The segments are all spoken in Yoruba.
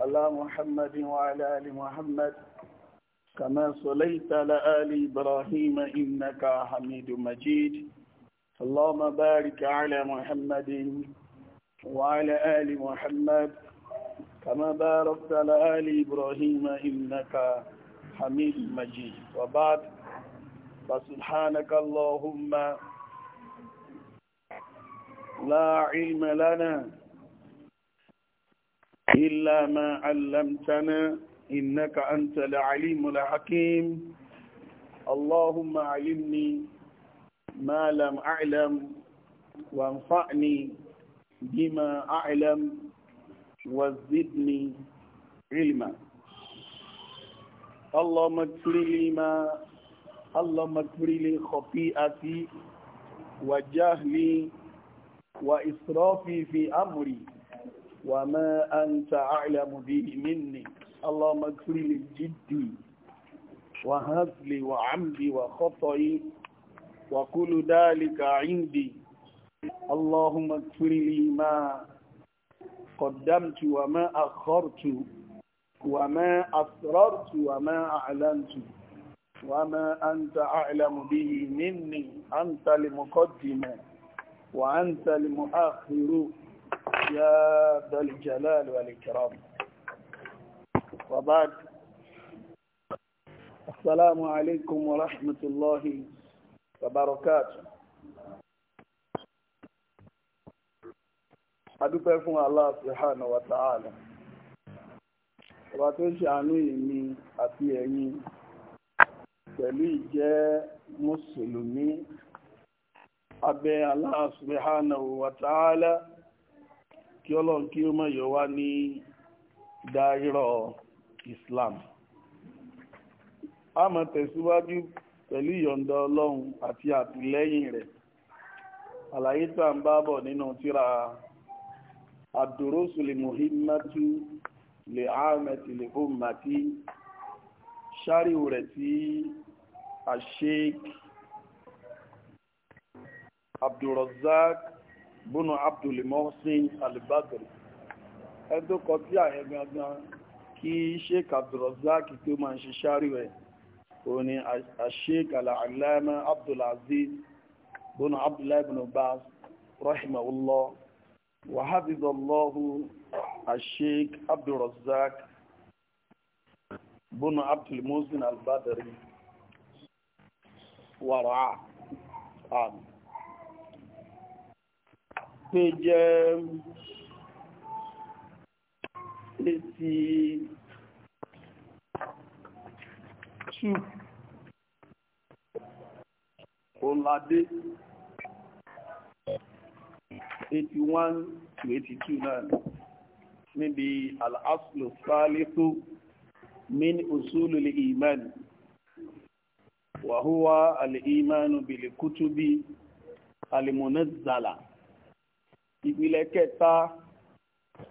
على محمد وعلى آل محمد كما صليت على آل إبراهيم إنك حميد مجيد اللهم بارك على محمد وعلى آل محمد كما باركت على آل إبراهيم إنك حميد مجيد وبعد فسبحانك اللهم لا علم لنا إلا ما علمتنا إنك أنت العليم الحكيم اللهم علمني ما لم أعلم وانفعني بما أعلم وزدني علما اللهم اغفر لي ما اللهم اغفر لي خطيئتي وجهلي وإسرافي في أمري وما أنت أعلم به مني اللهم اغفر لي جدي وهزلي وعملي وخطئي وكل ذلك عندي اللهم اغفر لي ما قدمت وما أخرت وما أسررت وما أعلنت وما أنت أعلم به مني أنت المقدم وأنت المؤخر يا ذا الجلال والإكرام وبعد السلام عليكم ورحمة الله وبركاته adúpẹ́ fún Allah subhanahu wa ta'ala ọba tó ṣe àánú èmi àti ẹ̀yin pẹ̀lú ìjẹ́ mùsùlùmí abẹ́ Allah subhanahu wa kí ọlọ́run kí ó mọ̀yọ́ wá ní dáírọ̀ Islam a máa tẹ̀síwájú pẹ̀lú ìyọ̀ǹda ọlọ́run àti àtìlẹ́yìn rẹ̀ àlàyé tá à ń bá bọ̀ nínú tírà àdúrósùlè muhimmatu lè àmẹ́tì lè fún màtí ṣáríwò rẹ̀ tí àṣeék Abdulrazak bónú abdulmohsen alibagri ẹni tó kọ sí àyẹ gangan kí sheik abdulrazak tó máa ń ṣe ṣáríwẹ̀ òun ni sheik alàlámà abdulaziz bónú abdullahi bin baz rahimahullah wa hafizallahu sheik abdulrazak bónú abdulmohsen alibagri wàrà àmì page um, 82 Olade 81 to 82 náà níbi al-aslu salisu min usulu al-iman wa huwa al-imanu bil kutubi al-munazzala ìpìlẹ̀ kẹta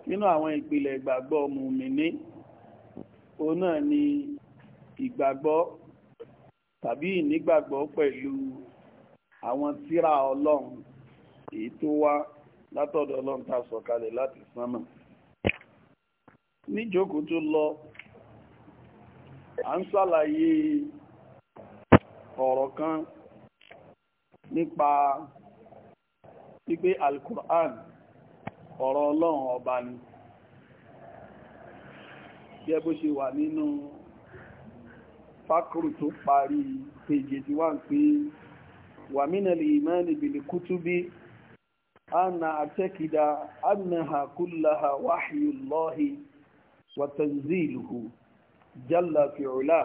nínú àwọn ìpìlẹ̀ ìgbàgbọ́ mùmìnì òun náà ni ìgbàgbọ́ tàbí ìnígbàgbọ́ pẹ̀lú àwọn tírà ọlọ́run èyí tó wá látọ̀dọ̀ ọlọ́run tá a sọ̀kalẹ̀ láti sánmà níjókòó tó lọ à ń ṣàlàyé ọ̀rọ̀ kan nípa pípé alukur'an ọ̀rọ̀ ọlọ́run ọba ni bí ẹ bó ṣe wà nínú fákùrù tó parí pèjì tí wà ń pè wà mínàlì ìmánì bìlì kútúbí anna àtẹ́kìdá annaha kullaha wahyullahi wa tanziluhu jalla fi'ula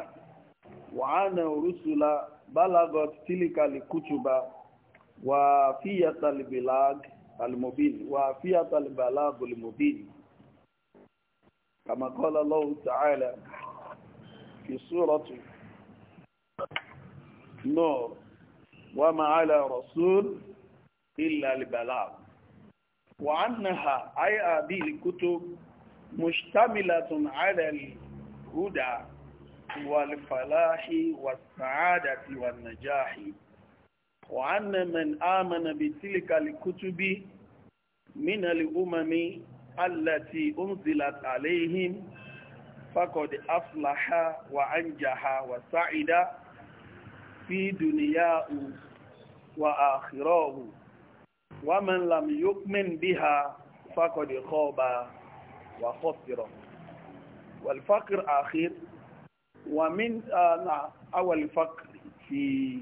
wa ana rusula balagot tilika likutuba wa fiyata albilag المبين وعافية البلاغ المبين كما قال الله تعالى في سورة نور وما على رسول إلا البلاغ وعنها أي هذه الكتب مشتملة على الهدى والفلاح والسعادة والنجاح وأن من آمن بتلك الكتب من الأمم التي أنزلت عليهم فقد أفلح وأنجح وسعد في دنياه وآخراه ومن لم يؤمن بها فقد خاب وخسر والفقر آخر ومن أول فقر في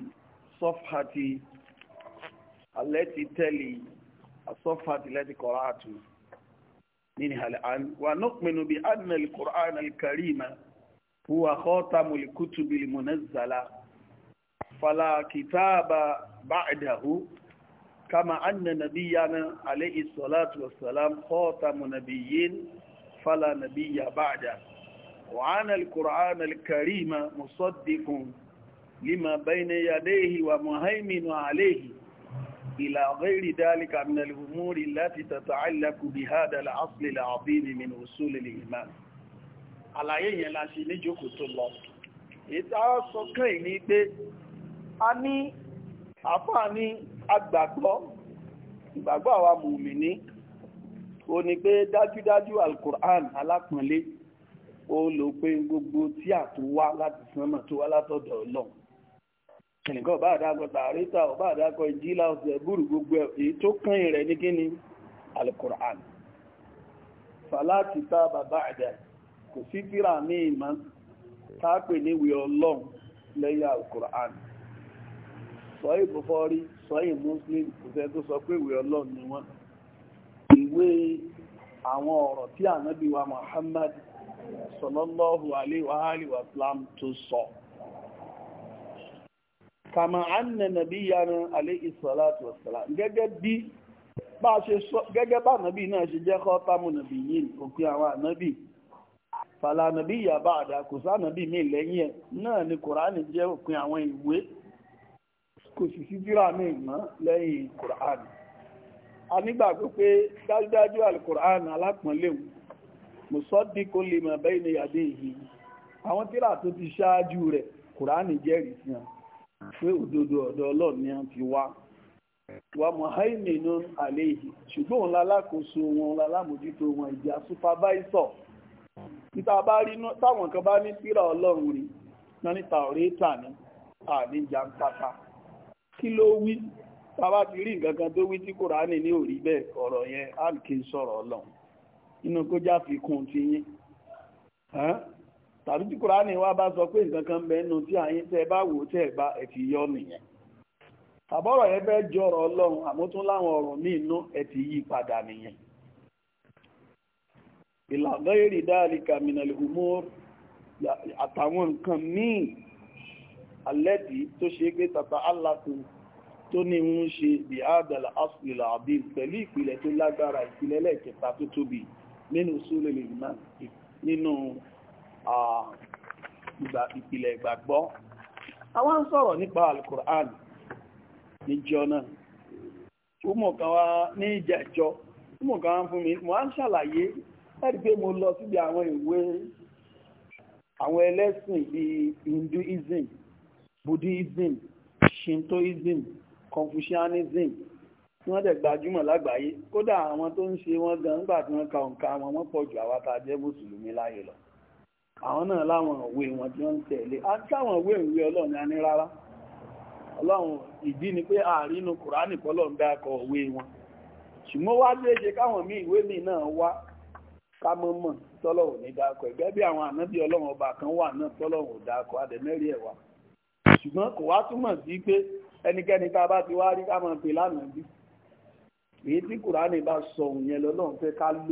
الصفحة التي تلي الصفحة التي قرأته منها الآن ونؤمن بأن القرآن الكريم هو خاتم الكتب المنزلة فلا كتاب بعده كما أن نبينا عليه الصلاة والسلام خاتم نبيين فلا نبي بعده وعن القرآن الكريم مصدق lima bayna yadayhi wa muhaiminu alayhi ila ghayri dhalika min al-umuri allati tata'allaqu bi hadha al-asl al-'azim min usul al-iman àlàyé yẹn la ṣe ní jókòó tó lọ ita sọ kan ni pé àní afa ni agbàgbọ́ ìgbàgbọ́ àwa mu'mini ó ní pé dájúdájú al-Qur'an alápọ̀nlé ó lò pé gbogbo tí a tó wá láti sánmà tó wá ẹnìkan bá àdákọ tààrítà ọba àdákọ ìjìlá ọ̀sẹ̀ búrú gbogbo èyí tó kàn rẹ̀ ní kíni alukur'an fàláàtì tá bàbá àdá kò sí tíra ní ìmọ̀ tápè níwì ọlọ́run lẹ́yìn alukur'an sọ́yìn bùfọ́rí sọ́yìn muslim kò sẹ́ tó sọ pé ìwé ọlọ́run ni wọ́n ìwé àwọn ọ̀rọ̀ tí ànábì wa muhammad sallallahu alaihi wa tó sọ kàmà ànà nàbí yanu alẹ́ ìsọ̀láàtù ọ̀sọ̀lá gẹ́gẹ́ bí bá se náà ṣe jẹ́ kọ́tàmù nàbí yìí òpin àwọn ànábì fàlà fala anabi. bá àdá kò sá nàbí mi lẹ́yìn ẹ̀ náà ni Korani je okun awon iwe. ko si si jira mi mọ́ Korani. kùránì a nígbàgbọ́ pé dájúdájú alukùránì alápọ̀nléwu mùsọ́dí kò lè mọ̀ bẹ́ẹ̀ ni yàdé yìí àwọn tírà tó ti ṣáájú rẹ̀ kùránì je sí pé òdodo ọ̀dọ̀ ọlọ́run ni a fi wá wa muhaiminu alayhi ṣùgbọ́n òun lalákòóso wọn òun wọn ìjà supervisor níta bá rí táwọn kan bá ní tírà ọlọ́run rí náà níta ọ̀rẹ́ tà ní àníjà ń kí ló wí tàbá ti rí nǹkan kan tó wí tí kùránì ní òrí bẹ́ẹ̀ ọ̀rọ̀ yẹn sọ̀rọ̀ ọlọ́run inú kó jáfikún tàbí tí kùránì wá bá sọ pé nǹkan kan bẹ nù tí àyín tẹ bá wò tẹ bá ẹ ti yọ nìyẹn àbọ̀rọ̀ yẹn fẹ́ jọrọ̀ ọlọ́run àmótún láwọn ọ̀rọ̀ ní inú ẹ ti yí padà nìyẹn ìlànà èrè dáàlì kàmínàlì humor àtàwọn nǹkan míì alẹ́dì tó ṣe gbé tata alákùn tó ní ń ṣe bí adàlà asùlẹ̀ àbí pẹ̀lú ìpìlẹ̀ tó lágbára ìpìlẹ̀ lẹ́ẹ̀kẹta tó tóbi nínú sólè lè nínú ìpìlẹ̀ ìgbàgbọ́ àwọn ń sọ̀rọ̀ nípa alukur'an níjọ náà túmọ̀ kan wá ní ìjẹ́jọ́ túmọ̀ kan wá fún mi mo á ń ṣàlàyé láti pé mo lọ síbi àwọn ìwé àwọn ẹlẹ́sìn bíi Hinduism Buddhism Shintoism Confucianism tí wọ́n dẹ̀ gbajúmọ̀ lágbàáyé kódà àwọn tó ń ṣe wọ́n gan nígbà tí wọ́n ka òǹkà wọn pọ̀ ju àwa jẹ́ mùsùlùmí láyé lọ àwọn náà láwọn òwe wọn tí wọ́n ń tẹ̀lé a táwọn òwe ìwé ọlọ́run a ní rárá ọlọ́run ìdí ni pé ààrínú kùránì pọ́lọ́run dákọ òwe wọn ṣùgbọ́n wá léṣe káwọn mí ìwé mi náà wá kámọ́mọ́ tọ́lọ́run ní dákọ ẹ̀gẹ́ bí àwọn ànábì ọlọ́run ọba kan wà náà tọ́lọ́run dákọ adẹ̀mẹ́rì ẹ̀ wá ṣùgbọ́n kò wá túmọ̀ sí pé ẹnikẹ́ni tá a bá ti wá rí ká máa pè lánàá bí èyí tí kùránì bá sọ òun yẹn lọ́lọ́run fẹ́ ká lò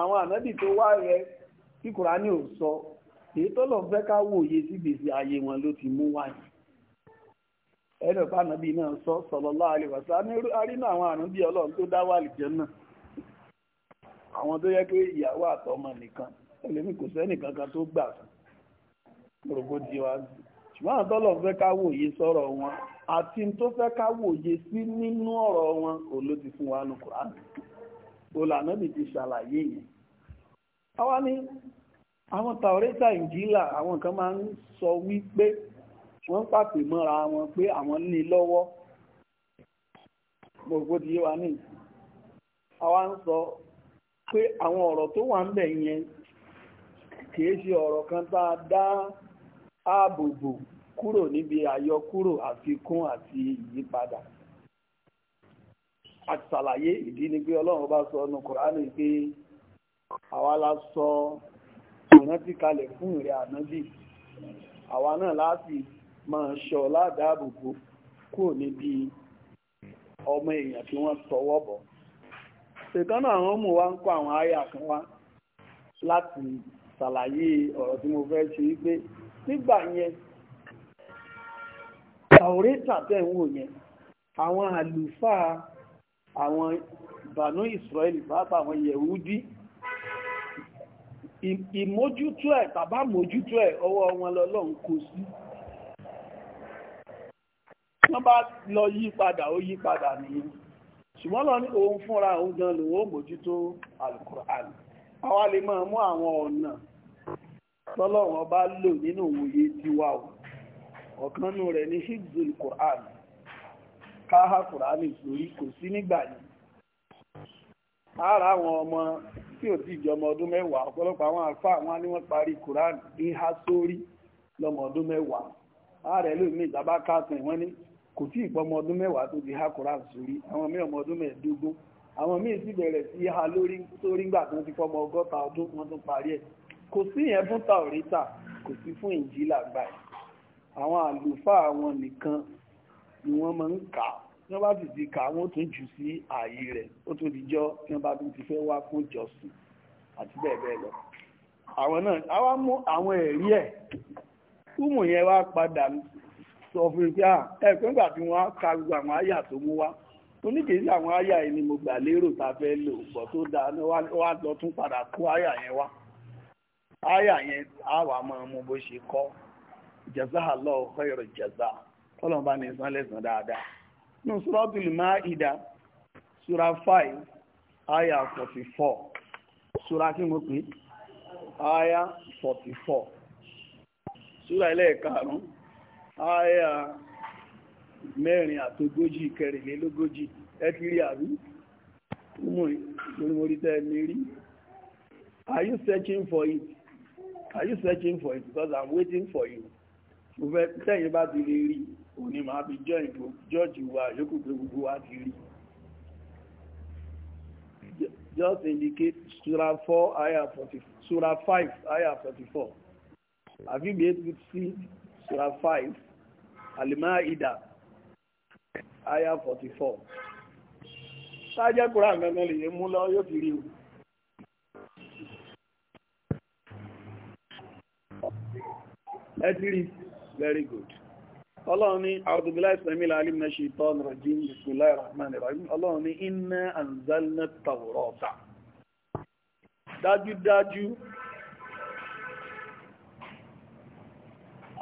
àwọn ànábì tó wá rẹ tí kùránì ò sọ èyí tó lọ fẹ́ ká wòye sí gbèsè ayé wọn ló ti mú wáyé ẹ̀rọ pànàbí náà sọ sallallahu alaihi wasallam ní arínà àwọn àrùn bí ọlọ́run tó dá wà lìjẹ́ náà àwọn tó yẹ pé ìyàwó àtọmọ nìkan ẹlẹ́mì kò sẹ́nì kankan tó gbà fún gbogbo di wa ṣùgbọ́n àwọn tọ́lọ̀ fẹ́ ká wòye sọ̀rọ̀ wọn àti tó fẹ́ ká wòye sí nínú ọ̀rọ̀ wọn kò ló ti fún wa nù Kùránì olànà mi ti ṣàlàyé yẹn àwa ní àwọn tàwọ́rẹ́sà ìjìlá àwọn kan máa ń sọ wípé wọ́n pàpè mọ́ra wọn pé àwọn ní lọ́wọ́ gbogbo ti yé wa ní àwa ń sọ pé àwọn ọ̀rọ̀ tó wà ń bẹ̀ yẹn kìí ṣe ọ̀rọ̀ kan tá a dá ààbòbò kúrò níbi àyọkúrò àfikún àti ìyípadà àti ṣàlàyé ìdí ni pé ọlọ́run bá sọ ọ́nù kùránì pé àwa la sọ ìrántí kalẹ̀ fún ìrẹ ànábì àwa náà láti máa ṣọ́ ládàábòbò kúrò níbi ọmọ èèyàn tí wọ́n tọwọ́ bọ̀ ṣètọ́nà àwọn ọmọ wa ń kọ́ àwọn àyà kan wá láti ṣàlàyé ọ̀rọ̀ tí mo fẹ́ ṣe wípé nígbà yẹn tàórítà tẹ̀ ń wò yẹn àwọn àlùfáà àwọn bànú ìsírẹ́lì pàápàá àwọn yẹ̀wúdí ìmójútó ẹ̀ tàbá mójútó ẹ̀ ọwọ́ wọn lọ́lọ́run kò sí wọ́n bá lọ yí padà ó yí padà nìyẹn ṣùgbọ́n lọ ní òun fúnra òun gan lòun ó mójútó alukur'an àwa lè máa mú àwọn ọ̀nà tọ́lọ́run ọba lò nínú òye tiwa o ọ̀kan nù rẹ̀ ní hibzul qur'an káhá qur'an ìsòrí kò sí nígbà yìí ara àwọn ọmọ tí ò tí ìjọmọ ọdún mẹ́wàá ọ̀pọ̀lọpọ̀ àwọn àfa àwọn ni wọ́n parí Quran ìhà sórí lọ́mọ ọdún mẹ́wàá ààrẹ lómi ìjábá kásìn wọ́n ní kò tí ìpọmọ ọdún mẹ́wàá tó ti há Quran sórí àwọn míì ọmọ ọdún mẹ́ẹ̀ẹ́dógún àwọn míì sì bẹ̀rẹ̀ sí ha lórí sórí ńgbà tó ti fọmọ ọgọ́ta ọdún wọ́n tún parí ẹ̀ kò sí yẹn fún taorita kò sí fún Injila gbà àwọn àlùfáà àwọn nìkan ni wọ́n máa ń kà á tí wọ́n bá sì ti kà wọ́n tún jù sí ààyè rẹ̀ ó tún wọ́n bá ti fẹ́ wá fún ìjọsìn àti bẹ́ẹ̀ lọ àwọn náà wá mú àwọn ẹ̀rí ẹ̀ túmù yẹn padà sọ fún mi pé à tí wọ́n ka gbogbo àwọn àyà tó mú wá oníkèésí àwọn àyà yìí ni mo gbà lérò tá a fẹ́ lò pọ̀ tó dáa ní wá lọ tún padà kó àyà yẹn wá àyà yẹn á wà máa mú bó ṣe kọ́ ní suratul Maida sura five aya forty four sura kí mo pè aya forty four sura ẹlẹ́ẹ̀karùn-ún aya mẹ́rin àtogójì kẹrìnlélógójì ẹ ti rí àrí mo rí tẹ́ rí Are you searching for it? Are you searching for it? Because I'm waiting for you. Mo fẹ́ tẹ́yìn bá ti lè rí òní máa fi jọ ìbò jọ́jì wa yókù pé gbogbo wa ti rí just indicate sura 4 ayah 44 sura 5 ayah 44 have you been able to see sura 5 al ida, ayah 44 sáájẹ́ kúrò àgbẹ̀gbẹ̀ lè mú lọ yóò fi rí o ẹ ti rí very good ọlọ́run ní àwọ̀dùbílá ìsẹ̀mílà alìmìnà ṣe ìtọ́nà rajim bismillahir rahmanir rahim ọlọ́run ní inna anzalna tawrata dájúdájú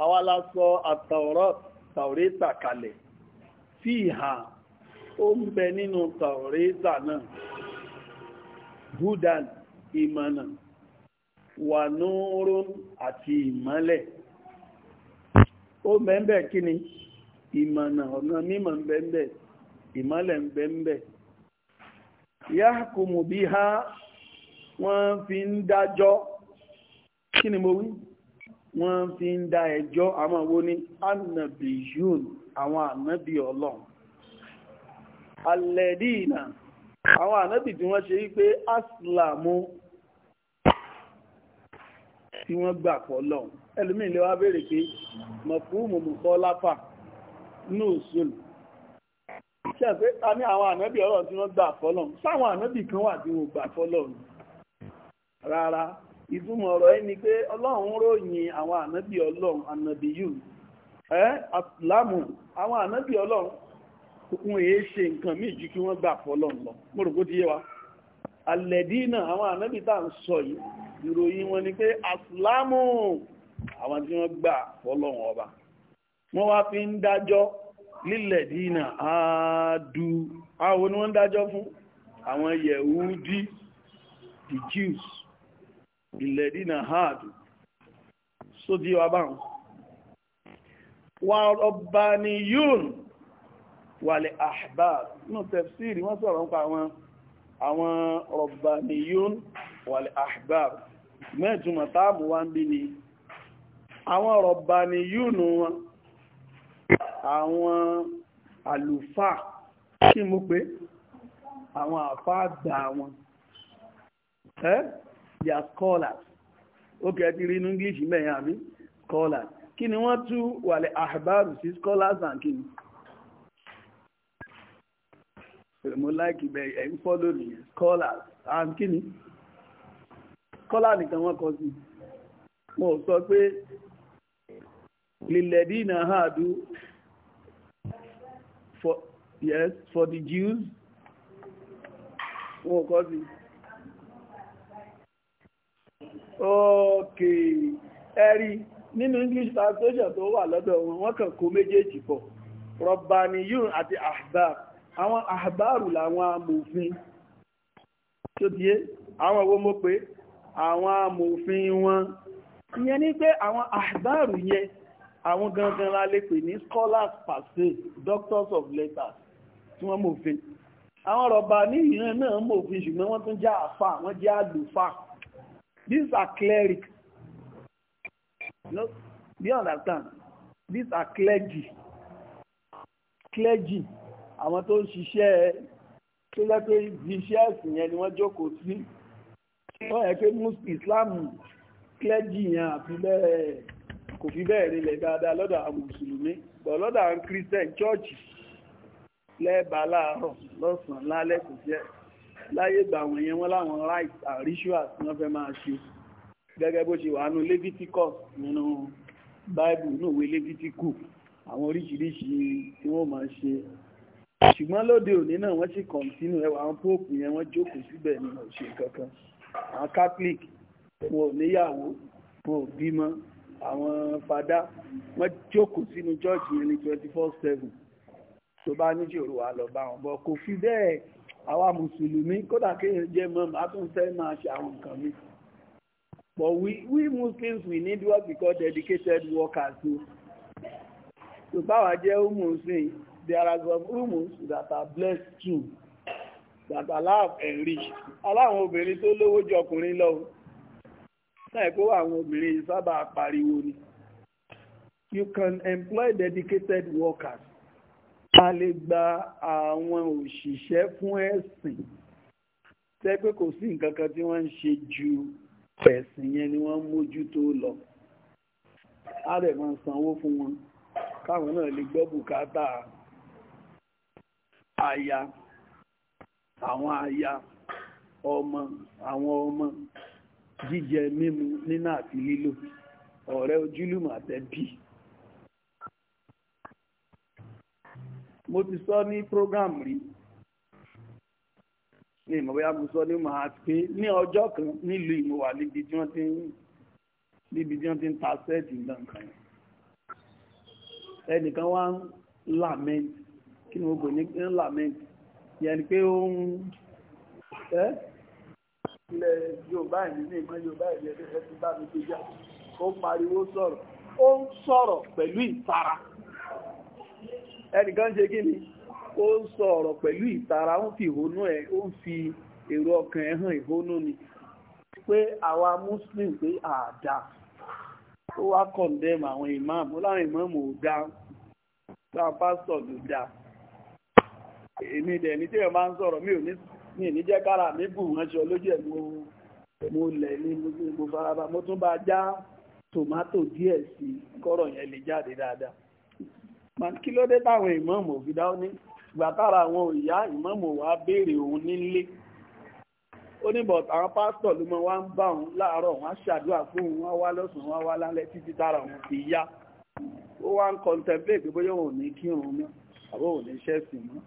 àwa la sọ àtàwọ̀rẹ́ta kalẹ̀ tí ìhà ó ń bẹ nínú tàwọ̀rẹ́ta ó bẹ̀ẹ̀bẹ̀ kí ni ìmọ̀nà ọ̀nà mímọ̀ bẹ̀ẹ̀bẹ̀ ìmọ́lẹ̀ bẹ̀ẹ̀bẹ̀ yáàkùmù bí ha wọ́n fi ń dájọ́ kí ni mo wí wọ́n fi ń dá ẹjọ́ àwọn ni annabiyun àwọn ànábì ọlọ́run alẹ́dìínà àwọn ànábì tí wọ́n ṣe wípé aslamu tí wọ́n gbà fọ́lọ́run ẹlòmíì lè wá béèrè pé mọ̀fúùmù mùkọ́láfà ní òṣèlú ṣe pé a ní àwọn ànábì ọ̀rọ̀ tí wọ́n gbà fọ́lọ́run sáwọn ànábì kan wà tí wọ́n gbà fọ́lọ́run rárá ìtumọ̀ ọ̀rọ̀ yìí ni pé ọlọ́run ròyìn àwọn ànábì ọlọ́run ànábì yìí ẹ́ láàmù àwọn ànábì ọlọ́run kún èé ṣe nǹkan míì ju kí wọ́n gbà fọ́lọ́run lọ mo rò kó ti yé wa alẹ́dínà àwọn ànábì tá à ń sọ yìí ìròyìn wọn ni pé àsìlámù àwọn tí wọ́n gbà fọ́lọ́wọ́n ọba wọ́n wá fi ń dájọ́ lílẹ̀ dínà àádú àwọn ni wọ́n ń dájọ́ fún àwọn yẹ̀húdí the Jews ilẹ̀ dínà àádú sódí ọba wà ọba ni yún wàlẹ̀ ahbab náà tẹ̀fsìrì wọ́n sọ̀rọ̀ nípa àwọn àwọn ọba wàlẹ̀ ahbab ṣùgbọ́n ìtumọ̀ táàmù wá ń bí ni àwọn rọ̀bà ni yúùnù wọn àwọn àlùfáà kí mú pé àwọn àfáà gbà wọn ẹ́ yà kọ́là ó kẹ́ rí inú English mẹ́yàn àbí kọ́là kí ni wọ́n tú wàlẹ̀ àhàbárù sí scholars and kings mo láìkì bẹ́ẹ̀ ẹ̀ ń fọ́lò nìyẹn scholars and kings kọ́lá nìkan wọ́n kọ sí wọn sọ pé lilladina hadu for yes for the Jews wọn ò kọ sí ókè ẹ̀rí nínú English translation tó wà lọ́dọ̀ wọn wọ́n kàn kó méjèèjì pọ̀ rọ̀bàníyùn àti ahbar àwọn ahbaru làwọn amòfin tó díẹ̀ àwọn owó mọ́ pé àwọn amòfin wọn ìyẹn ní pé àwọn àgbàrù yẹn àwọn gangan la lè pè ní scholars per se doctors of letters tí wọ́n mòfin àwọn rọ̀bà ní ìran náà mòfin ṣùgbọ́n wọ́n tún jẹ́ àfà wọ́n jẹ́ àlùfà these are cleric no you understand these are clergy clergy àwọn tó ń ṣiṣẹ́ tó lẹ́pẹ́ ibi iṣẹ́ ẹ̀sìn yẹn ni wọ́n jókòó sí wọ́n yẹ pé Islam clergy yẹn àfi bẹ́ẹ̀ kò fi bẹ́ẹ̀ rinlẹ̀ dáadáa lọ́dọ̀ àwọn mùsùlùmí bọ̀ lọ́dọ̀ àwọn christian church lẹ́ẹ̀bà láàárọ̀ lọ́sàn-án lálẹ́ kò jẹ́ láyé ìgbà àwọn yẹn wọ́n láwọn rites and rituals wọ́n fẹ́ máa ṣe gẹ́gẹ́ bó ṣe wà nínú Leviticus nínú Bible nínú ìwé Leviticus àwọn oríṣiríṣi tí wọ́n máa ṣe ṣùgbọ́n lóde òní náà wọ́n sì kọ̀ǹtínú ẹwà àwọn póòpù yẹn wọ́n jókòó síbẹ̀ nínú òṣèlú kankan àwọn catholic wọn ò níyàwó wọn ò bímọ àwọn fada wọ́n jókòó sínú chọ́ọ̀chì yẹn ní twenty four seven tó bá ní ìṣòro wà lọ bá wọn bọ̀ kò fi bẹ́ẹ̀ àwa mùsùlùmí kódà kéèyàn jẹ́ mọ́mọ́ a tún fẹ́ máa ṣe àwọn nǹkan mi but we we muslims we need work because dedicated workers o tó báwa jẹ́ húmùsìn there are some húmùs that are blessed too that allow enrich aláwọn obìnrin tó lówó ju ọkùnrin lọ láì kó àwọn obìnrin sábà pariwo ni you can employ dedicated workers a lè gba àwọn òṣìṣẹ́ fún ẹ̀sìn tẹ́ pé kò sí nǹkan kan tí wọ́n ń ṣe ju ẹ̀sìn yẹn ni wọ́n mójútó lọ a rẹ̀ máa sanwó fún wọn káwọn náà lè gbọ́ bùkátà àyà àwọn aya ọmọ àwọn ọmọ jíjẹ mímu nínà àti lílò ọ̀rẹ́ ojúlùmọ̀ àtẹ́bí mo ti sọ ní program rí ní ìmọ̀bẹ́yà mo sọ ní màá pé ní ọjọ́ kan nílùú ìmọ̀wà níbi tí wọ́n ti ń ta sẹ́ẹ̀tì nǹkan ẹnìkan wá ń lament kí ni mo gbò ní ń lament yẹn pé ó ń ẹ́ ilẹ̀ Yorùbá ìlú ní ìmọ̀ Yorùbá ìlú ẹgbẹ́ ti bá mi tó já ó pariwo sọ̀rọ̀ ó ń sọ̀rọ̀ pẹ̀lú ìtara ẹnìkan ṣe kí ni ó ń sọ̀rọ̀ pẹ̀lú ìtara ó ń fi ìhónú ẹ̀ ó ń fi èrò ọkàn ẹ̀ hàn ìhónú ni pé àwa muslim pé àdá ó wá condemn àwọn imam ó láwọn imam ò dá gba pásítọ̀ ló dáa èmi dẹ̀ ní tí ẹ̀ máa ń sọ̀rọ̀ mi ò ní ní jẹ́ kára mi bù ránṣọ lójú ẹ̀ mo mo lẹ̀ ní mo faraba mo tún bá já tòmátò díẹ̀ sí kọ́rọ̀ yẹn lè jáde dáadáa kí ló dé táwọn ìmọ̀ọ́mù òfin dáwọ́ ní ìgbà tára àwọn ìyá ìmọ̀ọ́mù wa béèrè òun nílé ó ní bọ̀t àwọn pásítọ̀ ló mọ wá ń bá òun láàárọ̀ wọn á ṣàdúrà fún òun wá wá lọ́sàn-án wá wá lálẹ́ títí tára òun fi yá ó wá ń kọ́ńtẹ́pẹ́ pé òun ní kírun mọ́ àbó òun ní ṣẹ́sìn mọ́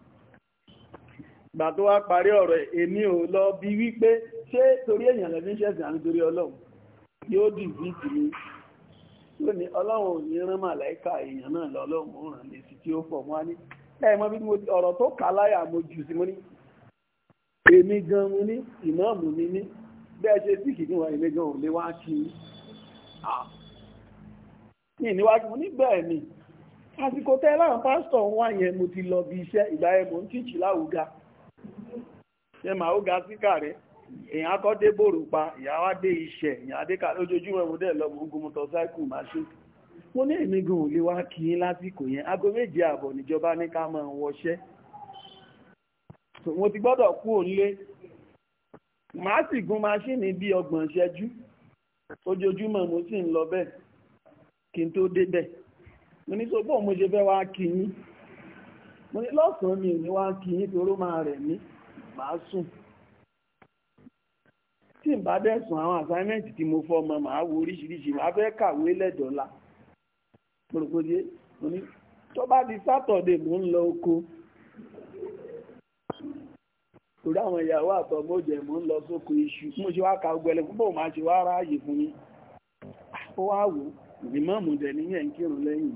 gbà tó wá parí ọ̀rọ̀ èmi ò lọ bí wípé ṣé torí èèyàn lẹ́bí ń ṣẹ̀sìn àmì torí ọlọ́run yóò dì bí ti ní tó ní ọlọ́run ò ní rán màláìka èèyàn náà lọ ọlọ́run ò ràn lèsì tí ó fọ̀ wá ní ẹ̀ mọ́ bí mo ọ̀rọ̀ tó kà láyà mo jù sí mo ní èmi gan mo ní ìmáàmù mi ní bẹ́ẹ̀ ṣe sí kìí èmi gan ò lè wá kí ní ìníwájú mo ní bẹ́ẹ̀ ni àsìkò tẹ́ láwọn pásítọ̀ ń wá yẹn mo ti lọ bí iṣẹ́ ìgbà yẹn mo ń tíìtì láwùjá ṣe máa ó ga sí kàrẹ́ èyàn akọ́ dé bòrò pa ìyàwó dé iṣẹ́ èyàn adéka lójoojúmọ́ ẹ̀mú dẹ̀ lọ́mọ ogun mọ́tọ́sáìkù máa ṣe mo ní èmi gan ò lè wá kí yín lásìkò yẹn aago méje ààbọ̀ níjọba ní ká máa wọṣẹ́ mo ti gbọ́dọ̀ kú òǹlé màá sì gun maṣíìnì bíi ọgbọ̀n ṣẹ́jú ojoojúmọ́ mo sì ń lọ bẹ́ẹ̀ kí n tó débẹ̀ mo ní sọ́gbọ́n mo ṣe fẹ́ wá kí yín mo ní lọ́sàn-án mi ò ní wá kí yín toró rẹ̀ mí màá sùn tí n bá dẹ̀ sùn àwọn assignment tí mo fọ́ ọmọ màá wo oríṣiríṣi màá fẹ́ kàwé lẹ́dọ̀ọ́la pòròpòdé òní tó bá di sátọ̀dẹ̀ mò ń lọ oko torí àwọn ìyàwó àtọmọ jẹ mò ń lọ sóko iṣu mo ṣe wá ka ọgbẹlẹ púpọ̀ màá ṣe wá ráàyè fún yín ó wá wò ìmọ̀ọ́mù dẹ̀ níyẹn ń kírun lẹ́yìn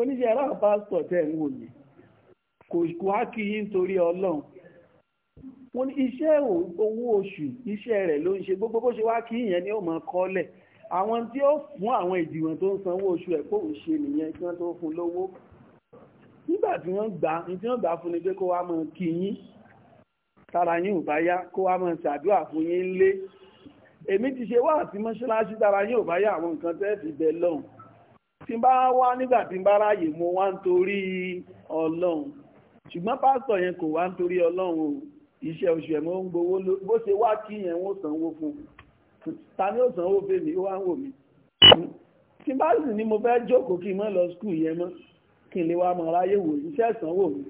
oníṣẹ́ ráà pásítọ̀ tẹ̀ ń wò yìí kò wá kí yín torí ọlọ́run wọ́n ní iṣẹ́ owó oṣù iṣẹ́ rẹ̀ ló ń ṣe gbogbo bó ṣe wá kí ìyẹn ni ó mọ̀ kọ́lẹ̀ àwọn tí ó fún àwọn ìdìwọ̀n tó ń sanwó oṣù ẹ̀ kó ń ṣe nìyẹn kí wọ́n tó fún lówó nígbà tí wọ́n gbà ní tí wọ́n gbà fún ni pé kó wá mọ̀ kí yín tara yín ò bá yá kó wá mọ̀ ṣàdúrà fún yín lé èmi ti ṣe wá àti mọ́ṣáláṣí tara yín ò bá yá àwọn nǹkan tẹ́ẹ̀ fi lọ́hùn tí bá wá nígbà tí bá ráàyè mo wá ń torí ọlọ́run ṣùgbọ́n pásítọ̀ yẹn kò wá ń torí ọlọ́run o iṣẹ́ oṣù ẹ̀mọ́ ń gbowó bó ṣe wá kí yẹn wọ́n sanwó fún ta ni ó sanwó fún mi ó wá ń wò mí tí bá sì ni mo fẹ́ jókòó kí n mọ́ lọ skul yẹn mọ́ kí n lè wá mọ̀ ráyè wò iṣẹ́ sanwó mi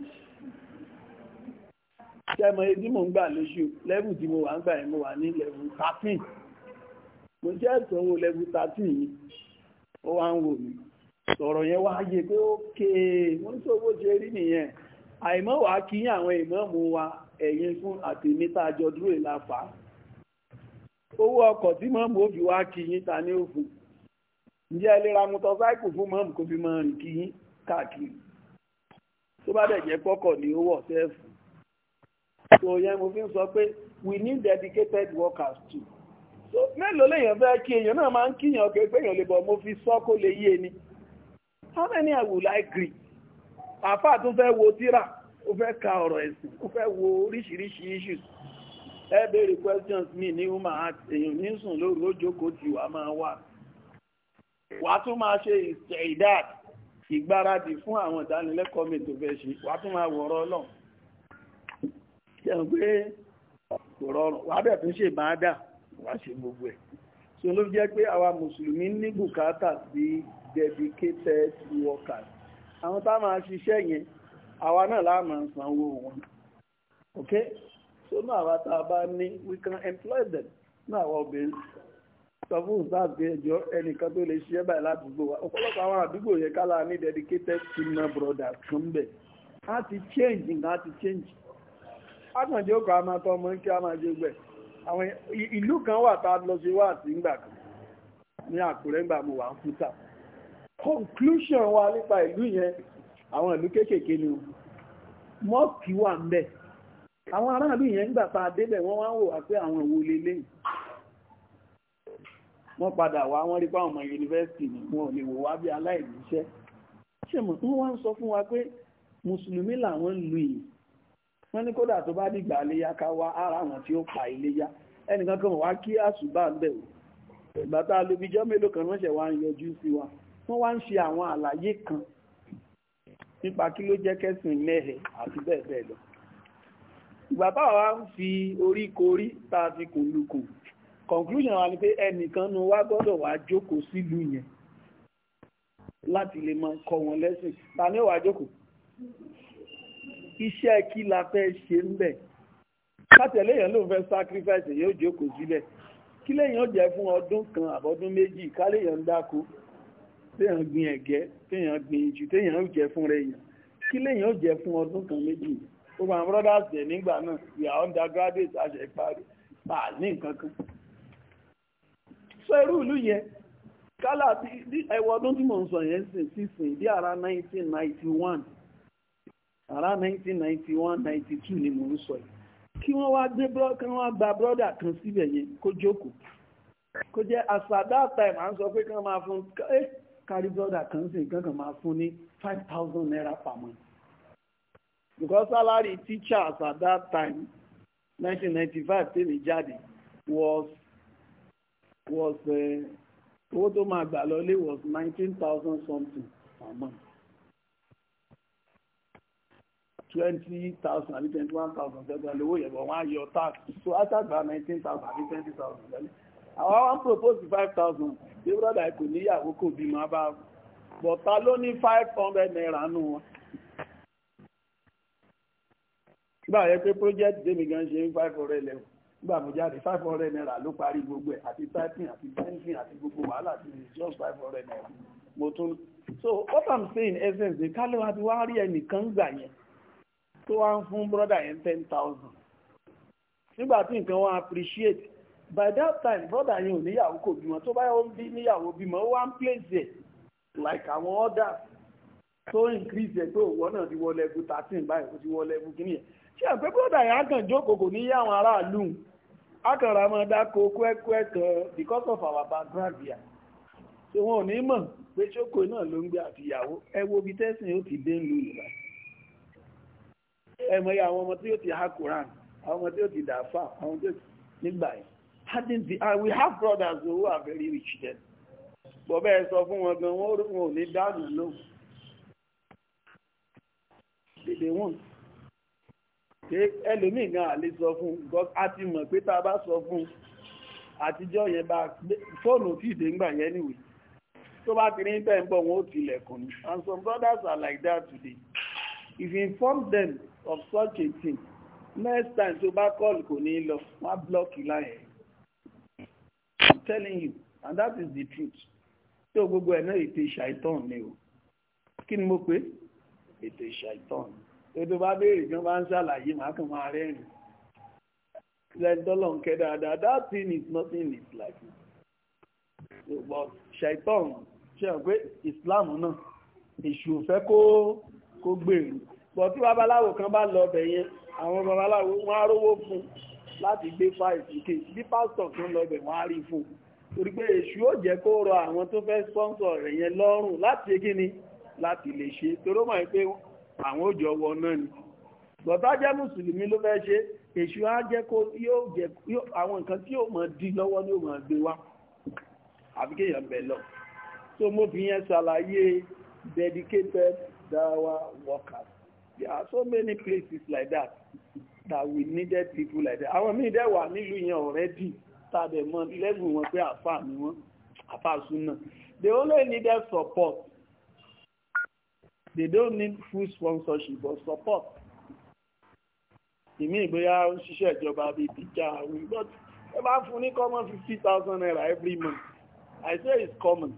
iṣẹ́ mọ ebi mò ń gbà lóṣù lẹ́bù tí mo wà ń gbà yẹn mo wà ní lẹ́bù thirteen mo jẹ́ sanwó lẹ́bù thirteen yìí ó wá ń wò mí sọ̀rọ̀ yẹn wá yé pé ókè wọ́n sọ bó ṣe rí nìyẹn àìmọ́ wàá kí àwọn ìmọ̀ mu wa ẹ̀yin fún àtẹ̀mí tá a jọ dúró ìlàfà owó ọkọ̀ tí mọ́mù ó fi wá kí ta ní òfin ǹjẹ́ ẹ lè ra fún mọ́mù kó fi máa rìn kí káàkiri tó bá dẹ̀ pọ́kọ̀ ni ó wọ̀ sẹ́ẹ̀fù so yẹn mo fi ń sọ pé we need dedicated workers too so mélòó lèèyàn fẹ́ kí èèyàn náà máa ń kíyàn pé péèyàn lè bọ̀ mo fi sọ kó lè yé ni how many I would like greet àfáà tún fẹ́ wo tíra ó fẹ́ ka ọ̀rọ̀ ẹ̀sìn ó fẹ́ wo oríṣiríṣi issues ẹ béèrè questions mi ní human heart èèyàn ní sùn lóru ó jókòó tí wàá máa wà wàá tún máa ṣe ìṣẹ̀ ìdáàt ìgbáradì fún àwọn ìdánilẹ́kọ̀ọ́ mi tó fẹ́ ṣe wàá tún máa wọ̀rọ̀ ọlọ́run ṣẹ̀hùn pé kò rọrùn wàá bẹ̀ tún ṣe máa dà wàá ṣe gbogbo ẹ̀ dedicated workers àwọn tá máa ṣiṣẹ́ Awa náà la máa sanwó wọn ok so náà àwa tá a bá ní we can employ them náà àwa obìnrin sọ fún ìsáàbí ẹjọ́ ẹnìkan tó lè báyìí ládùúgbò wa ọ̀pọ̀lọpọ̀ àwọn àdúgbò yẹn kálá ní dedicated senior brothers kan bẹ̀ á ti change nǹkan á ti change ákànjẹ́ òkú àmà tó ọmọ kí a máa àwọn ìlú kan wà tá a lọ sí wá kan ní conclusion wa nípa ìlú yẹn àwọn ìlú kéékèèké ni o mọ́ọ̀kì wà ń bẹ̀ àwọn aráàlú yẹn ń gbàta débẹ̀ wọ́n wá ń wò wá pé àwọn òwò lélẹ̀ wọ́n padà wá wọ́n rí pé ọmọ yunifásitì ni wọn ò lè wò wá bí aláìníṣẹ́ ṣe mọ̀ wọ́n wá ń sọ fún wa pé mùsùlùmí làwọn lu yìí wọ́n ní kódà tó bá dìgbà iléyá ká wá ara àwọn tí ó pa iléyá ẹnìkan kan wá kí àṣùbà ń bẹ̀ ìgbà tá a lo bíjọ́ mélòó kan ránṣẹ́ wá ń yọjú sí wa wọ́n wá ń ṣe àwọn àlàyé kan nípa kí ló jẹ́ kẹ́sìn mẹ́hẹ̀ àti bẹ́ẹ̀ bẹ́ẹ̀ lọ ìgbà táwa ń fi orí korí tá a fi kùn lukùn conclusion wa ni pé ẹnìkan nu wa gbọ́dọ̀ wá jókòó sílùú yẹn láti lè máa kọ́ wọn lẹ́sìn ta ni ó wá jókòó iṣẹ́ kí la fẹ́ ṣe ń bẹ̀ látẹ̀lé èèyàn ló ń fẹ́ sacrifice yóò jókòó síbẹ̀ kí lèèyàn jẹ́ fún ọdún kan àbọ̀dún méjì ká lèèyàn ń dáko téèyàn gbin ẹ̀gẹ́ téèyàn gbin ìjù téèyàn ó jẹ fún rẹ̀ èèyàn kí léèyàn ó jẹ fún ọdún kan méjì gbogbo àwọn brothers dẹ̀ nígbà náà we are undergraduate àṣẹ ìparí pa ní nǹkan kan sọ irú ìlú yẹn kálá ẹwọ ọdún tí mò ń sọ yẹn sìn bí ara 1991 ara 1991 92 ni mò ń sọ yìí kí wọ́n wá gbé kí wọ́n gba brọ́dà kan síbẹ̀ yẹn kó jókòó kó jẹ́ àsàdá time à ń sọ pé kí wọ́n máa fún ẹ́ kárí brọ́dà kan sì nǹkan kan máa fún ní five thousand naira per month because salary teachers at that time 1995 ninety five tèmi was was eh, owó tó máa gbà lọlé was nineteen thousand something per month twenty thousand àbí twenty one thousand ṣẹ́gbẹ́ lówó yẹ̀bọ̀ wọ́n á yọ tax so after gba nineteen thousand àbí twenty thousand àwọn wọn propose five thousand bí brọ́dà kò níyàwó kò bímọ bá bọ̀tá ló ní five hundred naira nù wọn. gbà yẹ pé project dèmi gan ṣe ń five hundred lẹ́wọ̀ gbà mo jáde five hundred naira ló parí gbogbo ẹ̀ àti typing àti printing àti gbogbo wàhálà ti ní just five hundred naira mo tún so what i'm saying in essence ni kálọ̀ àti wá rí ẹnìkan gbà yẹn tó wá ń fún brother yẹn ten thousand nígbà tí nǹkan wá appreciate by that time brother yẹn ò níyàwó kò bímọ tó bá yọ bí níyàwó bímọ ó place ẹ like àwọn others tó increase ẹ pé òwò náà ti wọ thirteen báyìí ó ti wọ level kìíní yẹn ṣé àpẹ brother yẹn á kàn jókòó kò ní yá àwọn aráàlú máa dáko kan because of our background yà wọn ò ní pé náà ló ń gbé ẹ wo ti dé ń lu ìlà ẹ àwọn ọmọ tí ó ti ha Koran àwọn ọmọ tí ti dà fà àwọn hadn't the we have brothers who are very rich then bọ́ bẹ́ẹ̀ sọ fún wọn gan wọ́n ò ní dánù lóhùn dèdè wọn ẹlòmíì gan àlè sọ fún a ti mọ̀ pé tá a bá sọ fún àtijọ́ yẹn bá fóònù tí ìdè ń gbà yẹn nìwé tó bá ti rí bẹ́ẹ̀ ń bọ̀ wọn ó tilẹ̀kùn ni and some brothers are like that today if you inform them of such a thing next time tó bá kọ́ọ̀lù kò ní lọ wọ́n á blọ́ọ̀kì láyẹn telling you and that is the truth tó gbogbo ẹ̀ náà ètè ṣàìtàn ni o kí ni mo pé ètè ṣàìtàn ètò bá béèrè gan bá ń ṣàlàyé màá kàn máa rẹ́rìn lẹ́ńtọ́lọ̀ ń kẹ́ dáadáa that thing is nothing in its life so but ṣàìtàn ṣe hàn pé Islam náà èṣù ò fẹ́ kó kó gbèrú e. bọ̀ tí babaláwo kan bá lọ ọbẹ̀ yẹn àwọn babaláwo wọn á rówó fún láti gbé fáìsì kéèsì bí pásítọ̀ kan lọ ọbẹ̀ wọn á rí fún un torí èṣù ó jẹ́ kó rọ àwọn tó fẹ́ sponsor rẹ̀ yẹn lọ́rùn láti kí ni láti lè ṣe toró mọ̀ pé àwọn òjò wọ náà ni bọ̀tá jẹ́ mùsùlùmí ló fẹ́ ṣe èṣù á jẹ́ kó àwọn nǹkan tí yóò mọ̀ di lọ́wọ́ ni yóò mọ̀ gbé wá àbí kéèyàn bẹ̀ lọ tó mo fi yẹn ṣàlàyé dedicated dawa workers there are so many places like that that we needed people like that àwọn míì dẹ̀ nílùú yẹn already tàbẹ̀ mọ́ lẹ́gùn wọn pé àfà ni wọ́n àfà súnà they only needed support they don't need full sponsorship but support ìmí ìgbéyà ń ṣiṣẹ́ ìjọba bíi píjà àwìn but ẹ bá fún ní common fifty thousand naira every month I say it's common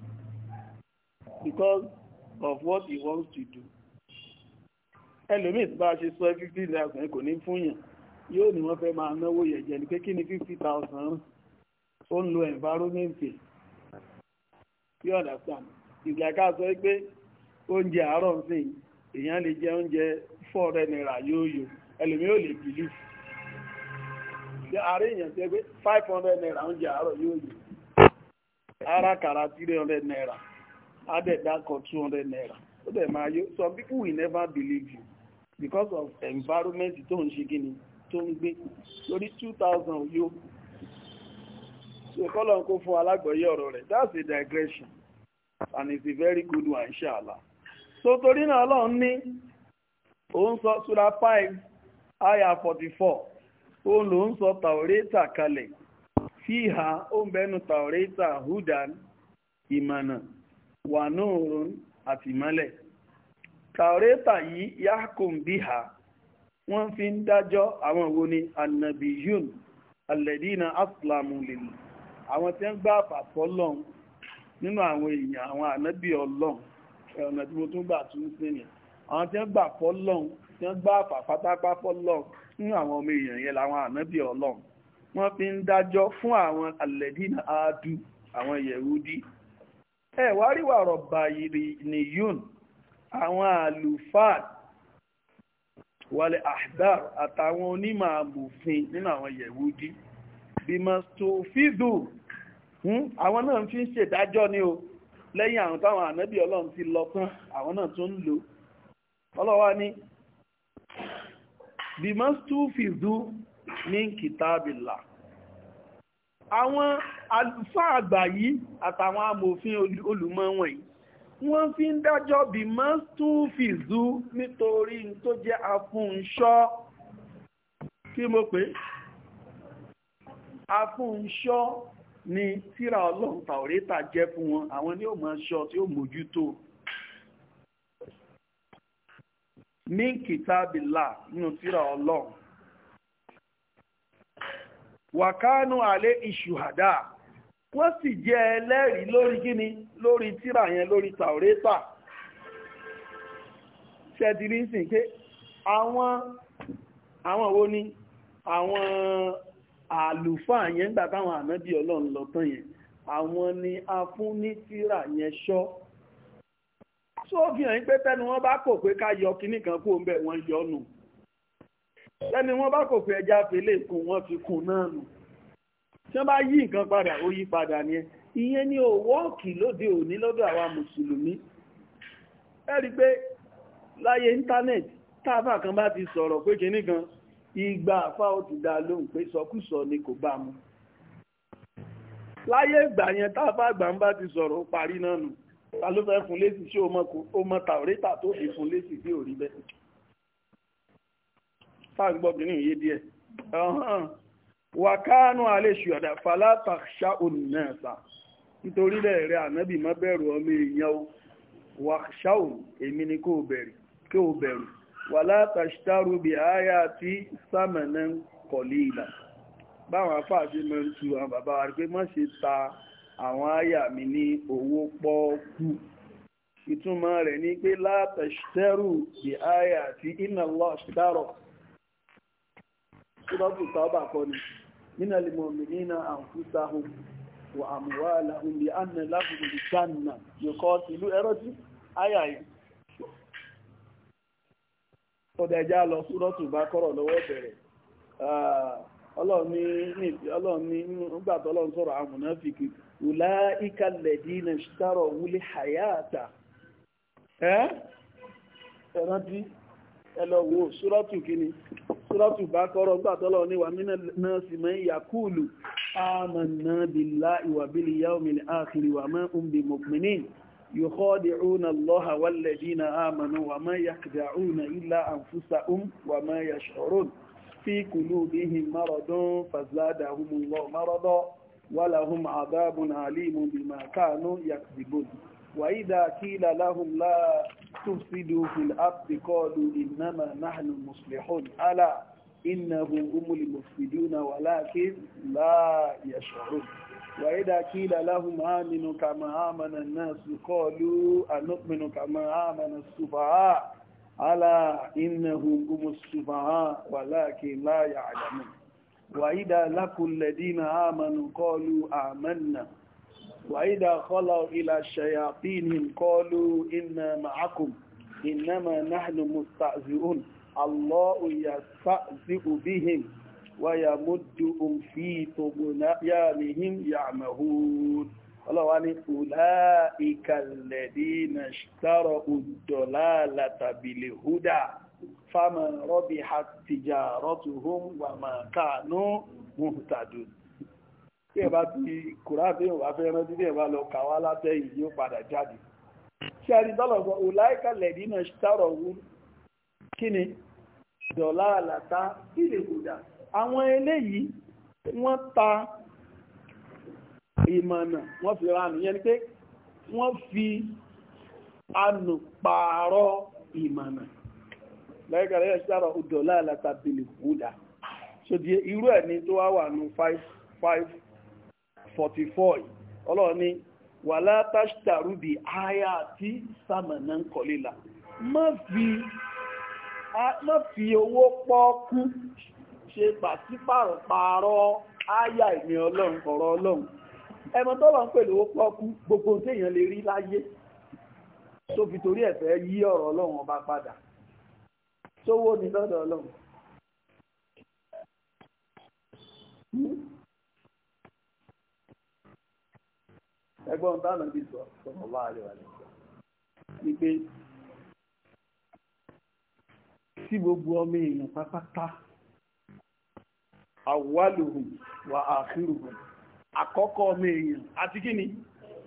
because of what he wants to do ẹlòmíì tí bá ṣe sọ fifty thousand kò ní fún yàn yóò ní wọ́n fẹ́ máa náwó yẹ̀jẹ̀ ní pé kí ni fifty thousand ó ń lo environment tí ọ̀dà sàn ìgbàká sọ pé oúnjẹ àárọ̀ ń sìn èèyàn lè jẹ oúnjẹ four hundred naira yóò yọ ẹlòmí ò lè bìlì ààrẹ èèyàn ṣe pé five hundred naira oúnjẹ àárọ̀ yóò yọ ara kàrà three hundred naira adẹ̀dákọ̀ two hundred naira ó dẹ̀ máa yọ some people will never believe you because of environment tó ń ṣe kí ni tó ń gbé lórí two thousand yóò. so kọ́lọ̀ fún alágbọ̀yé ọ̀rọ̀ rẹ̀ that's a digression and it's a very good one inshallah so torí náà ọlọ́run ní òun sọ sura five aya forty four òun lòun sọ tàwórẹ́tà kalẹ̀ fíhà òun bẹ́nu hudan ìmọ̀nà wà nóòrùn àti ìmọ́lẹ̀ yìí yahkum biha wọ́n fi ń dájọ́ àwọn wo ni yun alẹ́dínà àwọn tí ń gbà àpapọ̀ lọ́n nínú àwọn èèyàn àwọn ànábì ọlọ́n ọ̀nà tí mo tún gbà tún sí ni àwọn tí ń gbà pọ̀ lọ́n tí ń gbà àpapátápápọ̀ lọ́n nínú àwọn ọmọ èèyàn yẹn làwọn ànábì ọlọ́n wọ́n fi ń dájọ́ fún àwọn alẹ́dínà áádú àwọn yẹ̀wúdí ẹ wá rí wàrọ̀ bàyìrì nìyún àwọn àlùfáà wàlẹ̀ àdár àtàwọn onímọ̀ àmòfin nínú àwọn yẹ̀wúdí bímọ tó fídùú Hmm? àwọn náà fi ń ṣèdájọ́ ni o lẹ́yìn àwọn táwọn ànábì ọlọ́run ti lọ tán àwọn náà tún ń lò ọlọ́wà ní bimastufizu min kitabillah àwọn àlùfáà àgbà yìí àtàwọn amòfin olùmọ̀ wọ̀nyí wọ́n fi ń dájọ́ bimastufizu nítorí tó jẹ́ afúnṣọ́ kí mo pè afúnṣọ́ ni tíra ọlọ́run tàòrétà jẹ́ fún wọn àwọn ni ó mọ̀ ṣọ́ tí ó mójútó ní kìtàbílà nínú tíra ọlọ́run wàkánú alẹ́ ìṣùhàdá wọ́n sì jẹ́ ẹlẹ́rìí lórí kíni lórí tíra yẹn lórí tàòrétà ṣẹ́dìrí sìn pé àwọn àwọn wo ni àwọn àlùfáà yẹn nígbà táwọn ànábì ọlọ́run lọ tán yẹn àwọn ni a fún ní tírà yẹn ṣọ́ tó fi hàn pé tẹ́ni wọ́n bá kò pé ká yọ kinní kan kó ń bẹ̀ wọ́n yọ nù tẹ́ni wọ́n bá kò pé ẹja fèlè kún wọ́n fi kún náà nù tí wọ́n bá yí nǹkan padà ó yí padà ni ẹ ìyẹn ni ò wọ́ọ̀kì lóde òní lọ́dọ̀ àwa mùsùlùmí ẹ rí i pé láyé íńtánẹ́ẹ̀tì táàbà kan bá ti sọ̀rọ̀ pé kinní kan ìgbà àfá ó ti dá lóhùn pé sọkúsọ ni kò bá mu láyé ìgbà yẹn táfà àgbà ń bá ti sọ̀rọ̀ ó parí náà nù ta ló fẹ́ fún lésì ṣé o mọ tàwórítà tó fi fún lésì tí ò rí bẹ́ẹ̀ táà gbọ́ yé díẹ̀ wàkánù àlèṣù ọ̀dà falátàṣà onínàṣà nítorí lẹ́ẹ̀rẹ́ ànábì má bẹ̀rù ọmọ èèyàn wàṣáù èmi ni kò bẹ̀rù wàlá tàṣítàrù bí àyà tí sàmẹ̀nà kọ̀lé ìlà báwọn afáàṣí mọ́ ń tu àwọn bàbá wa pé má ṣe ta àwọn àyà mi ní owó pọ́ọ́kú ìtumọ̀ rẹ̀ ní pé látàṣítàrù bí àyà tí iná lọ ṣítàrọ̀ tó bá kù tàbà kọ́ ni nínà lè mọ̀ mí nínà àǹfùsáhùn wà àmúwà làhùn bí ànà láhùn bí sànà yóò kọ́ sílú ẹrọ́tí àyà yìí kọ́dá ẹja lọ súrọ́tù bá kọ́rọ̀ lọ́wọ́ bẹ̀rẹ̀ ọlọ́run ní nígbà tó ọlọ́run sọ̀rọ̀ àwọn mùnáfíkì wùlá ìkàlẹ̀dì náà ṣítàrọ̀ wúlé hayata ẹ́ ẹ̀rántí ẹlọ́wọ́ súrọ́tù kìíní súrọ́tù bá kọ́rọ̀ nígbà tó ọlọ́run wà mí náà sì ìyàkúùlù amanna billahi wa bil yawmil akhir wa ma يخادعون الله والذين آمنوا وما يخدعون إلا أنفسهم وما يشعرون في قلوبهم مرض فزادهم الله مرضا ولهم عذاب عليم بما كانوا يكذبون وإذا قيل لهم لا تفسدوا في الأرض قالوا إنما نحن مصلحون ألا إنهم هم المفسدون ولكن لا يشعرون وإذا قيل لهم آمنوا كما آمن الناس قالوا أنؤمن كما آمن السفهاء ألا إنهم هم السفهاء ولكن لا يعلمون وإذا لقوا الذين آمنوا قالوا آمنا وإذا خلوا إلى الشياطين قالوا إنا معكم إنما نحن مستهزئون الله يستهزئ بهم ويمدهم في طغيانهم يعمهون ọlọ́wà ní أولئك الذين اشتروا الضلالة بالهدى فما ربحت تجارتهم وما كانوا مهتدون tí ẹ bá ti kùráàtì ìwà fẹ́ràn títí ẹ bá lọ kà wá látẹ̀yìn yóò padà jáde ṣe àti tọ́lọ̀sọ أولئك الذين اشتروا kí ni ضلالة بالهدى àwọn eléyìí wọ́n ta ìmọ̀nà wọ́n fi ránù yẹn ni pé wọ́n fi anù pààrọ̀ ìmọ̀nà lẹ́gbẹ̀rẹ̀ yẹ́ sára odò láàlátà bílì húdà so di irú ẹ̀ ni tó wá wà ní 544 ọlọ́run ni wà látàṣtàrú bí aya àti sàmànà ń kọlélà má fi owó pọ́ọ́kú ṣe pàṣípàrọ̀ pààrọ̀ áyà ìmì ọlọ́run ọ̀rọ̀ ọlọ́run ẹmọ tó lọ́n pẹ̀lú ó pọ́kú gbogbo téèyàn lè rí láyé tó fi torí ẹ̀fẹ́ yí ọ̀rọ̀ ọlọ́run ọba padà sówó ni lọ́dọ̀ ọlọ́run ẹgbọ́n dáná bí sọ ọmọlá àríwá ní sọ wípé tí gbogbo ọmọ èèyàn pátápátá àwálùhùn wà àkírùhùn àkọ́kọ́ ọmọ èèyàn àti kí ni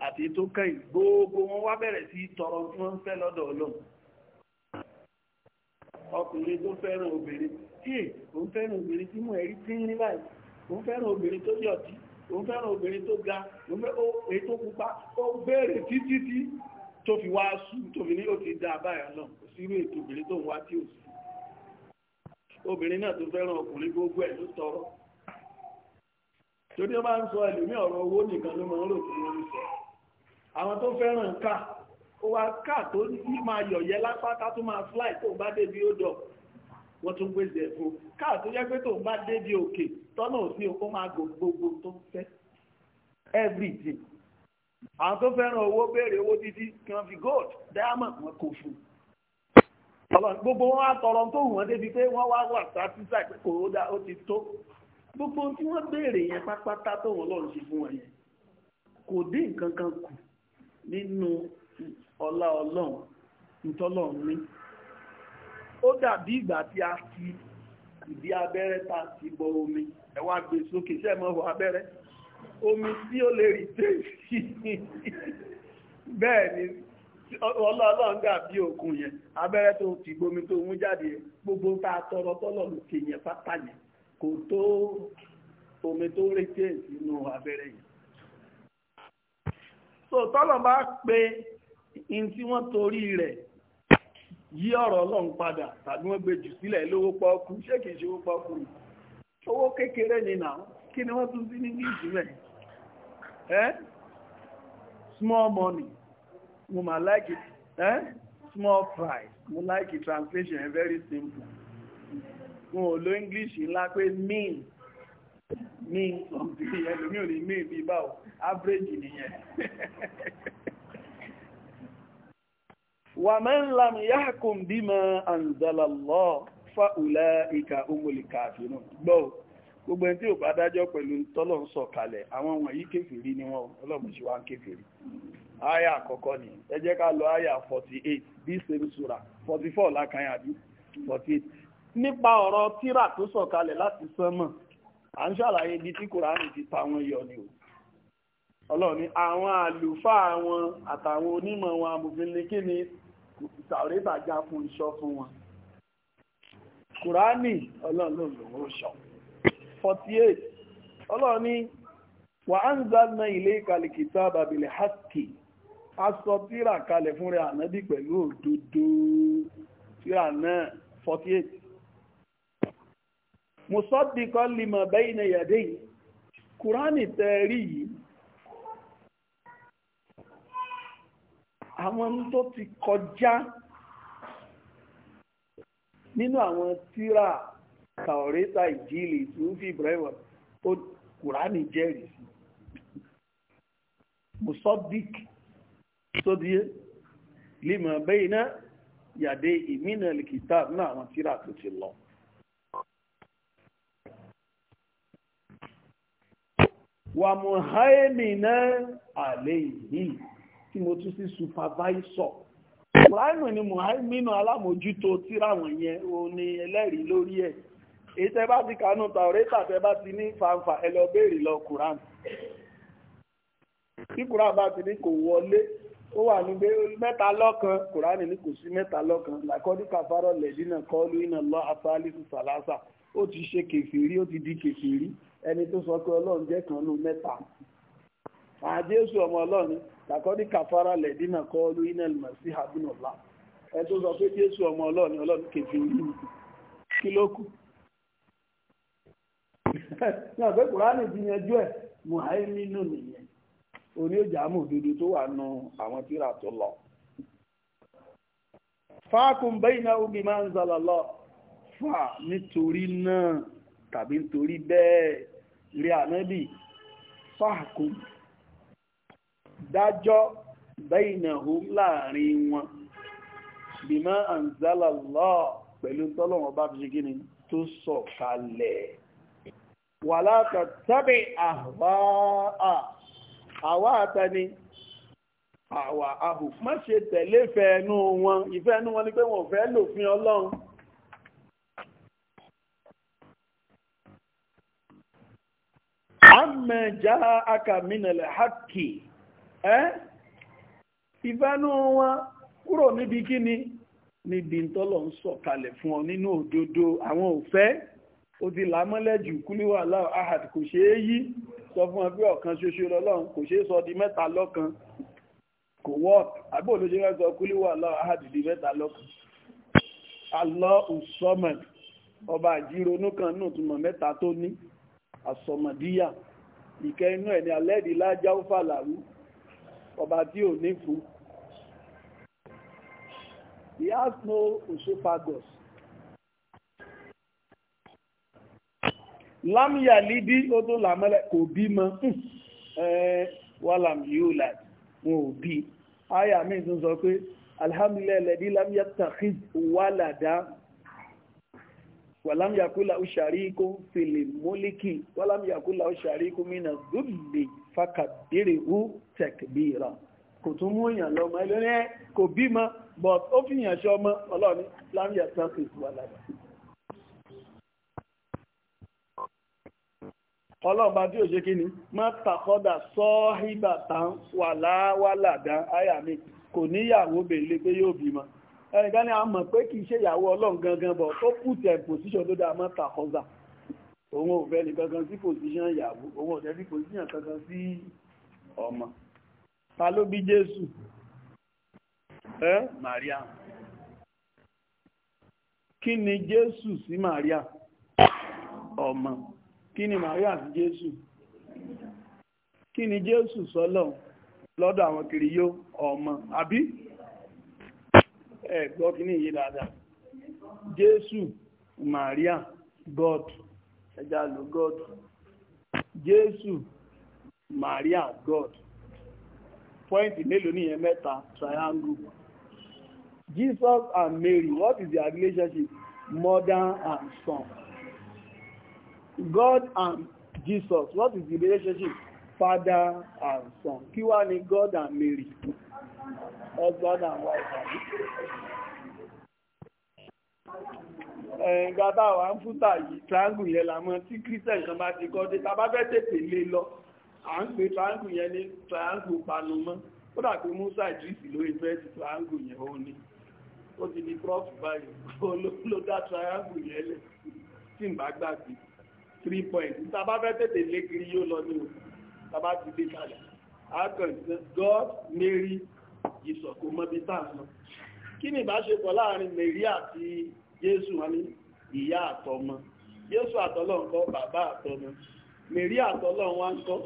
àti tó kẹ́yìn gbogbo wọn wá bẹ̀rẹ̀ sí tọrọ tí wọ́n ń fẹ́ lọ́dọ̀ ọlọ́run ọkùnrin tó fẹ́ràn obìnrin tí òun fẹ́ràn obìnrin tí mú ẹ̀rí tí ń rí báyìí òun fẹ́ràn obìnrin tó yọ̀tí òun fẹ́ràn obìnrin tó ga òun fẹ́ èyí tó pupa ó bẹ̀rẹ̀ títí tí tó fi wá sùn tó fi ní ó dá báyìí náà sí irú ètò obìnrin tó ń wá tí ò sí obìnrin náà tó fẹ́ràn ọkùnrin gbogbo ẹ̀ ló tọrọ torí ó bá ń sọ ẹlòmí ọ̀rọ̀ owó nìkan ló máa ń rò fún wọn sọ àwọn tó fẹ́ràn ká ó wá ká tó ní máa yọ̀yẹ́ lápá ká tó máa fly tó bá débi ó dọ̀ wọ́n tún gbèsè ẹ̀fọ́ ká tó jẹ́ pé tó bá débi òkè tọ́nà òfin òkú máa gbogbo tó fẹ́ everything àwọn tó fẹ́ràn owó béèrè owó títí kí wọ́n fi gold diamond wọn kò fún un ọlọ́run gbogbo wọn àtọrọ tó wù wọ́n débi pé wọ́n wá wà sátísà pé kò ó dá ó ti tó gbogbo tí wọ́n béèrè yẹn pápátá tó wọn lọ́run ṣe fún wọn yẹn kò dín nǹkan kan kù nínú ọlá ọlọ́run ìtọ́lọ́run ní ó dàbí ìgbà tí a ti ìdí abẹ́rẹ́ ta ti bọ omi ẹ wá gbé sókè sẹ́ mọ́ abẹ́rẹ́ omi tí ó lè rí tèèfì bẹ́ẹ̀ ni ọlọ́ọ̀lọ́ọ̀ ń gà bí òkun yẹn abẹ́rẹ́ tó ti gbomi tó mú jáde gbogbo tá a tọrọ tọ́lọ̀ lókè yẹn pátá yẹn kò tó omi tó retí sínú abẹ́rẹ́ yẹn. so tọ́lọ̀ bá pe in tí wọ́n torí rẹ̀ yí ọ̀rọ̀ ọlọ́run padà tàbí wọ́n gbé jù sílẹ̀ lówó pọ́ọ́kú ṣé kìí ṣe owó pọ́ọ́kú owó kékeré ni nà kí ni wọ́n tún sí ní english mẹ́ ẹ́ small money mo ma like it eh? small fry mo like it translation is very simple mo lo English ńlá pé mean mean something ẹlòmí ò ní mean bí báwo average nìyẹn wa man lam yahkum bima anzala Allah fa ulaika umul kafirun gbọ́ gbogbo ẹni tí ò bá dájọ́ pẹ̀lú tọ́lọ̀ ń sọ kalẹ̀ àwọn wọ̀nyí kéfèrí ni wọ́n ọlọ́mọ̀ṣíwá kéfèrí aya àkọ́kọ́ ni ẹ jẹ́ ká lọ aya 48 bí sẹ́rù sura 44 lákàáyà bí 48 nípa ọ̀rọ̀ tírà tó sọ̀kalẹ̀ láti sánmọ̀ à ń ṣàlàyé ibi tí kùránì ti ta wọn yọ ni o ọlọ́run ni àwọn àlùfáà wọn àtàwọn onímọ̀ wọn amòfin ní kí ni sàrẹ́tà já fún iṣọ́ fún wọn kùránì ọlọ́run ló lòun ó 48 ọlọ́run ni wà á ń zàmà ilé ìkàlìkìtà bàbìlì haski a sọ tíra kalẹ̀ fún rẹ̀ ànábì pẹ̀lú òdodo tíra náà 48 mùsọ́dìkọ́ lima bẹ́yìn ẹ̀yàdé yìí kùránì tẹ́rí yìí àwọn tó ti kọjá nínú àwọn tíra kàórẹ́ta ìjìlì tí ó fi ìbúrẹ́wọ̀ kùránì jẹ́rìí sí mùsọ́dìkọ́ tó díye lima bayna yàdé ìmínà lìkìtà náà àwọn tíra tó ti lọ wà mú haini náà àlè yìí tí mo tún sí supervisor Ibrahim ni Muhammadu alámòjútó tíra wọn yẹn o ní ẹlẹ́rìí lórí ẹ̀ èyí tẹ́ bá ti kànú tàórẹ́tà tẹ́ bá ti ní fanfa ẹ lọ béèrè lọ Kùránì tí Kùránì bá ti ní kò wọlé ó wà níbẹ̀ mẹ́ta lọ́kan kùránì ní kò sí mẹ́ta lọ́kan làkọ́dí kàfárọ̀ lẹ̀dínà kọ́lù iná lọ afálísù sàlásà ó ti ṣe kèfèrí ó ti di kèfèrí ẹni tó sọ pé ọlọ́run jẹ́ kan nù mẹ́ta àjẹsù ọmọ ọlọ́run làkọ́dí kàfárọ̀ lẹ̀dínà kọ́lù iná màsí àbúnọ̀lá ẹni tó sọ pé jésù ọmọ ọlọ́run ọlọ́run kèfèrí kí ló kù ní ọ̀fẹ́ kùránì ti yanjú ẹ̀ mùháímínú nìyẹn oní ìjàmù òdodo tó wà nù àwọn tírà tó lọ. fáàkùn bẹ́yìn náà omi máa ń zọlọ lọ fà nítorí náà tàbí nítorí bẹ́ẹ̀ rí ànábì fáàkùn dájọ́ bẹ́yìn náà láàrin wọn bímọ àǹzálà lọ pẹ̀lú tọ́lọ́wọ́n bá fi ṣe ni tó sọ̀ kalẹ̀ wàlá tàbí àwa àtẹni àwa ahù má ṣe tẹ̀lé ìfẹ́ ẹnu wọn ìfẹ́ ẹnu wọn ni pé wọn ò fẹ́ lòfin ọlọ́run àmẹ́ já akàmínàlẹ̀ hákì ẹ́ ìfẹ́ ẹnu wọn kúrò níbi kíni níbi tọ́lọ̀ ń sọ̀kalẹ̀ fún ọ nínú òdodo àwọn òfẹ́ ó ti là mọ́lẹ̀ jù kúlíwà láà ahad kò ṣe é yí sọ fún wọn pé ọ̀kan ṣoṣo lọ́lọ́run kò ṣe é sọ di mẹ́ta lọ́kan kò wọ́ọ̀k àbí olóṣè fẹ́ sọ kúlíwà láà ahad di mẹ́ta lọ́kan Allahu Samad ọba àjíronú kan náà túmọ̀ mẹ́ta tó ní àsọmọ̀díyà ìkẹ́ inú ẹ̀ ní alẹ́dì lájá ó fàlàrú ọba tí ò ní fún he has no esophagus lámìyà lídí ó tó làmọ́lẹ̀ kò bímọ wàlàm yóò là wọn ò bí àyà mi tún sọ pé alhamdulillah lẹ́dí lámìyà tàkì wàlàdá wàlámìyà kúlà òṣàrí kó fèlè mólíkì wàlámìyà kúlà òṣàrí kó mìíràn zúlè fàkàbírè ó tẹ̀kbìrà kò tún mú èèyàn lọ́mọ ẹlẹ́rẹ́ kò bímọ but ó fi yàn ṣe ọmọ ọlọ́ọ̀ni lámìyà tàkì wàlàdá ọlọ́ọ̀bá tí ò ṣe kí ni mọ́tàkọ́dà sọ́ọ́hìbàtà wà láwàlàdá àyà mi kò níyàwó bèèlè pé yóò bímọ ẹnìkan ni a mọ̀ pé kì í ṣe ìyàwó ọlọ́run gangan bọ̀ tó pùtẹ̀ pòsíṣọ̀ tó dáa mọ́tàkọ́dà òun ò fẹ́ ní gangan sí pòsíṣàn ìyàwó òun ò fẹ́ sí pòsíṣàn gangan sí ọmọ ta ló bí Jésù ẹ́ Màríà kí ni Jésù sí Màríà ọmọ kí Maria àti Jésù kí Jésù sọ́lọ̀ lọ́dọ̀ àwọn kiri yóò ọmọ àbí ẹ kí ní iye dáadáa Jésù Maria God ẹjá lò God Jésù Maria God pọ́ìntì mélòó ní ìyẹn mẹ́ta triangle Jesus and Mary what is their relationship mother and son God and Jesus. What is the relationship? Father and son. Kí wá ni God and Mary? Husband and wife. Ẹ̀ǹgbà eh, bá wà ń fúta yìí, triangle yẹn la mọ̀ tí Christian kan bá ti kọ́ dé, tàbá fẹ́ tètè lé lọ, à ń pè triangle yẹn ní triangle panumọ́. Ó dà pé Musa Idris ló ìfẹ́ triangle yẹn ó ní. Ó ti di prof báyìí, ló dá triangle yẹn lẹ̀ tí ń bá gbàgbé three points níta bá fẹ́ tètè lé kiri yóò lọ ní o tàbá ti dé kalẹ̀ akọ̀ǹtẹ́ God Mary ìsọ̀kò mọ́bí táàmù kí ni ìbáṣepọ̀ láàrin Mary àti Jésù wọn ní ìyá àtọmọ Jésù àtọlọ́run kọ́ bàbá àtọmọ Mary àtọlọ́run wá ń kọ́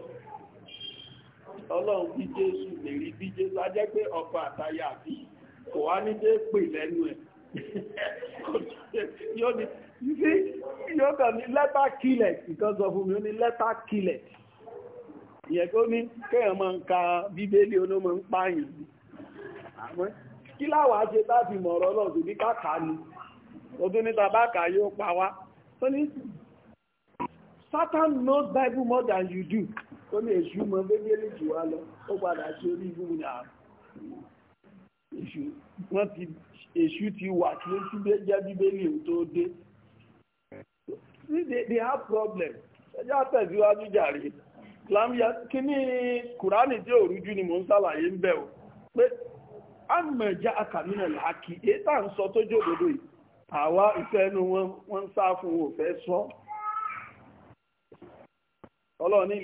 ọlọ́run bí Jésù Mary bí Jésù á jẹ́ pé ọkọ àtayà bí kò wá ní dé pè lẹ́nu ẹ̀ You see, yóò kàn ní letter it because of whom you ní letter kill it. kó ní kéèyàn máa ń ka bíbélì olómọ ń pààyàn. Àmọ́ kí láwàá ṣe láti mọ̀ ọ̀rọ̀ náà sí bí kàkà ni. Ó tún ní tabákà yóò pa wá. Ó ní Satan knows Bible more than you do. Ó ní èṣù mọ bíbélì jù wá lọ. Ó padà ṣe orí ibú ni àrùn. Èṣù ti wà kí ó tún jẹ́ bíbélì ò tó dé. See, they, they have problem. ya Kùránì tí ò rújú ni mò ń sàlàyé ń o. Pé a mọ̀ já àkàmínà làákì, èyí ń sọ tó jòdodo yìí. Àwa ìfẹ́ inú wọn ń sá fún wọn ò fẹ́ sọ.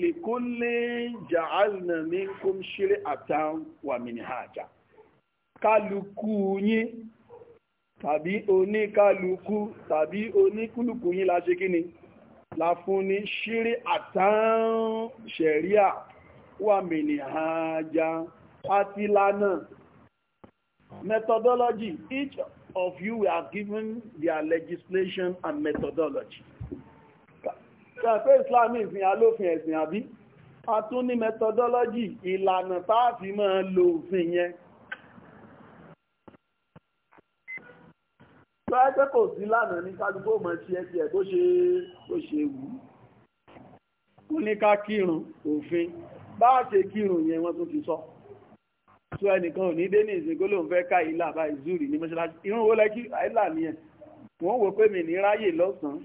lè kó lé jàálìnà ní kó ń ṣeré àtàwọn Kálukú yín tàbí oníkálukú tàbí oníkúlùkù yín la ṣe kí ni la fún ní ṣírí àtàn ṣẹ̀ríà wà mìíní àájá àti lánà methodology each of you were given their legislation and methodology ṣàpẹ́ islam ìsìn alófin ẹ̀sìn àbí a tún ní methodology ìlànà táàfin máa lo òfin yẹn bá jẹ́ kò sí lánàá ní kálukú ò máa ṣe ẹsẹ̀ bó ṣe bó ṣe wù ú ní ká kírun òfin bá a ṣe kírun yẹn wọ́n tún ti sọ tó ẹnìkan ò ní dé ní ìsìnkú ló ń fẹ́ ká ìlà bá ìzúrì ní mọ́ṣáláṣí irun owó lẹ́kí àìlà nìyẹn wọ́n wò pé mi ní ráyè lọ́sàn-án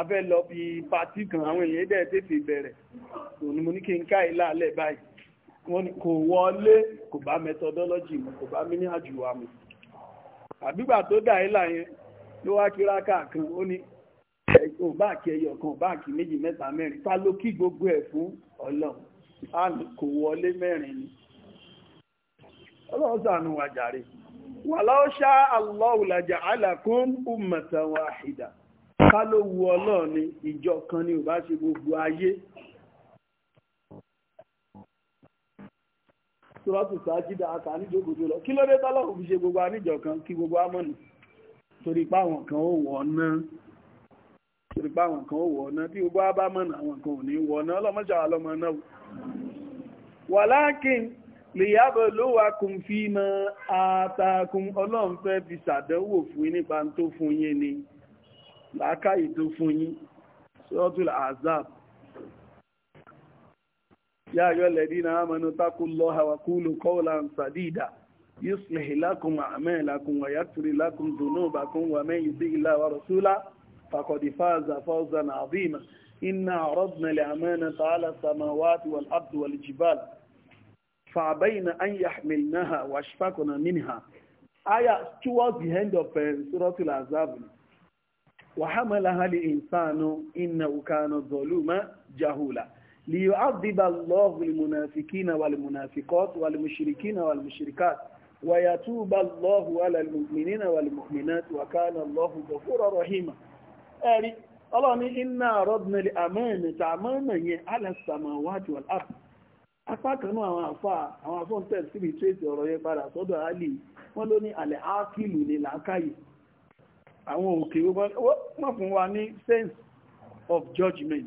abẹ́ lọ bí pàtí kan àwọn èèyàn dẹ̀ tètè bẹ̀rẹ̀ kò ní mo ní kí n ká ìlà alẹ́ báyìí kò wọlé kò bá methodology mu kò bá mí ní àjùwà mu àbígbà tó dà ẹ́ láyẹn ló wá kíráká kan ó ní ẹ̀kọ́ báàkì ẹyọ kan báàkì méjì mẹ́ta mẹ́rin ta ló kí gbogbo ẹ̀ fún ọlọ́run á kò wọlé mẹ́rin ni ọlọ́run ṣàánú wa wà láó ṣá àlọ́ọ̀làjà alákún ummatan wahida ká ló wu ọlọ́run ni ìjọ kan ni ò bá ṣe gbogbo ayé sọ́rọ́tù sájídà àkà níjòkó tó lọ kí ló dé tọ́lọ̀ fi ṣe gbogbo àníjọ kan kí gbogbo amọ̀nì torí pé àwọn kan ó wọ̀ ná torí pé àwọn kan ó wọ̀ ná tí gbogbo abámọ̀nà àwọn kan ò ní wọ̀ ná ọlọ́mọṣà ọlọ́mọ náà wà láàkín lèyàbọ̀ ló wà kún fi mọ́ àtàkùn ọlọ́run fi ṣàdánwò fún yín nípa tó fún yín ni làákàyè tó fún yín sọ́rọ́tù àzáàbù يا أيها الذين آمنوا تقول الله وقولوا قولا صديدا يصلح لكم أعمالكم ويكفر لكم ذنوبكم ومن يطع الله ورسوله فقد فاز فوزا عظيما إنا عرضنا الأمانة على السماوات والأرض والجبال فأبين أن يحملنها وأشفقنا منها آية towards the end of سورة uh, العذاب وحملها الإنسان إنه كان ظلوما جهولا ليعذب الله المنافقين والمنافقات والمشركين والمشركات ويتوب الله على المؤمنين والمؤمنات وكان الله غفورا رحيما اري الله ني ان ردنا الامانه امانه على السماوات والارض apá kan náà àwọn àfà àwọn afọ́ntẹ́sì síbi tírèsì ọ̀rọ̀ yẹn padà sọ́dọ̀ alì wọ́n ló ní alẹ́ ákìlù ní làákàyè àwọn òkè wọ́n fún wa ní sense of judgment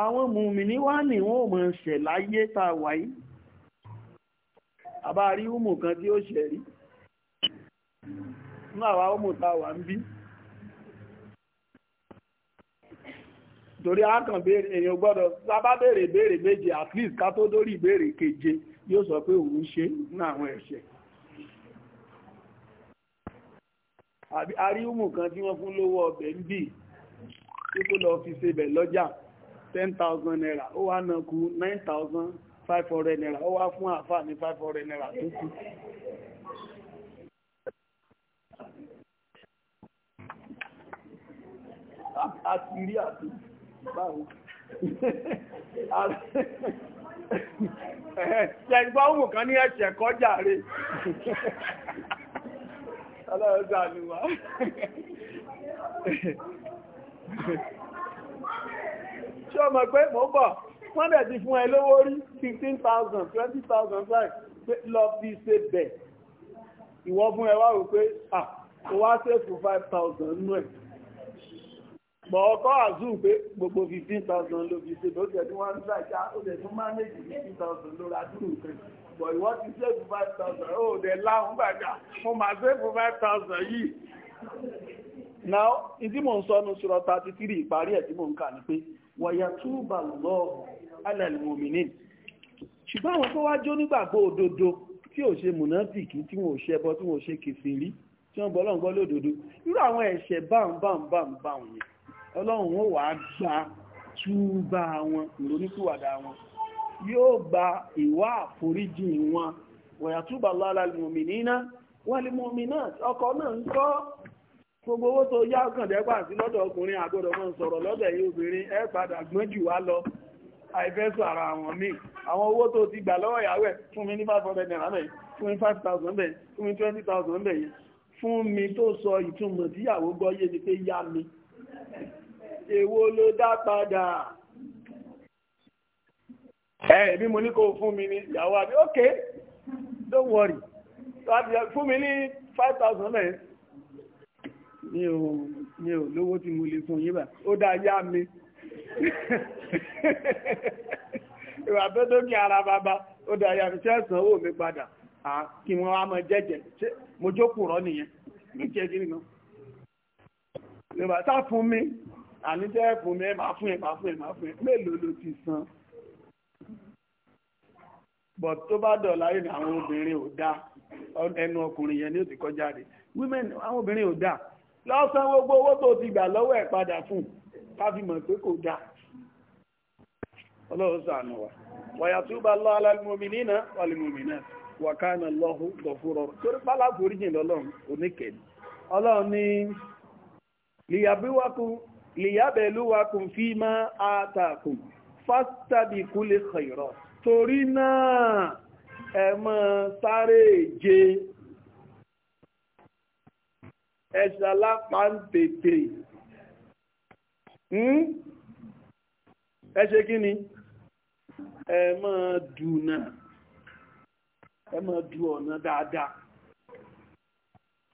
àwọn mùmìnì wá ní wọ́n ò mọ̀ ṣẹ̀ láyé tá a wáyé àbá rí ọmọ kan tí ó ṣẹ̀ rí ní àwa ọmọ tá a wà ń bí torí akàn béèrè èèyàn gbọ́dọ̀ sábà béèrè béèrè méje at least ká tó dórí ìbéèrè keje yóò sọ pé òun ṣe ní àwọn ẹ̀ṣẹ̀ àrí ọmọ kan tí wọ́n fún lówó ọbẹ̀ ń bì tí kò lọ fi ṣe bẹ̀ lọ́jà 10.000 thousand naira ó wá náà kú nine thousand five hundred naira ó wá fún àáfà ní five hundred naira tó kù. a àti báwo ṣẹ̀gbọ́n òun kan ní ẹ̀ṣẹ̀ kọjá rẹ̀ ọlọ́run sàánú wa ṣé o mọ̀ pé mò ń bọ̀ wọ́n dẹ̀ ti fún ẹ lówó rí fifteen thousand twenty thousand five lọ fi ṣe bẹ̀ ìwọ fún ẹ wá wò pé ah o wá ṣèfù five thousand nú ẹ̀ pọ̀ ọkọ́ àzú pé gbogbo 15,000 ló fi ṣe ló jẹ́ tí wọ́n ń dájá ó lè tún mánéjì 15,000 ló rádùn nǹkan bọ̀ ìwọ́n ti ṣẹ́fù 5,000 ó dẹ̀ láhùn gbàgbà mo máa ṣẹ́fù 5,000 yìí now ìdí mò ń sọ ní ṣùrọ̀ 33 ìparí ẹ̀ tí mò ń kà ní pé wàyàtúbà lọ́ọ̀hù alẹ́lùmòmìnì ṣùgbọ́n àwọn tó wá jó nígbàgbọ́ òdodo tí ò ṣe mùnáfìkì tí wọn ò ṣe ẹbọ tí wọn ò ṣe kèfèrí tí wọn bọ́ lọ́ngbọ́ lódodo irú àwọn ẹ̀ṣẹ̀ báǹbáǹbáǹbáǹ yẹn ọlọ́run ó wàá gba túbà wọn ìróníkúwàdà wọn yóò gba ìwà àforíjì wọn wàyàtúbà lọ́ọ̀lá lùmòmìnì náà wọ́n lùmòmìnì náà ọkọ̀ náà ń kọ́ gbogbo owó tó yá ọkàndẹ́gbà sí lọ́dọ̀ ọkùnrin àgbọ́dọ̀ mọ́ sọ̀rọ̀ lọ́dọ̀ yìí obìnrin ẹ padà gbọ́n jù wá lọ àìfẹ́sù ara àwọn míì àwọn owó tó ti gbà lọ́wọ́ ìyàwó ẹ̀ fún mi ní 500 naira bẹ́ẹ̀ fún mi 5000 bẹ́ẹ̀ fún mi 20000 bẹ́ẹ̀ fún mi tó sọ ìtumọ̀ tíyàwó gbọ́yé ni pé yá mi èwo ló dá padà ẹ̀ bí mo ní kó fún mi ní ìyàwó àbí ok don't worry fún mi ní thousand bẹ́ẹ̀ mi ò lówó tí mo lè fún yín bá ó dá yá mi ìwà tó dókè ara bàbá ó dá yá mi ṣe ẹ̀sán owó mi padà kí wọ́n wá mọ jẹ́jẹ́ mo jókòó rọ́ nìyẹn mi jẹ́ kí nìkan ìwà tá fún mi àní jẹ́ fún mi máa fún ẹ máa fún ẹ máa fún ẹ mélòó ló ti san but tó bá dọ̀la yìí ni àwọn obìnrin ò dáa ẹnu ọkùnrin yẹn ni ó kọjá rè women àwọn obìnrin ò dáa lọ́sàn gbogbo owó tó ti gbà lọ́wọ́ ẹ̀ padà fún káfíìmọ̀ pé kò dáa ọlọ́run ṣàánú wa wàyàtúbà lọ́ alálùmọ́mìnínà alìmọ̀mìnà wàkánà lọ́hù lọ́fúrọ̀ torí pálá foríjìn lọ́lọ́run oníkẹ̀ẹ́ ọlọ́run ni je ẹ̀ṣà lápá ń tètè ẹ ṣe kí ni ẹ máa dùnà ẹ máa du ọ̀nà dáadáa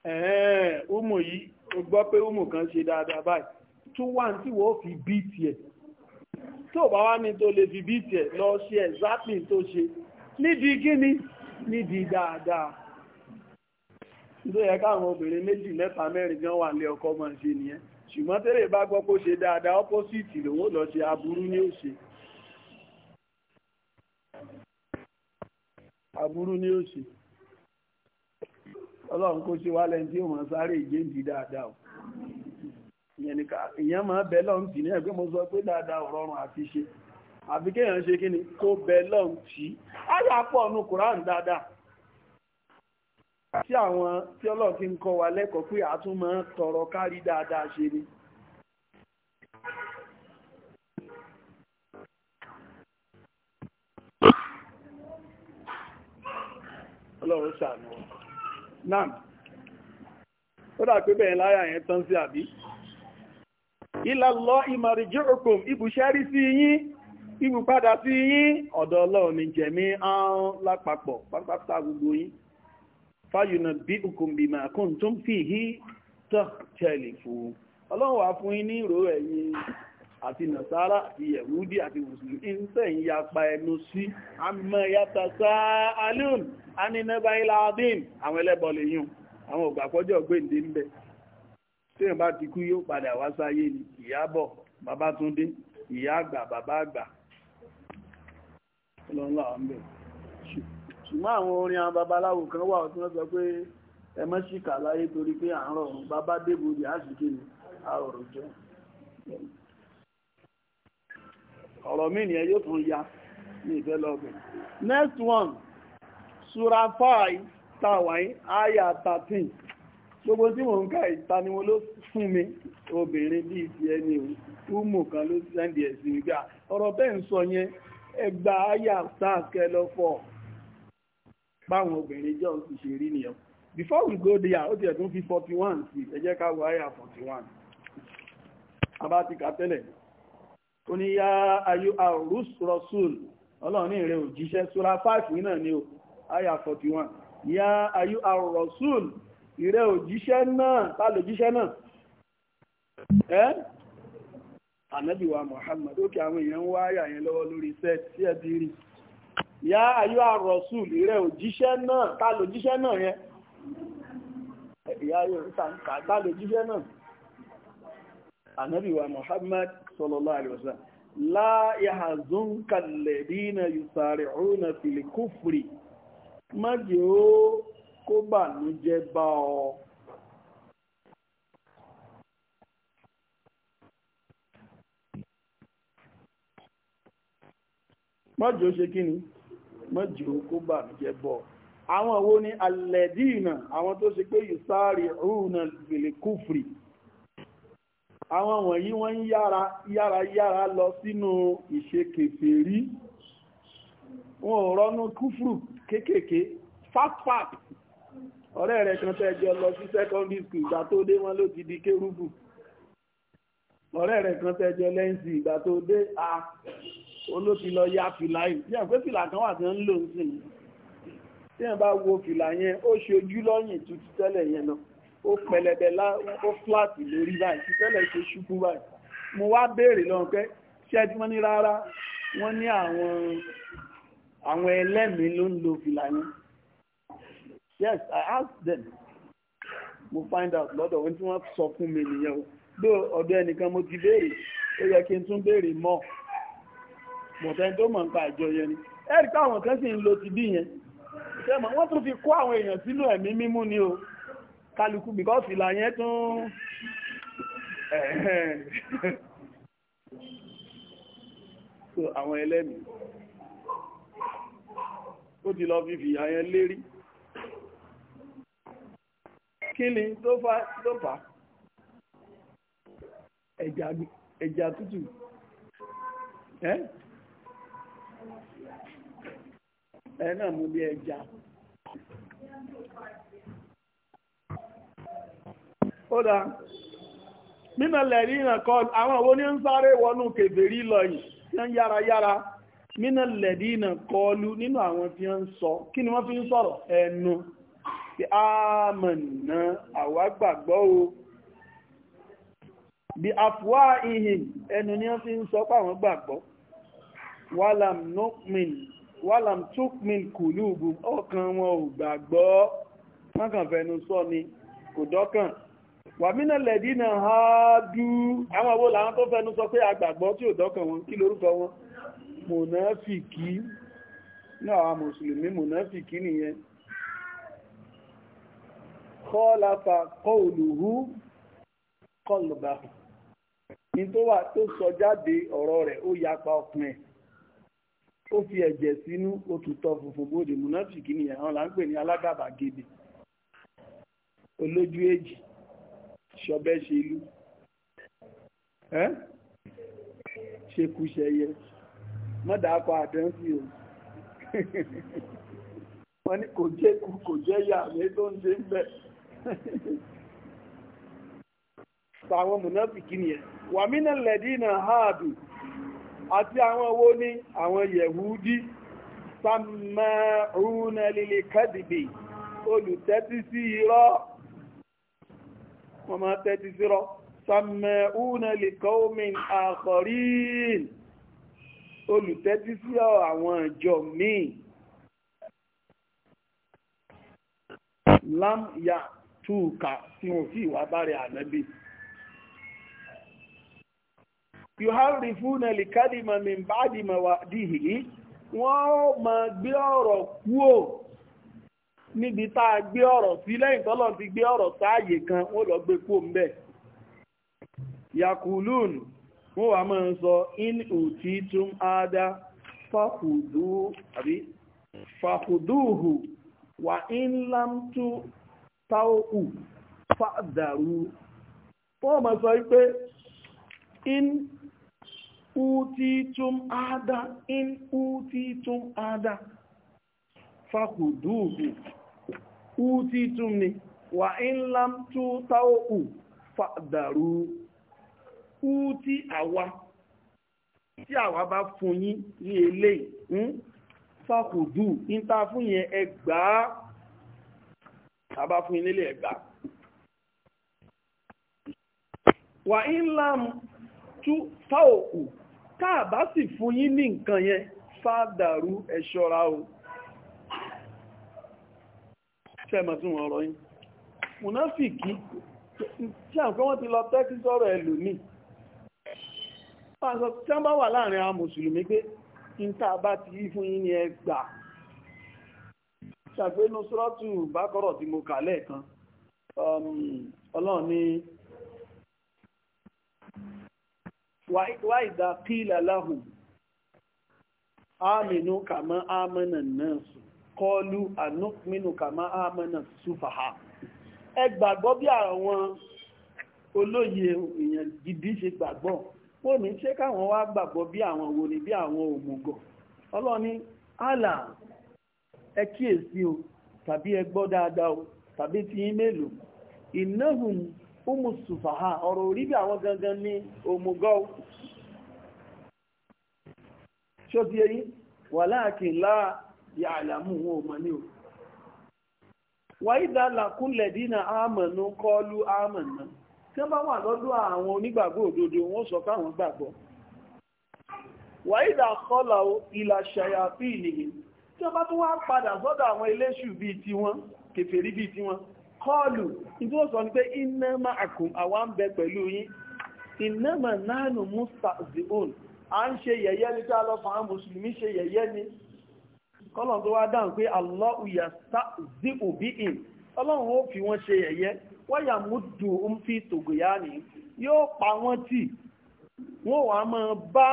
ẹ̀ẹ́ ọmọ yìí o gbọ́ pé ọmọ kan ṣe dáadáa báyìí tún wà tí wọ́n fi bí tiẹ̀ tó bá wá ní tó lè fi bí tiẹ̀ lọ ṣe exactly tó ṣe nídìí kí ni nídìí dáadáa nítorí yẹ káwọn obìnrin méjì mẹ́ta mẹ́rin gan wà lé ọkọ máa ṣe nìyẹn ṣùgbọ́n tẹ́lẹ̀ bá gbọ́ pé ṣe dáadáa ọ́pọ́sìtì lòun ó lọ ṣe aburú ní òṣè aburú ní òṣè ọlọ́run kó ṣe wálẹ̀ tí ó sáré o ìyẹn máa bẹ lọ́n tì ní ẹgbẹ́ mo sọ pé dáadáa àti ṣe àbí kéèyàn ṣe kí tí àwọn tí ọlọ́run ti ń kọ́ wa lẹ́kọ̀ọ́ pé àtúmọ̀ tọrọ kárí dáadáa ṣe ni. ọlọ́run ṣàánú náà ó dà pé bẹ́ẹ̀ láyà yẹn tán sí àbí ìlàlọ́ ìmọ̀rìjì òkùn ibùṣẹ́rí sí yín ibùpadà sí yín ọ̀dọ̀ ọlọ́run ni jẹ̀mí ahọ́n lápapọ̀ pátápátá gbogbo yín fayunabbi'ukum bima kuntum fihi takhtalifun ọlọ́run wà fún yín ní ìró ẹ̀yin àti nàṣàrà àti yẹ̀wúdí àti mùsùlùmí ń tẹ̀ ń yapa ẹnu sí àmọ́ yàtọ̀ sáà alún anínẹ́bà ilá adín àwọn ẹlẹ́bọ̀ lè yùn àwọn ògbàpọ́jọ́ gbèǹdé ń bẹ tí èèyàn bá ti kú yóò padà wá sáyé ni ìyábọ̀ Babátúndé ìyá àgbà bàbá àgbà ọlọ́run làwọn bẹ̀rẹ̀ ṣùgbọ́n àwọn orin àwọn babaláwo kan wà tí wọ́n sọ pé ẹ mọ́ síkà torí pé à ń rọrùn bàbá débòdì àṣìkè ni a ọ̀rọ̀ jọ ọ̀rọ̀ mí nìyẹn yóò tún ya ní ìfẹ́lọ́gbẹ̀ next one sura 5 tàwáyé aya 13 gbogbo tí mo ń ká ìtaniwọ́ ló fún mi obìnrin bí ti ẹni ìhùmù kan ló sẹ́ndì ẹ̀sìn e ìgbà ọ̀rọ̀ bẹ́ẹ̀ ń sọ yẹn ẹgbà aya stars báwọn obìnrin jọ ń ṣe rí nìyẹn before we go there ó tiẹ̀ tún fi forty one sí ẹ ká wọ àyà forty one abátika tẹ́lẹ̀ ó ní yá ayú arús rasul ọlọ́run ìrẹ́ òjíṣẹ́ sura five yìí ni ó àyà forty one yá ayú arús rasul òjíṣẹ́ náà tá náà ẹ́ Muhammad ó kí àwọn èèyàn ń wá àyà yẹn lọ́wọ́ ya ayọ́ àrọ̀sùl rẹ̀ òjíṣẹ́ náà ta lòjíṣẹ́ náà yẹn ya ayọ́ ta lòjíṣẹ́ náà ànábì Muhammad sallallahu alaihi wasallam la yahzunka na yusari'una fil na má jẹ́ ó kó n'uje ba ọ maji o se kini mọ́jì okó bà mí jẹ́ bọ̀ àwọn wo ni alẹ́dìnà àwọn tó ṣe pé yùsáàrì rúnà gbèlè kúfrì àwọn wọ̀nyí wọ́n ń yára yára yára lọ sínú ìṣe kèfèrí wọn ò rọ́nú kúfrù kéékèèké fast fast ọ̀rẹ́ rẹ̀ kan tẹ́ jọ lọ sí secondary school ìgbà tó dé wọn ló ti di kérúbù ọ̀rẹ́ rẹ̀ kan tẹ́ jọ lẹ́yìn sí ìgbà tó dé a olóti lọ ya fìlà yìí yẹn pé fìlà kan wà tí wọ́n ń lò ń sìn ní tí wọ́n bá wo fìlà yẹn ó ṣe ojú lọ́yìn tẹ́lẹ̀ yẹn lọ ó pẹlẹbẹ ó fúláàtì lórí báyìí ti tẹ́lẹ̀ ṣe ṣubú báyìí mo wá béèrè lọ pé ṣé tí wọ́n ní rárá wọ́n ní àwọn àwọn ẹlẹ́mìí ló ń lo fìlà yẹn yes i ask them mo find out lọ́dọ̀ wọn tí wọ́n sọ fún mi nìyẹn o lóò ọ̀dọ̀ ẹnìkan mo ti béèrè ó yẹ kí n tún béèrè more bọ̀tẹ́ tó mọ̀ nípa àjọ yẹn ni ẹ̀rí káwọn kan sì ń lo ti bí yẹn ṣẹ́mọ̀ wọ́n tún fi kó àwọn èèyàn sínú ẹ̀mí mímú ni o kálukú bìkọ́ fìlà yẹn tún so àwọn ẹlẹ́mì ó ti lọ fi fìyà yẹn lérí kí ni tó fà tó fà ẹja tútù ẹ́ ẹ̀ mú bí ẹja kódà nínà lẹ̀rí ìrànkọ́ àwọn àwọn oní ń sáré wọnú kèfèrí lọ yìí tí ó ń yára yára nínà lẹ̀rí ìrànkọ́ọ̀lú nínú àwọn tí ó ń sọ kí ni fi ń sọ̀rọ̀ ẹnu fi a mọ̀ nà àwa gbàgbọ́ o bí àfúwà ihìn ẹnu ni wọ́n fi ń sọ pàwọn gbàgbọ́ wàlàm tukmin kùlùbù ọkàn wọn ò gbàgbọ́ wọ́n kàn fẹnu sọ ni kò dọ́kàn wàmínà lẹ̀dí náà ha dú àwọn owó làwọn tó fẹnu sọ pé àgbàgbọ́ tí ò dọ́kàn wọn kí lórúkọ wọn mùnáfìkì ní àwọn mùsùlùmí mùnáfìkì nìyẹn kọ́lápa kọ́òlùhú kọlùbà ní tó wà tó sọ jáde ọ̀rọ̀ rẹ̀ ó yapa ọkùnrin ó fi ẹ̀jẹ̀ sínú ó tutọ́ funfun bóde munafiki nìyẹn àwọn là ń pè ní alágàbàgebè olójú èjì ṣọbẹ́ ṣe ìlú ẹ́ ṣekúṣẹyẹ mọ́dàkọ àdánsì o wọ́n ní kò jẹ́kù kò jẹ́yà àmì tó ń ṣe ń bẹ̀ sàwọn munafiki nìyẹn wàmínà lẹ́dínà háàdù àti àwọn wo ni àwọn yẹ̀húdí sàmàrúnà lílé kẹ́dìbì olùtẹ́tí sí irọ́ wọ́n máa tẹ́tí sí irọ́ sàmàrúnà lè kọ́ọ̀mìn àkọ̀rín olùtẹ́tí sí àwọn ìjọ míì lam ya túùkà tí wọ́n fi ìwà bá rẹ̀ ànábì yuharifuna likadima min ba'di mawadihi wọ́n ma gbé ọ̀rọ̀ kúò níbi tá a gbé ọ̀rọ̀ sí lẹ́yìn tọ́lọ̀ ti gbé ọ̀rọ̀ sáàyè kan wọ́n lọ gbé kúò ń yakulun wọ́n wà máa sọ in òtí tún ádá fàkùdúhù wà in lámtú táòkù fàdàrú wọ́n máa sọ wípé in utitum ada in utitum ada fakuduhu utitum ni wa in lam tutau fadaru uti awa tí awa ba fún yín ní eléyìí hmm? fakudu níta fún yẹn ẹgbàá tàbá fún nile nílé ẹgbàá wà in lam tutau káàbá sì fún yín ní nǹkan yẹn fádàrú ẹ ṣọ́ra o ṣẹ́mọ̀ tún wọ́n rọ yín mùnáfìkì tí àwọn pé wọ́n ti lọ tẹ́kí sọ́rọ̀ ẹlòmí tí wọ́n bá wà láàrin àwọn mùsùlùmí ti yí fún yín ní ẹgbà ṣàgbénú sọ́rọ̀tù bákọ́rọ̀ tí mo kà lẹ́ẹ̀kan ọlọ́run ní wa idha qila lahum aminu kama amana nasu qalu anu'minu kama amana sufaha ẹ gbàgbọ́ bí àwọn olóye èèyàn gidi ṣe gbàgbọ́ wọ́n ní ṣé káwọn wá gbàgbọ́ bí àwọn wo ni bí àwọn òmùgọ̀ ọlọ́ni àlà ẹ kíyèsí o tàbí ẹ gbọ́ dáadáa o tàbí ti yín mélòó innahum umu sufaha ọ̀rọ̀ orí bí àwọn gangan ní omugọ́ ṣó ti èyí wà láàkín láà yà àlàmù wọn ò mọ̀ ní o wà ìdá làkúnlẹ̀ dínà àmọ̀nù kọlu àmọ̀nà tí wọ́n bá wà lọ́dọ̀ àwọn onígbàgbọ́ òdodo wọ́n sọ káwọn gbàgbọ́ wà ìdá kọlà ìlà ṣàyàfí ìnìyàn tí wọ́n bá tún wá padà sọ́dọ̀ àwọn eléṣù bíi tiwọn kèfèrí bíi tiwọn kọlù ibi ó sọ ní pé iná máa àkùn àwa ń bẹ pẹ̀lú yín iná máa nánú musa a ń ṣe yẹ̀yẹ́ ní tí a lọ fún àwọn mùsùlùmí ṣe yẹ̀yẹ́ ni kọ́lọ̀n tó wá dáhùn pé Allahu yastahzi'u bihim ọlọ́run ó fi wọ́n ṣe yẹ̀yẹ́ wọ́n yà mú dùn ún fi tògòyá ni yóò pa wọ́n tì wọ́n wàá máa bá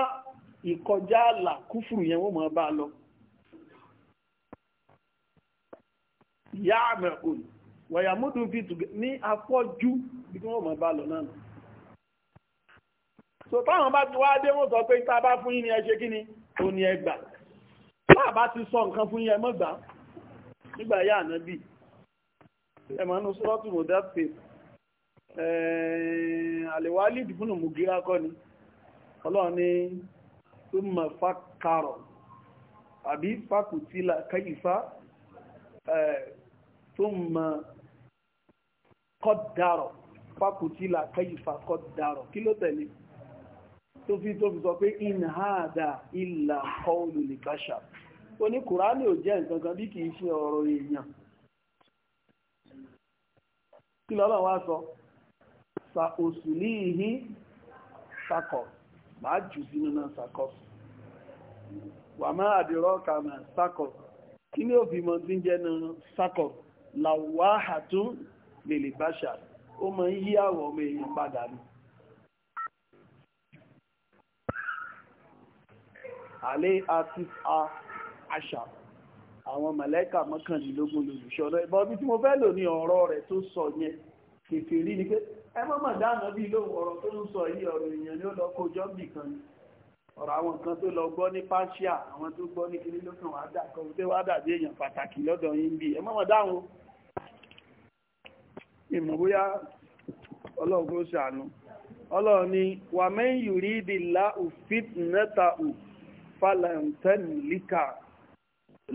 ìkọjá àlà kúfùrù wọ̀yà mútu fi tùgẹ̀ ní afọ́jú bí wọ́n mọ̀ bá lọ náà nù. so táwọn bá ti wá dé wọ́n sọ pé tá a bá fún yín ni ẹ ṣe kí ni ó ní ẹ gbà tá a bá ti sọ nǹkan fún yín ẹ mọ̀ gbà nígbà yá ànábì ẹ mọ̀ nínú sọ́ọ̀tù mọ̀dẹ́sì àlèwálì ìdìbùnú mùgírà kọ́ ni ọlọ́run ní túnmà fàkàrọ̀ àbí fàkùtìlà kàyífà túnmà kọ́dàrọ̀ fákùtílà kẹyìfà kọ́dàrọ̀ kí ló tẹ̀lé tó fi tó fi sọ pé inhada illa qawlu libashar ó ní kùránì ò jẹ́ nǹkan kan bí kìí ṣe ọ̀rọ̀ èèyàn kí lọ́lọ́ wá sọ sa òsùlì ìhí sakọ̀ máa jù sínú náà sakọ̀ wà máa àdìrọ́ ọ̀kà náà sakọ̀ kí ni òfin mọ̀ tí jẹ́ náà sakọ̀ làwáhà tún lèlè báṣà ó máa ń yí àwọ̀ ọmọ èèyàn padà ní a àti àṣà àwọn mẹ̀lẹ́kà mọ́kànlélógún lòlùṣọ́lọ́ ìbọn bí tí mo fẹ́ lò ní ọ̀rọ̀ rẹ̀ tó sọ yẹn kèfè rí ni pé ẹ mọ́ mọ̀ dáná bí lo ọ̀rọ̀ tó ń sọ yìí ọ̀rọ̀ èèyàn ni ó lọ kan ni ọ̀rọ̀ àwọn kan tó lọ gbọ́ ní pàṣíà àwọn tó gbọ́ ní kinní lókàn wàá dà kọ́ dàbí èèyàn pàtàkì ìmọ̀ bóyá ọlọ́run ṣàánú ni wà mẹ́yìn yùrí nẹ́ta ò falẹ̀ǹtẹ́nì líkà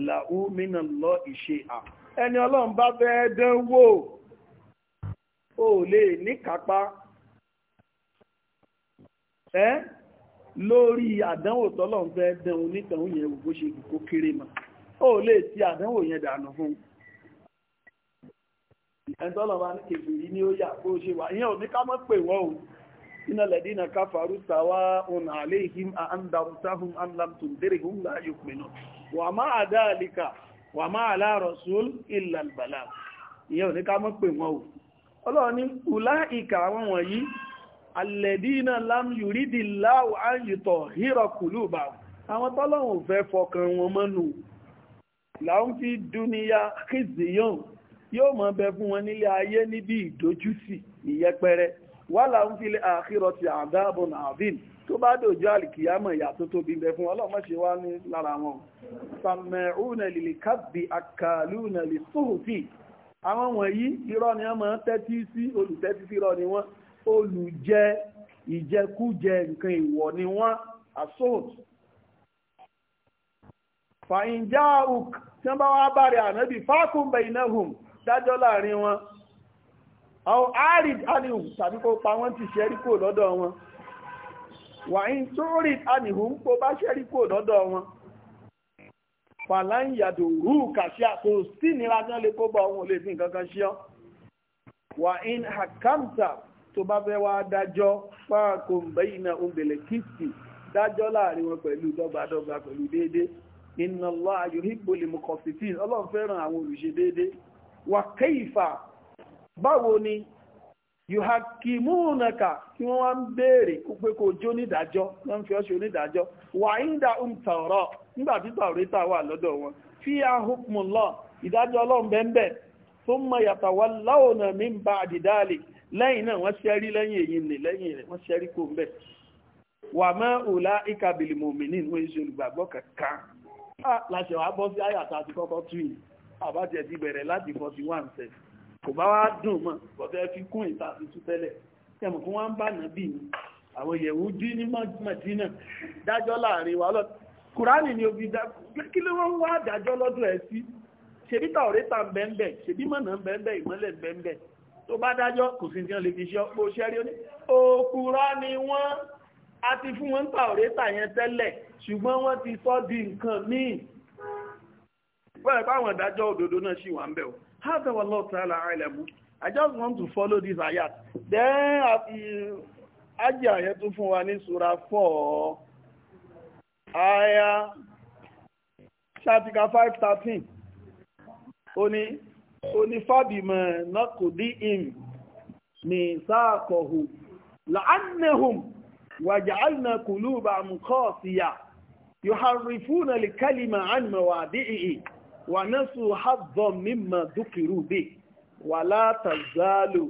làú mínà lọ ìṣe à ẹni ọlọ́run bá fẹ́ dánwò ó lè níkápá ẹ́ lórí àdánwò yẹn ṣe kò kéré mà ó lè ti àdánwò yẹn dànù fún ẹ̀ntọ́lọ̀ bá ní kèfèrí ní ó yà kó ṣe wà ìyẹn ò ní ká mọ́ pè wọ́n o iná lẹ̀dínà káfàrú tàwà ohun àléhìm àndàrútàhùn amlamtun dérèhùn láyò pinnu wà má àdáàlìkà wà má àláàrọ̀ sùúl fi dúníyà kìzìyàn yóò mọ̀ bẹ fún wọn nílé ayé níbi ìdójútì ìyẹpẹrẹ wà láwọn fi lè àkírọ̀ ti àdáàbò nàbìn tó bá dòjú àlìkìyàmọ̀ ìyà tó tóbi bẹ fún ọlọ́mọ ṣe wá ní lára wọn sàmẹ̀rúnà lè kábì àkàlùnà lè sóhùtì àwọn wọ̀nyí irọ́ ni wọ́n máa tẹ́tí sí olùtẹ́tí sí irọ́ ni wọ́n olùjẹ ìjẹkújẹ nǹkan ìwọ̀ ni wọ́n àsóhùtì fàyínjáàrùk tí wọ́n bá wá bá rẹ̀ ànábì fákùnbẹ̀ ìnáhùn dájọ́ láàrin wọn àwọn arid anihun tàbí kó pa wọ́n ti ṣẹ́rí kò lọ́dọ̀ wọn wàáyín tó rí anihun kó bá ṣẹ́rí kò lọ́dọ̀ wọn fàláyàdò rú kàṣíà kò sí nira tán lè kó bá ohun olè fi nǹkan kan ṣíọ́ wàáyín hakamta tó bá fẹ́ wá dájọ́ fáàkùn bẹ́yìn náà ń kìsì dájọ́ láàrin wọn pẹ̀lú dọ́gbadọ́gba pẹ̀lú déédéé inna Allah yuhibbul muqsitin ọlọ́run fẹ́ràn àwọn olùṣe déédéé wà kaifa báwo ni yuhakimunaka tí wọ́n wá ń béèrè pé kò jó nídàájọ́ fi onídàájọ́ wà ìdá umtọ̀rọ̀ nígbàtí wà lọ́dọ̀ wọn fi ahukmullah ìdájọ́ ọlọ́run bẹ́ẹ̀ thumma yatawallawna min ba'di dhalik lẹ́yìn náà wọ́n ṣẹ́rí lẹ́yìn èyí nì lẹ́yìn rẹ̀ wọ́n ṣẹ́rí ń bẹ̀ wà mọ́ ìkàbìlì mòmìnì kankan ah, àbájẹ̀ ti bẹ̀rẹ̀ láti forty one ṣẹ̀ kò bá wá dùn mọ́ bọ́tẹ́ fi kún ìta tuntun tẹ́lẹ̀ ẹ̀mọ̀ kí wọ́n ń bà náà bì ní àwọn yẹ̀wù dí ní Madina dájọ́ láàrin wa lọ kùránì ni obi dá kí ló wọ́n wá dájọ́ lọ́dún ẹ̀ sí ṣebí tàwọ̀rẹ́ta ń bẹ́ńbẹ́ ṣebí mọ̀nà ń bẹ́ńbẹ́ ìmọ́lẹ̀ ń bẹ́ńbẹ́ tó bá dájọ́ kò sí tí wọ́n lè fi ṣe ọpọ̀ ṣẹ́rí ó ní òkúrọ́ ni wọ́n a ti fún wọn tàwọ̀rẹ́ta yẹn tẹ́lẹ̀ ṣùgbọ́n wọ́n ti sọ di nǹkan míì bẹ́ẹ̀ báwọn ìdájọ́ òdodo náà ṣì wà ń bẹ̀ o hada wallahu ta'ala a'lamu I just want to follow this ayat then ajé àyẹ tún fún wa ní sura four aya ṣàtìkà five thirteen ó ní ó ní fábìmọ̀ nọ́kùdí im ní sáàkọ̀hù la'annahum wàjàálìnà kùlúbà mùkọ́ síyà yóò harrifúnà lè kálìmà ánìmọ̀ wà dí ìhì wà nẹ́sù hàbọ̀ mímọ̀ dúkìrú bí wà látàzálù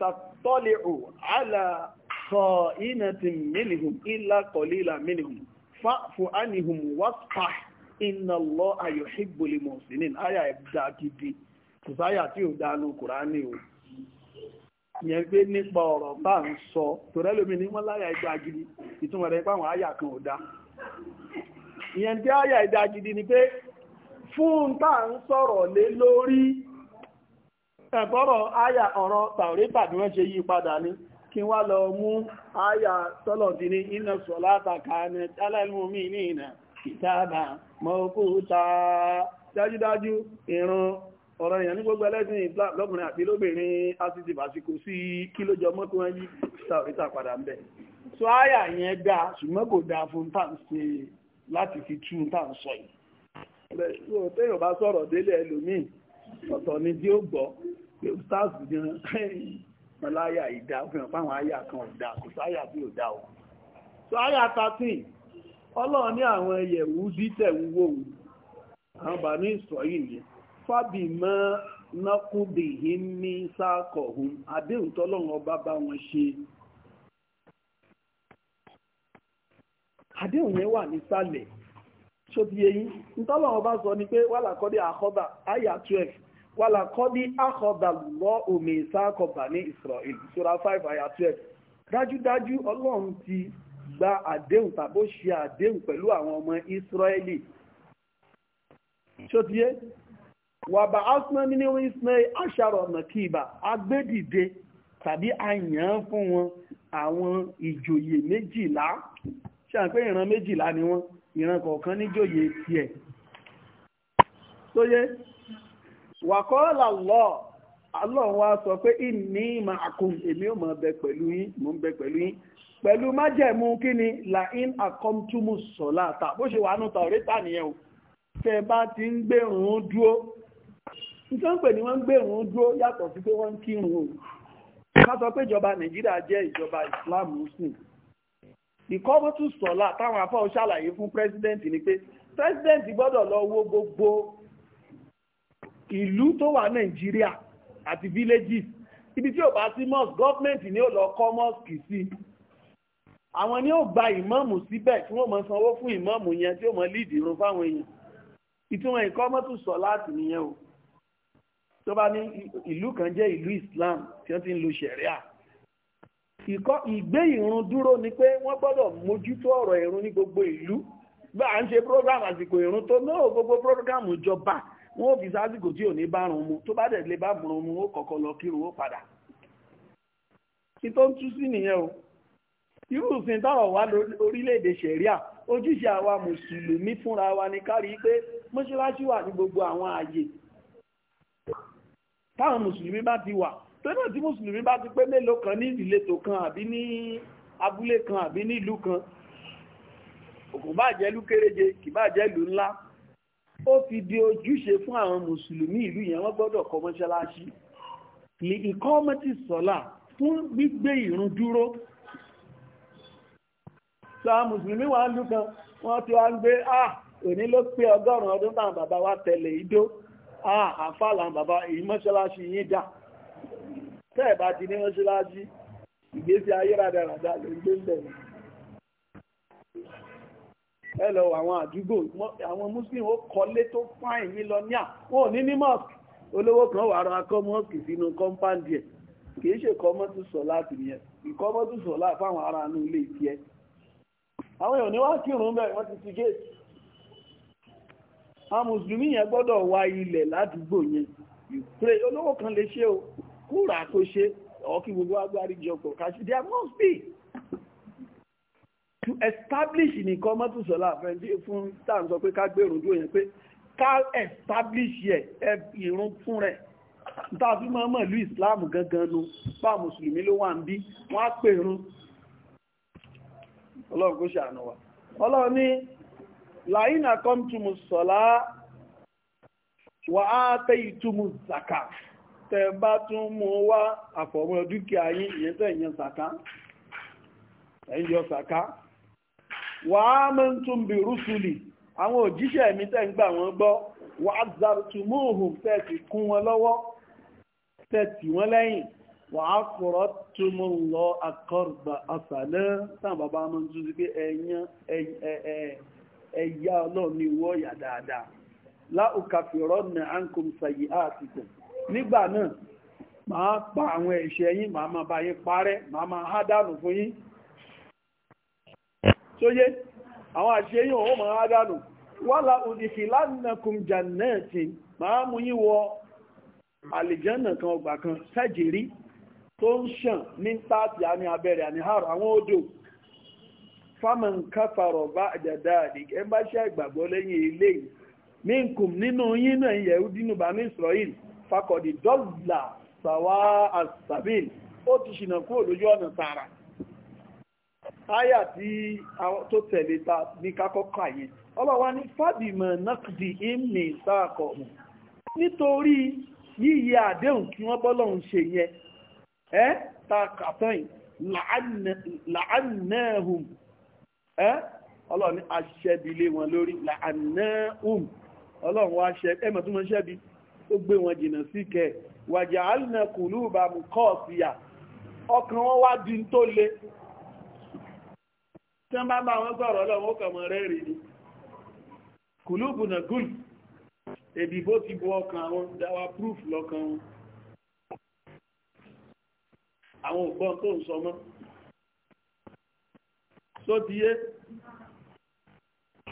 tàtọ́lẹ̀ù alàtọ̀ ìnàtì mínihùn ilá kọlílà mínihùn fàfù ánihùn wàtà iná lọ ayò hìgbòlì mọ̀sínín àyà ẹ̀dá gidi tùsáyà tí ò dánú kùránì o yẹn pé nípa ọ̀rọ̀ bá ń sọ tòrẹ́lómi ní wọ́n láyà ẹ̀dá gidi ìtumọ̀ rẹ̀ pàwọn àyà kan ò ni fún tá à ń sọ̀rọ̀ lé lórí ẹ̀bọ́rọ̀ àyà ọ̀rọ̀ tàwrí tàbí wọ́n ṣe yí padà ní kí wá lọ mú àyà tọ́lọ̀dì ní iná sọ̀látà kàánì alẹ́lúmí ní ìnà ìtàbà dájúdájú ọ̀rọ̀ èèyàn ní gbogbo ẹlẹ́sìn lọ́kùnrin àti lóbìnrin sí kí ló jọ so àyà yẹn dá ṣùgbọ́n kò fún tàǹsì láti fi tún yìí rẹ̀ téèyàn bá sọ̀rọ̀ délé ẹlòmíì ọ̀tọ̀ ni tí ó gbọ́ pé stars gan ọláyà ìdá fihàn fáwọn àyà kan ọ̀dà kò sáyà tí ò dá so 13 ọlọ́run ní àwọn ẹyẹ̀wù dítẹ̀ wúwo àwọn bà ní ni fábì mọ́ ní àdéhùn tọ́lọ́run ọba bá wọn ṣe àdéhùn yẹn wà nísàlẹ̀ ṣó ti yé yín ọba sọ ni pé wàlàkọ́dí àkọ́bà àyà 12 wàlàkọ́dí àkọ́bà lọ omi ìsákọ̀bà ní Israel sura 5 àyà 12 dájúdájú ọlọ́run ti gba àdéhùn tàbó ṣe àdéhùn pẹ̀lú àwọn ọmọ Israeli ṣó ti yé wàbà asuna ní níwọ̀n ismail aṣàrọ̀ ọ̀nà kíba agbẹ́dìde tàbí àyàn fún wọn àwọn ìjòyè méjìlá ṣàǹpé ìran méjìlá ni wọ́n ìran kọ̀ọ̀kan níjòyè tiẹ̀ tó yé wàkọ́ọ̀lá lọ Ọlọ́run wá sọ pé ìní ma'akum èmi ò máa bẹ pẹ̀lú yín mò ń bẹ pẹ̀lú yín pẹ̀lú májẹ̀mú kí ni la'in akọ́mtúmù sọ̀láta bó ṣe wà núta òrétà nìyẹn o tẹ bá ti ń gbèrún dúró nítorí pé ni wọ́n ń gbèrún dúró yàtọ̀ sí pé wọ́n ń kírun o ká sọ pé ìjọba Nàìjíríà jẹ́ ìjọba Islam muslim ìkọ́mọ́tù sọ̀lá táwọn afọ́ ṣàlàyé fún president ni pé President, gbọ́dọ̀ lọ wo gbogbo ìlú tó wà nàìjíríà àti villages ibi tí ò bá sí mosque gọ́ọ̀mẹ̀ntì ni ó lọ kọ́ mosque sí àwọn ni ó gba ìmáàmù síbẹ̀ tí wọ́n mọ̀ sanwó fún ìmáàmù yẹn tí ó mọ̀ líìdì irun fáwọn èèyàn ìtumọ̀ ìkọ́mọ́tù sọ̀lá àti nìyẹn o tó bá ní ìlú kan jẹ́ ìlú Islam tí wọ́n ti ń lo Sharia ìgbé ìrun dúró ni pé wọ́n gbọ́dọ̀ mójútó ọ̀rọ̀ ìrun ní gbogbo ìlú bá à ń ṣe program àsìkò ìrun tó náà gbogbo program ìjọba wọn ò fi sásìkò tí ò ní bá run mu tó bá dẹ̀ lè bá run mu ó kọ̀kọ́ lọ kírun ó padà kí tó ń tú sí nìyẹn o irú ìsìn táwọn wà lórílẹ̀‐èdè ṣẹ̀ríà ojúṣe àwa mùsùlùmí fúnra wa ni kárí pé mọ́ṣáláṣí wà ní gbogbo àwọn ààyè táwọn mùsùlùmí bá ti wà tọ́nà tí mùsùlùmí bá ti pé mélòó kan ní ìletò kan àbí ní abúlé kan àbí ní ìlú kan kò bá jẹ́ ìlú kéréje kì bá jẹ́ ìlú ńlá ó ti di ojúṣe fún àwọn mùsùlùmí ìlú yẹn wọ́n gbọ́dọ̀ kọ́ mọ́ṣáláṣí ìkọ́mọ́tì sọ́là fún gbígbé ìrun dúró sọ mùsùlùmí wà ń lú kan wọ́n ti wá ń gbé à ah, òní ló pé ọgọ́rùn-ún ọdún táwọn bàbá wa tẹ̀lé ìdó à ah, àfàlà bàbá ìmọ́ṣáláṣí yín dá tẹ́ ẹ̀ bá ti ní mọ́ṣáláṣí ìgbésí ayé rádaràdà ló ń gbé ń bẹ̀rẹ̀ ẹ lọ àwọn àdúgbò àwọn muslim ó kọ́lé tó fáìn mílíọ̀nìà wọn ò ní ní mosque olówó kan wà ra kọ́ mosque sínú kọ́ńpáǹdì ẹ̀ kìí ṣe kọ́mọ́tù sọ̀lá tìyẹn ìkọ́mọ́tù sọ̀lá fáwọn ará inú ilé tiẹ̀ àwọn èèyàn ní wá kírun bẹ́ẹ̀ wọ́n ti ti géètì àwọn mùsùlùmí yẹn gbọ́dọ̀ wá ilẹ̀ ládùúgbò yẹn ìpè olówó kan lè ṣe o kúrà kó ṣe ọ̀kí gbogbo agbárí jọpọ̀ kàṣí there must be to establish nìkan mọ́tòsọ́lá àfẹ́ntí fún táà ń sọ pé ká gbèrò ojú òyìn pé ká establish ẹ̀ ìrún fún rẹ̀ tàbí máa mọ̀ ìlú ìsìláàmù gangan nu bá mùsùlùmí ló wà ń bí wọ́n á pè rún ọlọ́run kó ṣàánú wa ọlọ́run ní làyínà kọ́mtùmù sọ̀lá wà á tẹ́ ìtumù zakat tẹ bá tún mú wá àfọ̀mọ́ dúkìá yín ìyẹn tẹ̀ yẹn sàká ẹ̀yọ sàká wàá mẹ́ntún bí rúsùlì àwọn òjíṣẹ́ mi tẹ́ ń gbà wọ́n gbọ́ wàá zartumuhum tẹ́ ti kún wọn lọ́wọ́ tẹ́ tì wọ́n lẹ́yìn wàá kọ̀rọ̀ tó mọ́ lọ akọ́rùgbà àsàlẹ́ táwọn bàbá mọ́ tún sí pé ẹ̀yà ọlọ́run wọ́ yà dáadáa láùkàfẹ́rọ́ nà ánkùn sàyí àtìkùn nígbà náà a pa àwọn ẹ̀ṣẹ̀ yín ma máa bá yín parẹ́ ma máa há dànù fún yín sóyé àwọn àṣẹ yín ò máa há la wala udkhilannakum jannatin máa mú yín wọ àlìjánà kan ọgbà kan tajri tó ń ṣàn ní tààtì àní abẹ́rẹ̀ àwọn odò faman kafara ba'da dhalik ẹ bá ṣe ìgbàgbọ́ lẹ́yìn eléyìí minkum nínú yín náà fakọ̀dì dọ́là sàwà àsàbìn ó ti ṣìnà kúrò lójú ọ̀nà tààrà áyà tí tó tẹ̀lé ta ní kákọ́kọ́ àyè ọlọ́wà ní fábìmọ̀ nákìdì ìmì sáàkọ̀ nítorí yíyẹ àdéhùn kí wọ́n bọ́lọ́hun ṣe yẹn ẹ́ ta kàtàn làánẹ́hùn ẹ́ ọlọ́run aṣẹ́bi lé wọn lórí làánẹ́hùn ọlọ́run wá ṣẹ́bi ẹ̀mọ̀ tó mọ́ ṣẹ́bi ó gbé wọn jìnnà sí kẹ wàjà alìnà kùlù ìbàmù kọ́ọ̀sì yà ọkàn wọn wá di tó le tí wọ́n bá bá wọn sọ̀rọ̀ lọ́wọ́ ó kàn mọ́ rẹ́ rí ni kùlù ìbùnà gùn èdìbò ti bu ọkàn àwọn dáwà proof lọ́kàn wọn àwọn ògbọ́n tó ń sọ mọ́ tó ti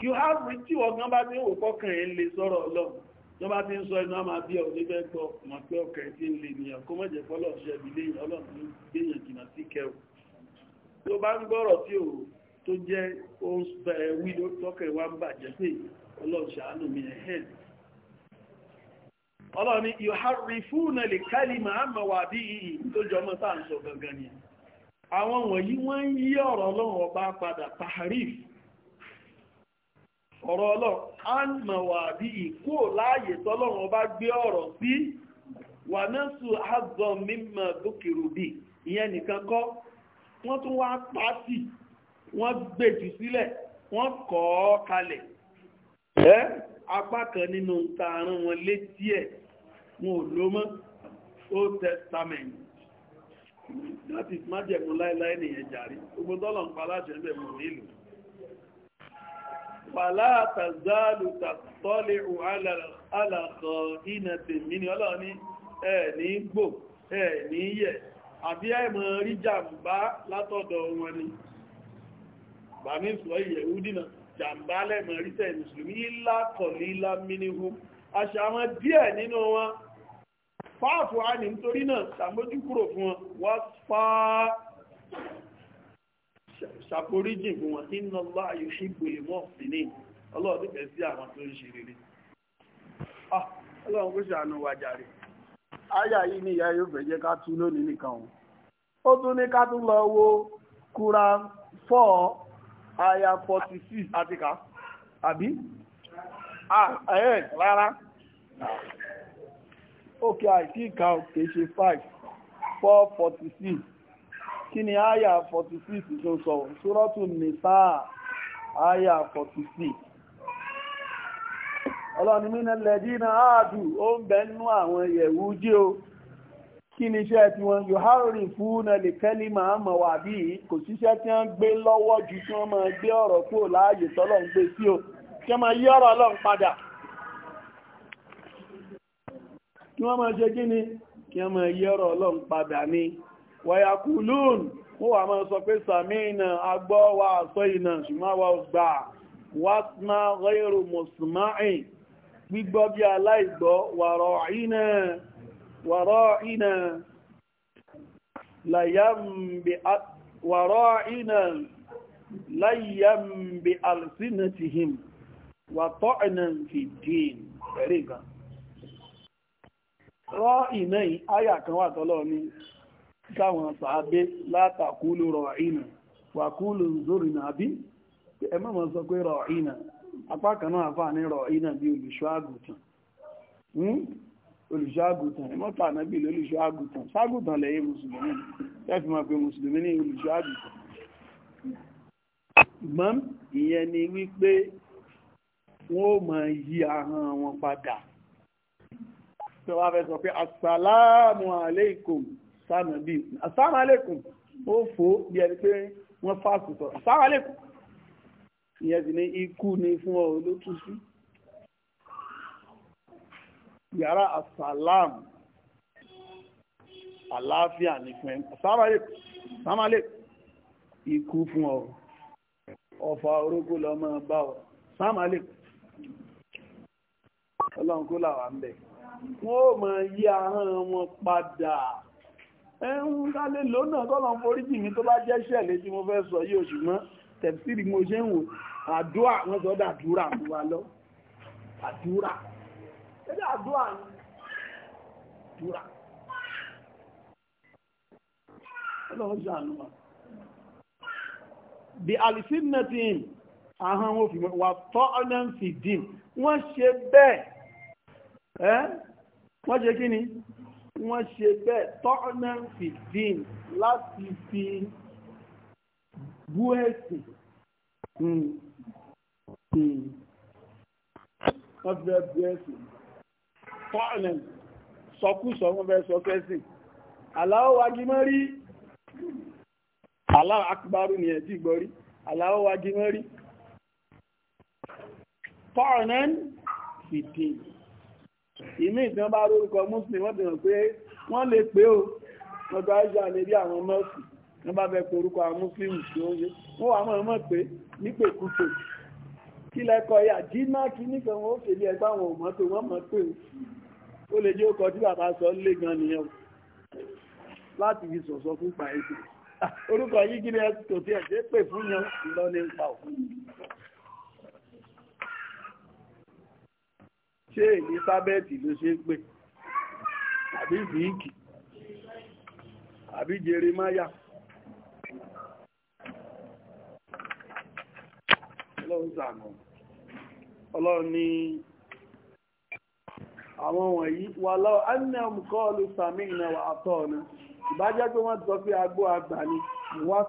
you have tí ọ̀gán bá ní òkọ́kàn ẹ̀ lè sọ̀rọ̀ ọlọ́run tó bá ti ń sọ iná máa bí ọ̀rọ̀ níbẹ̀ gbọ́ mọ̀ pé ọkẹ̀ tí ń lè nìyàn kó mọ̀jẹ̀ fọ́lọ̀ ṣe ọlọ́run sí tó bá ń gbọ́rọ̀ tí ò tó jẹ́ wí wá ń bàjẹ́ pé ọlọ́run ṣàánú mi ẹ̀ gangan ni àwọn wọ̀nyí wọ́n ń ọ̀rọ̀ ọlọ́run ọba padà ọ̀rọ̀ ọlọ́run a ń mọ̀ wà bí ìkó láàyè tọ́lọ́run ọba gbé ọ̀rọ̀ sí wà náà azọ mímọ̀ dókèrò bì ìyẹn nìkan kọ́ wọ́n tún wá pàtì wọ́n gbèjù sílẹ̀ wọ́n kọ́ ọ kalẹ̀ ẹ́ apá kan nínú taarun wọn létí ẹ̀ wọn ò ló mọ́ old testament that is májẹ̀mú láéláé nìyẹn jàre gbogbo tọ́lọ̀ ń pa aláṣẹ ń bẹ̀ mọ̀ nílùú fàlá tàzálù tàtọ́lẹ̀ alàkọ̀ ìnà tèmi ni ọlọ́ ní ẹ̀ẹ̀ní gbò ẹ̀ẹ̀ní yẹ̀ àbí ẹ̀mọ̀ rí jàmbá látọ̀dọ̀ wọn ni bà ní sọ ìyẹ̀wú dínà jàmbá lẹ́mọ̀ rí tẹ̀ mùsùlùmí lákọ̀lí lámínihú aṣàwọn díẹ̀ ṣàforíjì fún wọn inna Allaha yuhibbul muhsinin ọlọ́run nífẹ̀ẹ́ sí àwọn tó ń ṣe rere ah, ọlọ́run kó ṣàánú wa jàre àyà yìí ni ìyá yóò fẹ́ jẹ́ ká tú lónìí nìkan o ó tún ní ká tún lọ wo Quran four àyà forty àti ká àbí ah, rárá òkè àìsí ìka òkè ṣe five four kini ni 46 tó sọ ṣúrọ́tù nìsá àyà 46 ọlọ́ni mínà na áàdù ó ń bẹ̀nú àwọn yẹ̀wú jí o kí ni iṣẹ́ tí wọ́n yóò hárùn fún ẹlẹ́ kẹ́lí máa mọ̀ wà bí kò síṣẹ́ tí wọ́n gbé lọ́wọ́ ju tí wọ́n máa gbé ọ̀rọ̀ kúrò láàyè tọ́lọ̀ ń gbé sí o kí wọ́n máa yí ọ̀rọ̀ ọlọ́run padà kí wọ́n máa ṣe kí ni kí wọ́n máa yí ọ̀rọ̀ ọlọ́run padà wọ̀yàkùlùn wọ́n wà máa sọ pé sàmì ìnà agbọ́ wa àsọ ìnà ṣùgbọ́n wa gbà wátná rẹ́rù mùsùmáì gbígbọ́ bí aláìgbọ́ wàrọ̀ ìnà láyàmbé alìsínàtìhìm wà tọ́ ìnà fìdín rẹ̀ gan rọ́ ìnà yìí áyà kan wà tọ́lọ́ ni sáwọn sàábé látàkúlù rọ̀ìnà wàkúlù zórìnà bí ẹ mọ́mọ́ sọ pé rọ̀ìnà apá kan náà fà ní rọ̀ìnà bí olùṣọ́ àgùntàn hmm? olùṣọ́ àgùntàn ẹ mọ́ta ànábì lólùṣọ́ àgùntàn ságùntàn lẹ́yẹ mùsùlùmí tẹ́fì máa pe mùsùlùmí ní olùṣọ́ àgùntàn gbọ́n fẹ́ sọ pé asàlámù àlékùm sáàmù bíi assalamu alaikum ó fò bí ẹni pé wọ́n fásitì sọ̀rọ̀ assalamu alaikum ìyẹn sì ní ikú ni fún ọ olótú sí yàrá asàlámù àlàáfíà ní fún ẹ assalamu alaikum assalamu alaikum ikú fún ọ ọ̀fà orókó lọ máa bá ọ assalamu alaikum ọlọ́run kó làwà ń bẹ̀ wọ́n ó máa yí ahọ́n wọn padà ẹ̀hún ká lè lò náà kọ́lọ̀ foríjì mi tó bá jẹ́ ṣẹ̀lẹ̀ tí mo fẹ́ sọ yìí ò ṣùgbọ́n tẹ̀síìrì mo ṣe ń wò àdúrà wọn sọ dàdúrà wa lọ àdúrà ẹ̀dá àdúrà ni àdúrà ọlọ́run ṣàánú wa bí alifinatin ahọ́n wọn fi wà tọ́ ọ̀nà fìdí wọ́n ṣe bẹ́ẹ̀ wọ́n ṣe kí ni wọ́n ṣe bẹ́ẹ̀ tọ́ọ̀nà fìdín láti fi bú ẹ̀sìn hmm. Hmm. wọ́n fẹ́ bú ẹ̀sìn tọ́ọ̀nà sọkúsọ wọ́n fẹ́ sọ fẹ́sìn aláwọ̀ wagimọ́ rí aláwọ̀ akíbárú ni ẹ̀dí gbọ́ rí aláwọ̀ wagimọ́ rí tọ́ọ̀nà fìdín ìmí ìtàn bá rórúkọ muslim wọ́n ti hàn pé wọ́n lè pé o lọ́dọ̀ aisha lè rí àwọn mọ́ọ̀sì wọ́n bá fẹ́ pe orúkọ àwọn muslim tí ó ń yé wọ́n wà mọ̀ mọ̀ pé nípèkúpè kí lẹ́kọ̀ọ́ yà dínà kí nìkan wọn ó kéde ẹgbẹ́ àwọn òmọ́tò wọ́n mọ̀ pé ó lè jẹ́ ọkọ̀ tí bàbá sọ lé gan nìyẹn láti fi sọ̀sọ́ fún pàẹ́sì orúkọ yìí kí ni ẹ tòtí ẹ̀ pè fún yan lọ ní pa òfin ṣé elizabeth ló ṣe pé àbí ziki àbí Jeremiah. ọlọ́run sànà ọlọ́run ni àwọn wọ̀nyí wà lọ́wọ́ annam kọlu sami ìnà wà àtọ́ ọ̀nà ìbájẹ́ pé wọ́n sọ pé agbó àgbà ni hmm? wọ́n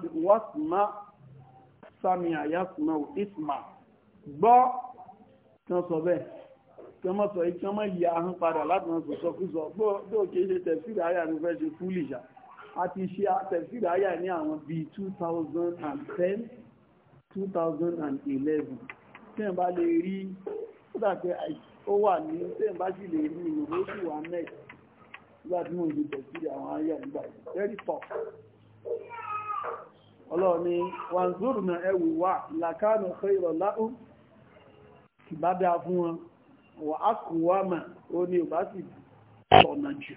sì má sami àyàsùnà ìsmà gbọ́ tí wọ́n sọ bẹ́ẹ̀ tí wọ́n sọ ìtí wọ́n yí ahọ́n padà láti wọ́n sọ sọkúsọ bó kìí ṣe tẹ̀síra ayà ní fẹ́ ṣe fúlìṣà a ti ṣe tẹ̀síra ayà ní àwọn bíi 2010 2011 tí wọ́n bá lè rí ó dàbí ó wà ní tí wọ́n bá sì lè rí ìlú ó sì wà next nígbà tí wọ́n ṣe tẹ̀síra àwọn ayà nígbà yìí very tough ọlọ́ọ̀ni wàǹzúrù náà ẹwù wà làkánù fẹ́ ìrọ̀láhùn sì bá dáa fún wọn wà á kò wá mà ó ní ò bá sì ọ̀nà jù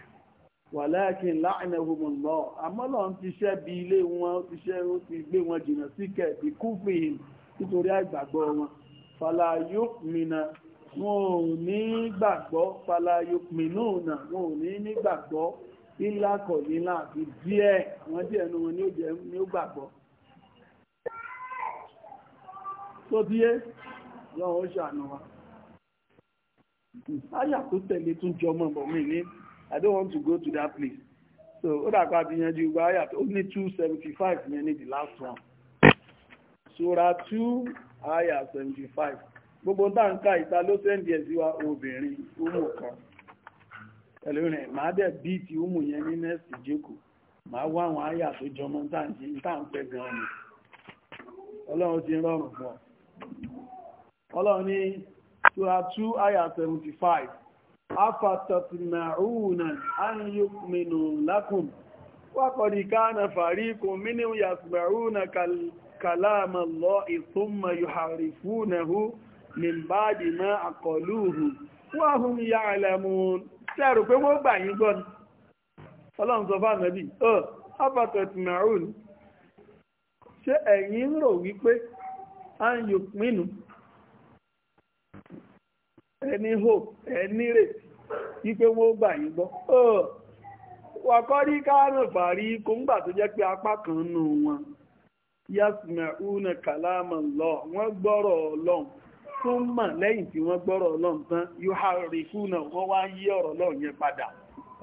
wà láàkín láàrin ohun lọ àmọ́lọ̀ ń ti ṣẹ́ bí ilé wọn ó ti ṣẹ́ ó ti gbé wọn jìnnà sí kẹ̀bí kúfìhìn nítorí àìgbàgbọ́ wọn fàlàyò mìíràn wọn ò ní gbàgbọ́ fàlàyò mìíràn wọn ò ní nígbàgbọ́ ńlá kọ̀línlá àti díẹ̀ wọ́n díẹ̀ nu wọn ní ó gbàgbọ́. tó lọ́wọ́ ṣàánú wa àyà tó tẹ̀lé tún jọ mọ́ bọ̀ mí ní I don't want to go to that place so ó dàpọ̀ àti yanjú ìgbà àyà tó ní 2:75 last one sura two àyà gbogbo táǹkà ìta ló sí wa obìnrin umu kan ẹlòmíràn màá dẹ̀ bíi ti umu yẹn ní nẹ́ẹ̀sì jẹ́kù màá wá àwọn àyà tó jọmọ́ táǹkì táǹkì gan-an ni ọlọ́run ti ọlọ́run ní sura 2 aya 75 afatatma'una an na lakum waqad kana fariqun minhum yasma'una kalama Allahi thumma yuharrifunahu min ba'di ma aqaluhu wa hum ya'lamun tẹ́rù pé wọ́n gbà yín gbọ́ ọlọ́run sọ fáà nàbí ọ́ afatatma'un ṣé ẹ̀yin rò wípé an yu'minu ẹni hope ẹni rè wípé wọ́n gbà yín gbọ́ wàkọ́rí káàrùn fàárí kò ń gbà tó jẹ́ pé apá kan nù wọn yasmẹ̀ una kalama lọ wọ́n gbọ́rọ̀ ọlọ́run tí wọ́n gbọ́rọ̀ ọlọ́run tán yóò ha rí fúnà wọ́n wá yí ọ̀rọ̀ ọlọ́run yẹn padà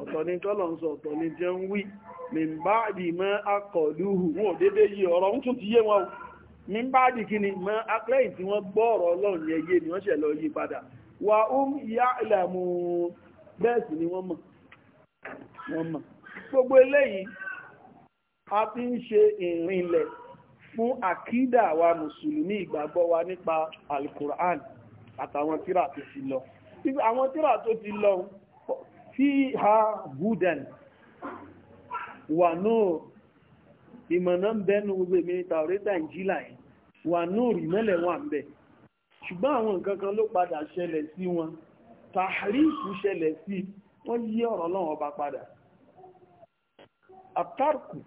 ọ̀tọ̀ ni tọ́lọ̀ ń sọ ọ̀tọ̀ ni jẹ́ ń wí mọ́ wọn ò yí ọ̀rọ̀ ń tún ti yé wọn o kí ni mọ́ wà um ya'lamu bẹ́ẹ̀ sì ni wọ́n mọ̀ wọ́n mọ̀ gbogbo eléyìí a ti ń ṣe ìrìnlẹ̀ fún àkídà wa mùsùlùmí ìgbàgbọ́ wa nípa alukur'an àtàwọn tíra tó ti lọ àwọn tíra tó ti lọ fi ha hudan wà náà ìmọ̀nà ń bẹ́nu gbogbo èmi tàwọ́rẹ́ta ìjìlá yìí wà náà rí wà ń bẹ́ẹ̀ ṣùgbọ́n àwọn nǹkan kan ló padà ṣẹlẹ̀ sí wọn tàhrífù ṣẹlẹ̀ sí wọ́n yí ọ̀rọ̀ náà ọba padà àtàrkù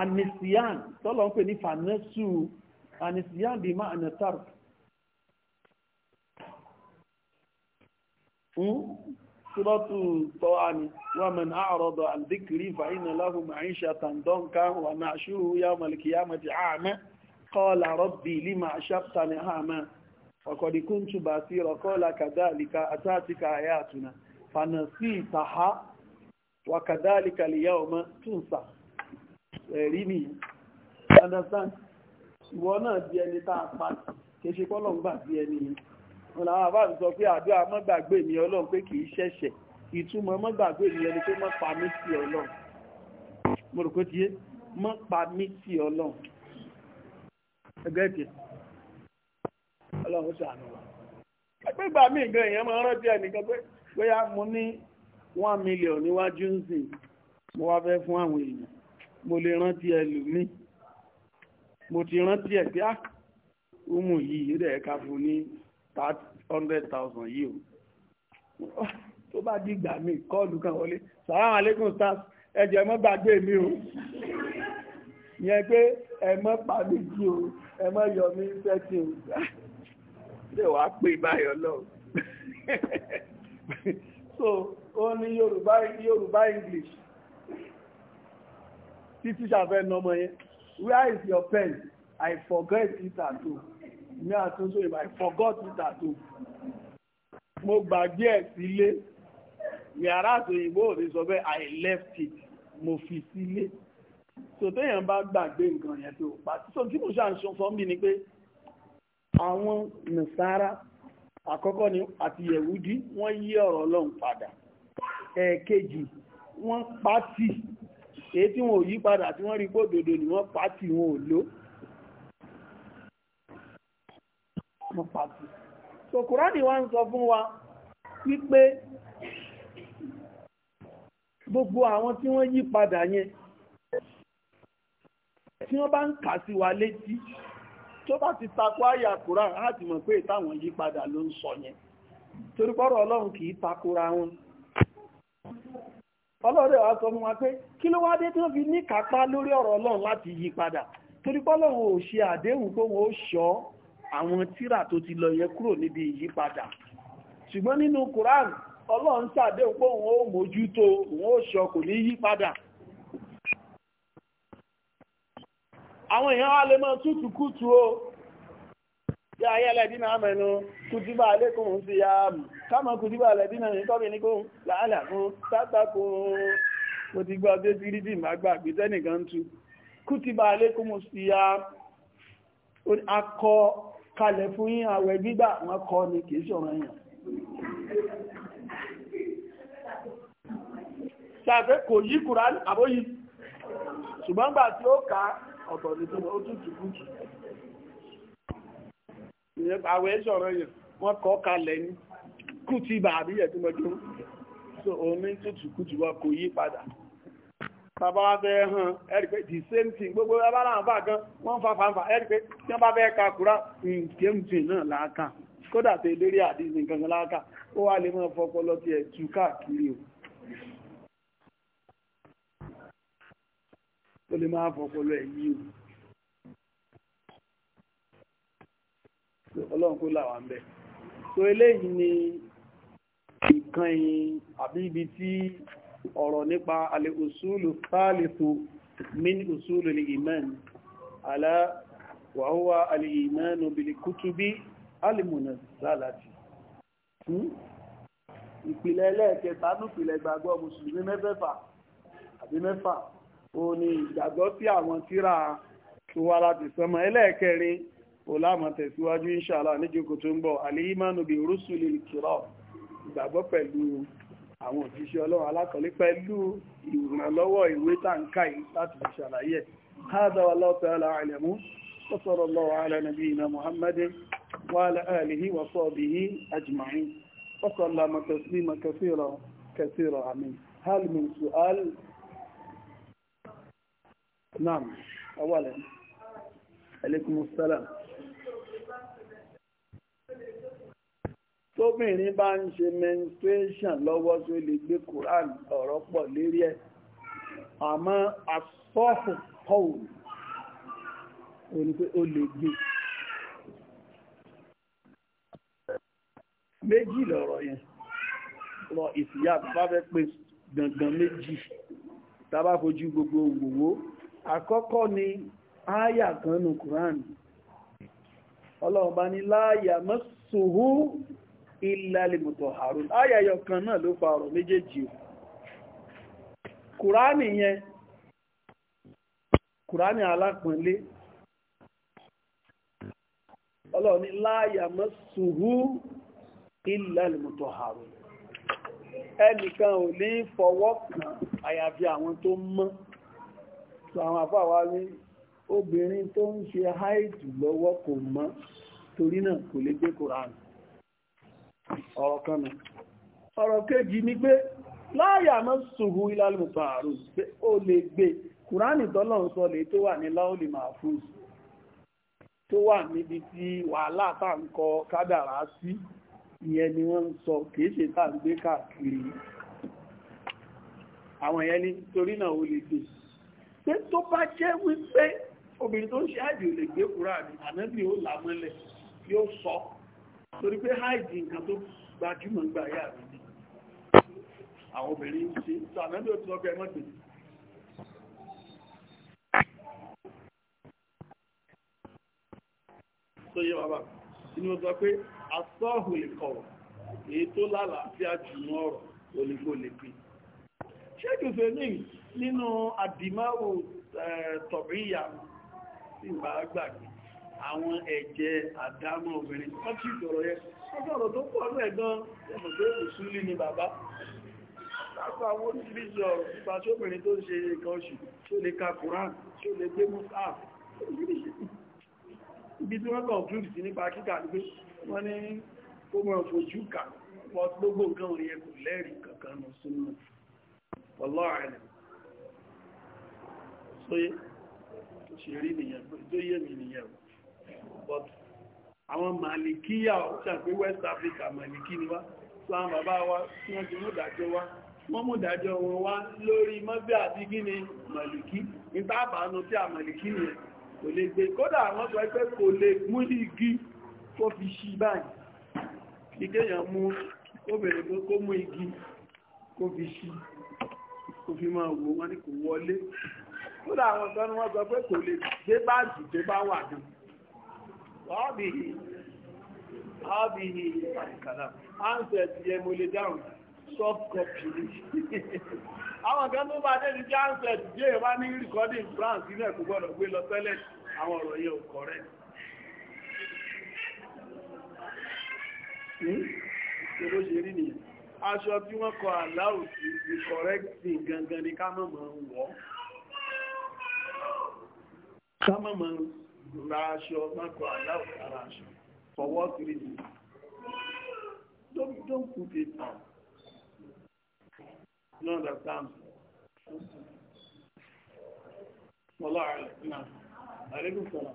anisiyan tọ́lọ̀ ń pè ní fanẹ́sù anisiyan bí máa nà tàrkù Súrọ́tù tọ́ àmì wà mẹ́rin àrọ̀dọ̀ àdíkìrí fàínà láhùn ma'íṣà tàndọ́nkà wà náà ṣúrù ọ̀kọ̀dì kúntùbà sí ọkọ́lá kàdáàlìkà àtàtìkà àyàtùnà fànà sí ìtàhá wà kàdáàlìkà lèyà ọmọ túnsà ẹ̀rí ni understand ìwọ náà di ẹni tá a pa kéṣe pọ́lọ́n gbà di ẹni yẹn wọn làwọn àbá mi sọ pé àdúrà má gbàgbé mi ọlọ́run pé kì ẹgbẹ́ tiẹ̀ ọlọ́run ṣàánú wa pẹ́ gbà mí nǹkan èèyàn máa rántí ẹnìkan pé bóyá mo ní one million níwájú ń sìn mo wá fẹ́ fún àwọn èèyàn mo lè rántí ẹlòmí mo ti rántí ẹ̀ pé ọmọ ah, yìí rẹ̀ ká fún ní hundred thousand yìí o tó bá dìgbà mí kọ́ọ̀lù kan wọlé salaam alaikum stars ẹjẹ mọ́ gbàgbé mi o yẹn pé ẹ mọ́ pàdé jí o ẹ mọ́ yọ mí sẹ́tì tẹ́ wàá pè báyọ̀ lọ́wọ́ so ó ní Yorùbá Yorùbá English títí ṣàfẹ́ nọmọ yẹn where is your pen I forget it at home mi àtúnṣe ìbá I forgot it at home mo gbàgbé ẹ̀ sílé yàrá àtòyìnbó ò ní sọ bẹ́ẹ̀ I left it mo fi sílé so téèyàn bá gbàgbé nǹkan yẹn tó pàtó so kí mo ṣàǹṣọ fún mi ni pé àwọn nàṣàrà àkọ́kọ́ ni àti yẹ̀wúdí wọ́n yí ọ̀rọ̀ ọlọ́run padà ẹ̀ẹ̀kejì wọ́n pàtì èyí tí wọ́n ò yí padà tí wọ́n rí gbódòdó ni wọ́n pàtì wọn ò lò wọ́n pàtì so kùránì wá ń sọ fún wa wípé gbogbo àwọn tí wọ́n yí padà yẹn tí wọ́n bá ń kà sí wa létí tó bá ti takò àyà Quran á ti mọ̀ pé táwọn yí padà ló ń sọ yẹn torí pọ́rọ̀ ọlọ́run kì í wọn ọlọ́rẹ̀ wa sọ fún wa pé kí ló wá dé tí wọ́n fi ní kápá lórí ọ̀rọ̀ ọlọ́run láti yí padà torí pọ́lọ́run ò ṣe àdéhùn pé wọ́n ó ṣọ́ àwọn àwọn èèyàn wá lè mọ́ tútù kútù o yá ayẹ́lẹ̀ dínà àmẹ́nu kùtìbà alékùn sí ya kámọ̀ kùtìbà alẹ́dínà ní tọ́bí ní kó láàlà fún sátakò mo ti gbọ́ bí ti rí bí tú kùtìbà alékùn sí ya akọ kalẹ̀ fún yín àwẹ̀ gbígbà wọn kọ́ ni kìí ṣọ̀rọ̀ èèyàn ṣàfẹ́ kò yí ọ̀tọ̀ ní tó ó tútù kùtù ìyẹn àwẹ̀ sọ̀rọ̀ yẹn wọ́n kọ́ kalẹ̀ ní kùtì bàbí ẹ̀ tó mọ́jú so òun ní tútù kùtù wọn kò yí padà bàbá wa fẹ́ hàn ẹ̀rí pé the same thing gbogbo ẹbá náà fà gan wọ́n fa fanfa ẹ̀rí pé tí wọ́n bá fẹ́ ka kura nkéǹtì náà láàkà kódà tẹ lórí àdìsí nǹkan láàkà ó wà lè máa fọpọlọ tiẹ̀ tú káàkiri o. tó lè máa fọpọlọ ẹ̀ yí o ọlọ́run kó làwọn bẹ̀ so eléyìí ni ìkànnì àbí ibi tí ọ̀rọ̀ nípa alẹ́ òṣùlù káàlìtò min òṣùlù ní iman alá wàhúwá alẹ́ iman obìnrin kútubí alìmọ̀nà lálàtì hmm? ìpìlẹ̀ ẹlẹ́ẹ̀kẹta nípìlẹ̀ gbàgbọ́ mùsùlùmí mẹ́fẹ́fà àbí mẹ́fà òun ni ìgbàgbọ́ sí àwọn tíra tó wá láti sánmọ̀ ẹlẹ́ẹ̀kẹrin olámọ̀ tẹ̀síwájú inṣàlá níjókò tó ń bọ̀ alìyímánu bí rúsùlì kìrọ̀ ìgbàgbọ́ pẹ̀lú àwọn òjíṣẹ́ ọlọ́run alákọ̀ọ́lẹ́ pẹ̀lú ìrànlọ́wọ́ ìwé tàǹkà láti fi ṣàlàyé هذا والله تعالى أعلم وصلى الله على نبينا محمد وعلى آله وصحبه أجمعين وسلم تسليما كثيرا كثيرا آمين هل من سؤال نعم أولا عليكم السلام tóbìnrin bá ń ṣe menstruation lọ́wọ́ tí ó lè gbé Quran ọ̀rọ̀ pọ̀ lérí ẹ̀ àmọ́ asọ́fù kọ́ùn ò ní pé ó lè gbé méjì lọ̀rọ̀ yẹn rọ ìfìyà bá fẹ́ pé gbọ̀ngàn méjì tá fojú gbogbo òwòwò àkọ́kọ́ ni áyà kan nù kùránì ọlọ́run bá ní láàyà mọ́sùhú ìlàlìmùtọ̀ àrùn ááyà yọ kan náà ló fa ọ̀rọ̀ méjèèjì kùránì yẹn kùránì alápọ̀nlé ọlọ́run ní láàyà mọ́sùhú ìlàlìmùtọ̀ àrùn ẹnìkan ò ní fọwọ́ kan àyàfi àwọn tó mọ́ sọ àwọn àfáwà ní obìnrin tó ń ṣe háìtù lọ́wọ́ kò mọ́ torí náà kò lè gbé koran ọ̀rọ̀ kan nù ọ̀rọ̀ kejì ni pé láàyè àmọ́ sùhù ìlàlùmọ̀tò àrùn pé ó lè gbé koran tọ́lọ̀ sọ lè tó wà ní láòlì mahfuz tó wà níbi tí wàhálà tá ń kọ kádàrá sí ìyẹn ni wọ́n ń sọ kìí ṣe tá ń gbé káàkiri àwọn ìyẹn ní torí náà ó lè gbèsè pé tó bá jẹ́ wípé obìnrin tó ń ṣe àjò lè gbé kúrò àmì ànábì ó là mọ́lẹ̀ yóò sọ torí pé háìdì nǹkan tó gbajúmọ̀ ń gbà yà rẹ̀ ni àwọn obìnrin ń ṣe tó ànábì ó ti lọ́gbẹ́ mọ́tò tó yẹ bàbá inú sọ pé asọ́hù ìkọ̀wọ̀ èyí tó lálàáfíà jù mọ́ ọ̀rọ̀ olùkó lè pè ṣé kìí nínú àdìmáwò tọ̀bíyà sí ìgbà gbàgbé àwọn ẹ̀jẹ̀ àdámọ́ obìnrin wọ́n tí ìjọ̀rọ̀ yẹ ọjọ́rọ̀ tó pọ̀ ọdún ẹ̀gbọ́n ẹ̀mọ̀ pé òṣùlì ni bàbá lápá owó ní bíjọ nípa tí obìnrin tó ń ṣe nǹkan oṣù tí ó lè ka sóyé tó ṣe rí nìyẹn tó yé mi àwọn màlìkíyà ṣàpé West Africa màlìkí ni wá sáà bàbá wa tí wọ́n ti mú ìdájọ́ wá wọ́n mú ìdájọ́ wọn wá lórí mọ́bí àti gíní màlìkí ní tábàánú tí a màlìkí yẹn kò lè gbé kódà àwọn sọ ẹgbẹ́ kò lè mú ní igi kó fi ṣí báyìí ìkéyàn mú obìnrin pé kó mú igi kó fi kódà àwọn kan ni wọ́n sọ pé kò lè dé báǹkì tó bá wà ní ọ́bìhì ọ́bìhì àìkàlà answer ti ẹ mo lè dáhùn soft copy ni àwọn kan tó bá débi jẹ́ answer ti jẹ́ ìwá ní recording france nílẹ̀ kò gbọ́dọ̀ gbé lọ tẹ́lẹ̀ àwọn ọ̀rọ̀ yẹn ò correct hmm? ṣe ló ṣe rí nìyẹn aṣọ tí wọ́n kọ àláòsì the correct thing gangan ni ká mọ̀ mọ̀ wọ́ ká má máa ra aṣọ mákọ̀ aláwọ̀ ara aṣọ fọwọ́ kiri ni don't don't put it on you understand wọ́n lọ́wọ́ àrẹ̀ náà àrẹ́gùn sọ̀rọ̀.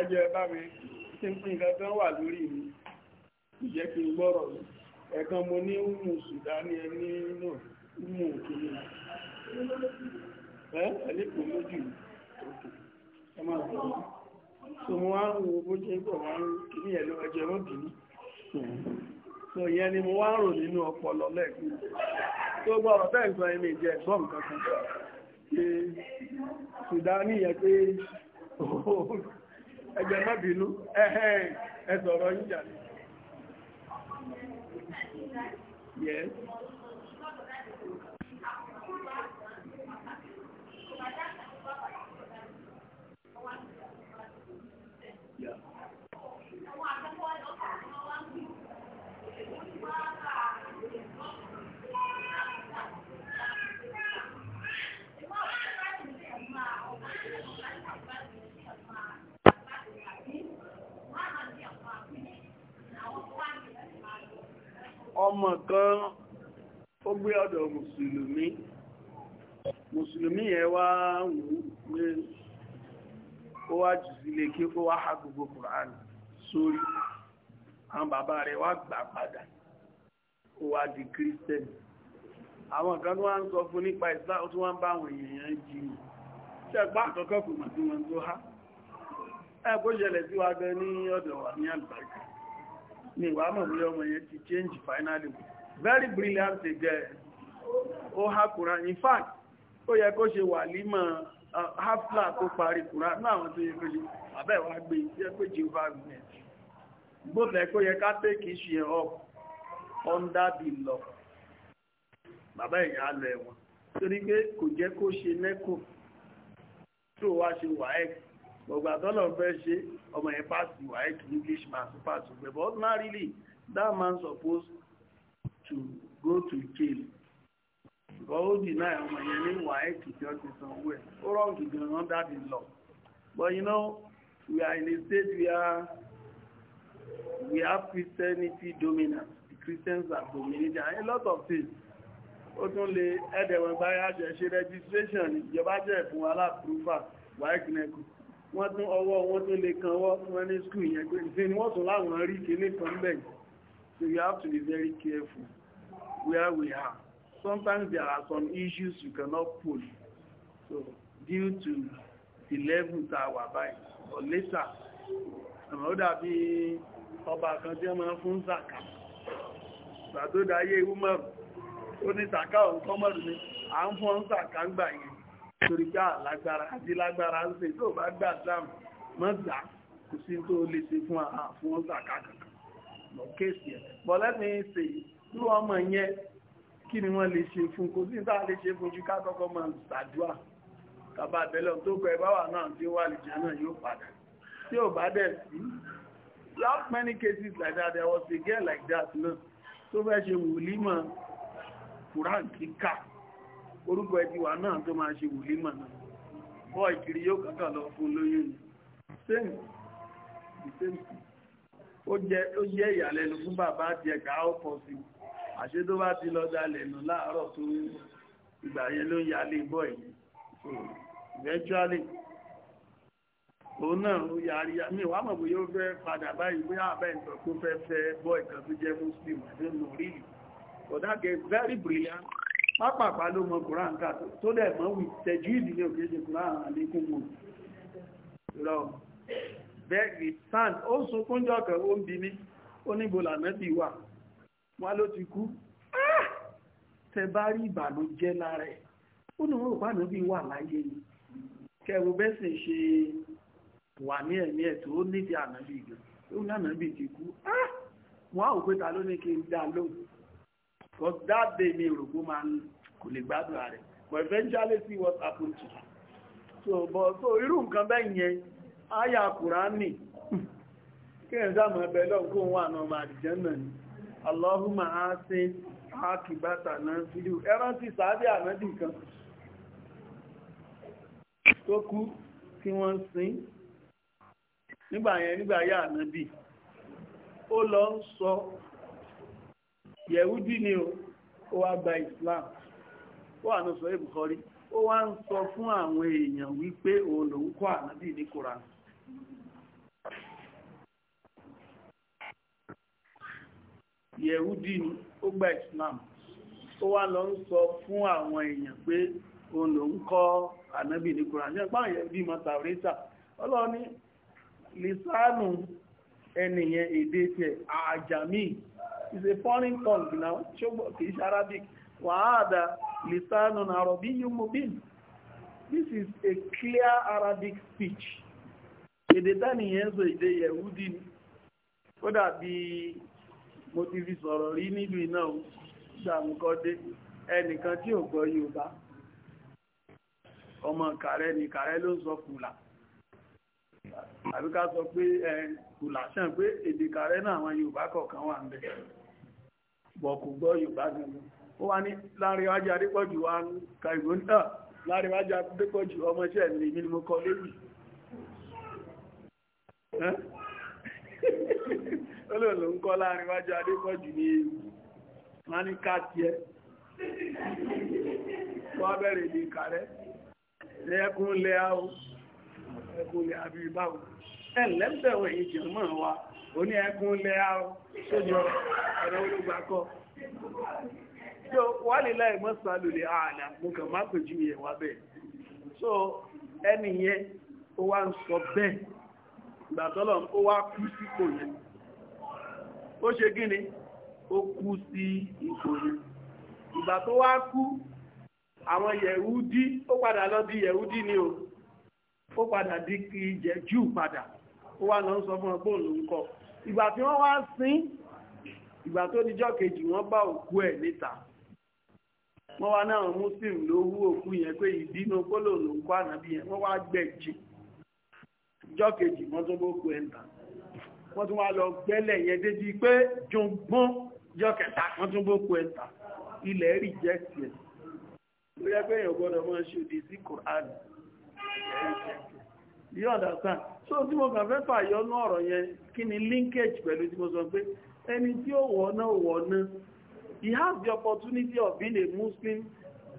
ẹjọ́ ẹ bá mi tí ń pín nǹkan kan wà lórí mi kò kí n gbọ́rọ̀ mi ẹ̀kan mo ní umu sudani ẹni náà umu òkèlè ẹ ẹlẹ́kùn lójú ẹ máa bọ̀ mí so mo wá ń wo bó ṣe ń wá ń kí ẹ lọ ẹjọ́ mọ́ so ìyẹn ni mo wá ń rò nínú ọpọlọ lẹ́ẹ̀kú tó gbọ́rọ̀ bẹ́ẹ̀ sọ ẹni ìjẹ́ ẹ̀gbọ́n kankan pé sudani yẹ pé ẹgbẹ́ má bínú ẹ̀hẹ́n ẹ̀sọ̀rọ̀ yíjà yes ọmọ kan ó gbé ọ̀dọ̀ mùsùlùmí mùsùlùmí yẹn wá wù ní ó wá jù sílé kí ó wá ha gbogbo Qur'an sórí àwọn bàbá rẹ̀ wá gbà padà ó wá di Christian àwọn kan tó wá ń sọ fún nípa ìsá ó tún wá ń bá àwọn èèyàn jiyàn ṣẹ́gbá àkọ́kọ́ kò mọ̀ sí tó há ẹ̀kọ́ ṣẹlẹ̀ sí wa gan ní ọ̀dọ̀ wa ní àlùbáríkà ni ìwà ma bí ọmọ ti change finally very brilliant girl ó há kùrán in fact ó yẹ kó ṣe wàlímọ̀ uh, hafla kó parí kùrán náà àwọn tó yẹ kó ṣe wa take issue up under the law gbogbo àtọ́lọ̀ fẹ́ ṣe ọmọ yẹn pàṣẹ white english man pàṣẹ pé but not really that man supposed to go to jail because ó dì náà ọmọ yẹn ní white tí ó ti sanwó ẹ̀ ó rọ́ǹkì gan under the law but you know we are in a state where we have christianity dominance the christians are dominating and a lot of things ó tún lè ẹ̀dẹ̀wọ̀n báyà ṣe ṣe registration ìjọba jẹ́ fún aláàpúrúfà wáìkìnẹ́kù wọ́n tún ọwọ́ wọn tún lè kan wọ́ wọ́n ní skul yẹn pé ṣe ni wọ́n tún láwọn rí kìíní kan bẹ̀ so you have to be very careful where we are sometimes there are some issues you cannot pull so due to the level tá a wà báyìí or later àmọ́ ó dàbí ọba kan tí wọ́n máa fún zaka gbàdódà ayé umar ó ní zaka òun kọ́mọ̀rún ni à ń fún zaka gbà yẹn torí pé àlágbára àti lágbára ń ṣe tó bá gbà dáàmù mọ́ta kò sí tó lè ṣe fún àfún ọ̀sà kàkàkà lọ kéèsì ẹ̀ bọ́lẹ́mí ṣe tí wọ́n mọ̀ yẹn kí ni wọ́n lè ṣe fún kò sí tá lè ṣe fún ju ká kọ́kọ́ mọ̀ ṣàdúà tàbá àbẹ́lẹ̀ tó kọ ẹbáwà náà tí ó wà lè jẹ́ náà yóò padà tí ò bá dẹ̀ sí last many cases like that there was a girl like that náà tó fẹ́ ṣe wòlímọ̀ Kùrán kíkà orúkọ ẹbí wa náà tó máa ṣe wòlímà náà bọ́ ìkiri yóò kàkà lọ fún lóyún ni same ó jẹ́ ìyàlẹ́nu fún bàbá àti ẹ̀ka ó sí àṣẹ tó bá ti lọ dalẹ̀ láàárọ̀ tó ìgbà yẹn ló yálé bọ́ yìí eventually òun náà ó yàrí mi wà mọ̀ bóyá ó fẹ́ padà báyìí bóyá àbẹ́ǹtọ̀ tó fẹ́ fẹ́ bọ́ ìkan tó jẹ́ muslim I don't know really that get very brilliant pápàpá ló mọ kùrán ká tó dẹ̀ mọ́ wì tẹ̀jú ìdílé òkèèṣe kùrán àlékún mọ̀ lọ bẹ́ẹ̀gì sand ó sunkún jọ́kẹ̀ ó ń bi mí ó níbo lànàbì wà wọ́n ló ti kú ah! tẹ bá rí ìbànújẹ́ lára ẹ̀ ó nù rò pàánù bí wà láyé ni kẹwò bẹ́sẹ̀ ṣe wà ní ẹ̀mí ẹ̀ tó nídìí ànàbì gan ó ní ànàbì ti kú ah! wọ́n á ò pé ta kí n dá lóhùn because that day me rògbó kò lè gbádùn but eventually see what happened to her so but so irú nǹkan bẹ́ẹ̀ yẹn àyà kùránì kí ẹ̀ sáà mọ̀ ẹ̀bẹ̀ lọ́wọ́ kó wà náà Allahumma asin akibata tí wọ́n sin nígbà yẹn nígbà ya lọ yẹ̀húdí ni ó wá gba islam wà ní sọ ìbùkọ́rí ó wá ń sọ fún àwọn èèyàn wípé òun lòun kọ́ ànábì ní koran ni ó gba islam ó wá lọ sọ fún àwọn èèyàn pé òun lòun kọ́ ànábì ní koran is a foreign tongue now ṣùgbọ́n kì í ṣe Arabic wàhádà lisanun arabiyyu mubin this is a clear Arabic speech èdè dání yẹn sọ èdè yẹ̀wúdí ni ó dàbí mo ti fi sọ̀rọ̀ rí nílùú iná ṣàmùkọ́dé ẹnìkan tí ò gbọ́ Yorùbá ọmọ kàrẹ́ ni kàrẹ́ ló ń sọ kùlà àbí sọ pé kùlà ṣàn pé èdè kàrẹ́ náà àwọn Yorùbá kọ̀ọ̀kan wà ń bẹ̀ bọ̀ kò gbọ́ yorùbá nínú ó wá ní Láńrewájú Adépọ̀jù wa ń ka ìwé náà Láńrewájú Adépọ̀jù ọmọọṣẹ́ mi èmi ni mo kọ lébi olóòlò ń kọ́ Láńrewájú Adépọ̀jù ní ewu wọ́n ní káàkì ẹ wọ́n bẹ̀rẹ̀ ìdí ìkàrẹ́ ẹkùn lẹ́àwó ẹkùn lẹ́àbí báwò ẹ̀ lẹ́bẹ̀wẹ̀ ìjẹ̀mọ́ wa oní ẹkùn lẹ́ àwọ̀ sójọ ọ̀rọ̀ olùgbàkọ́ tí ó wà lè láì mọ́ sàlùlẹ̀ ààlà mú kàn má pè jù yẹ̀ wá bẹ́ẹ̀ so ẹni yẹn ó wá ń sọ bẹ́ẹ̀ ìgbàtọ́lọ̀ ó wá kú sí kò yẹn ó ṣe gíní ó kú sí ipò yẹn ìgbà tó wá kú àwọn yẹ̀húdí ó padà lọ di yẹ̀húdí ni o ó padà di kìí jẹ́ jù padà ó wá lọ sọ fún ọgbọ́n ló ń kọ́ ìgbà tí wọ́n wá sin ìgbà tó dijọ́ kejì wọ́n bá òkú ẹ̀ níta wọ́n wá náà muslim ló wú òkú yẹn pé ìdínú kólò ló ń kó ànábì yẹn wọ́n wá gbẹ̀jì ìjọ́ kejì wọ́n tó bókú ẹ̀ níta wọ́n tún wá lọ gbẹ́lẹ̀ yẹn débi pé jùgbọ́n ìjọ́ kẹta wọ́n tún bókú ẹ̀ níta ilẹ̀ rí jẹ́ tiẹ̀ ló yẹ pé èèyàn gbọ́dọ̀ máa ṣe òdì sí Quran ilẹ̀ rí so tí mo kàn fẹ́ fàyọnú ọ̀rọ̀ yẹn kí ni linkage pẹ̀lú tí mo sọ pé ẹni tí ó wọ̀ná wọ̀ná he has the opportunity of being a Muslim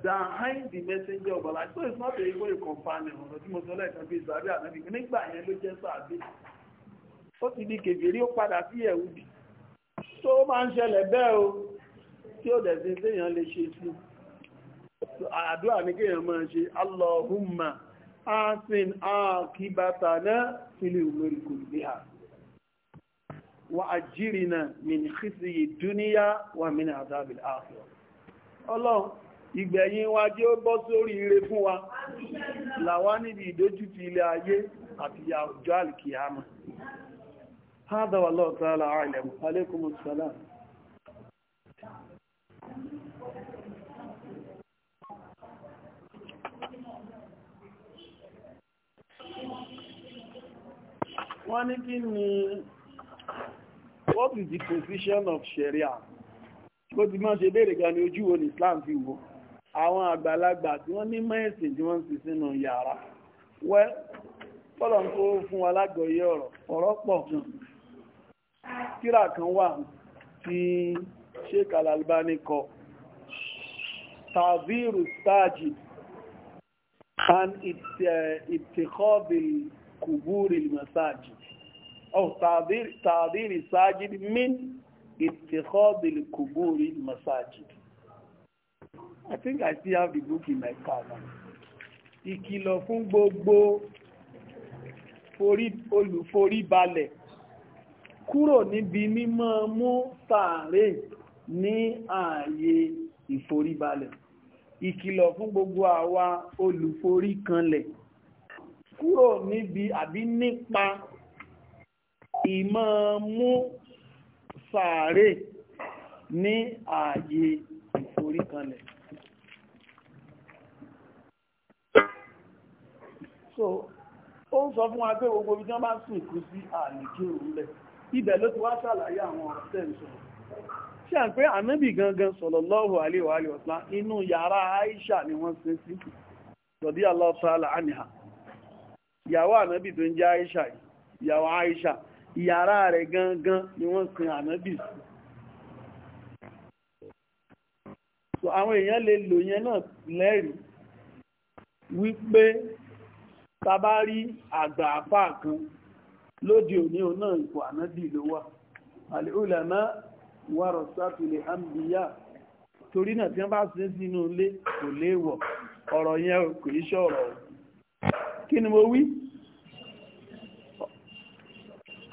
behind the messenger of Allah so it's not a equal companion ọ̀nà tí mo sọ lẹ́ẹ̀kan bí ìsàbí ànábì nígbà yẹn ló jẹ́ sàbí ó ti di kèfèrí ó padà sí ẹ̀wùdì tó máa ń ṣẹlẹ̀ bẹ́ẹ̀ o tí ó dẹ̀ sí séèyàn lè ṣe sí àdúrà ní kéèyàn máa ṣe Allahumma asin akibatana fil umuri kulliha wa ajirina min khizyi dúníyà wa min azabil akhirah ọlọ́run ìgbẹ̀yìn wa jẹ́ ó bọ́ sórí ire fún wa làwa níbi ìdójútì ilé ayé àti àwùjọ alìkìyàmà hádà wà àlàáìlẹ̀mù alẹ́kùnmù sàlámù wọ́n ní kí ni what is the position of sharia ó ti máa ṣe béèrè gan ni ojú wo ní Islam fi wo àwọn àgbàlagbà tí wọ́n ní mẹ́ẹ̀sìn tí wọ́n sì sínú yàrá wẹ́ tọ́lọ̀ ń kó fún wa lágbọ̀ọ́yé ọ̀rọ̀ ọ̀rọ̀ pọ̀ kan kíra kan wà tí Sheikh Al-Albani kọ tàbírù stájì and ìtẹ̀kọ́bì eh, kùbúrì masájì أو تعبير تعبير الساجد من اتخاذ القبور المساجد I think I still have the book in my car now. Ìkìlọ̀ fún gbogbo olùforíbalẹ̀ kúrò níbi mímọ́ mú sàárè ní ààyè ìforíbalẹ̀. Ìkìlọ̀ fún gbogbo àwa olùforíkanlẹ̀ kúrò níbi àbí nípa ìmọ̀ mú sàárè ní ààyè ìforíkanlẹ̀ so ó ń sọ fún wa pé gbogbo bá sùn kú sí àlèkè nle ibẹ̀ ló ti wá sàlàyé àwọn ọ̀rọ̀ tẹ́ à ń pé ànábì gangan sallallahu lọ́wọ́ wa ìyàwó ànábì Aisha ìyàwó Aisha ìyàrá rẹ̀ gangan ni wọ́n sin ànábì sí so àwọn èèyàn lè lò yẹn náà lẹ́rìí wípé tabari àgbà àfà kan lóde òní òun náà ipò ànábì ló wà al-ulama warasatul anbiya torí náà tí wọ́n bá sin sínú ilé kò léèwọ̀ ọ̀rọ̀ yẹn kò í ṣọ̀rọ̀ kí ni mo wí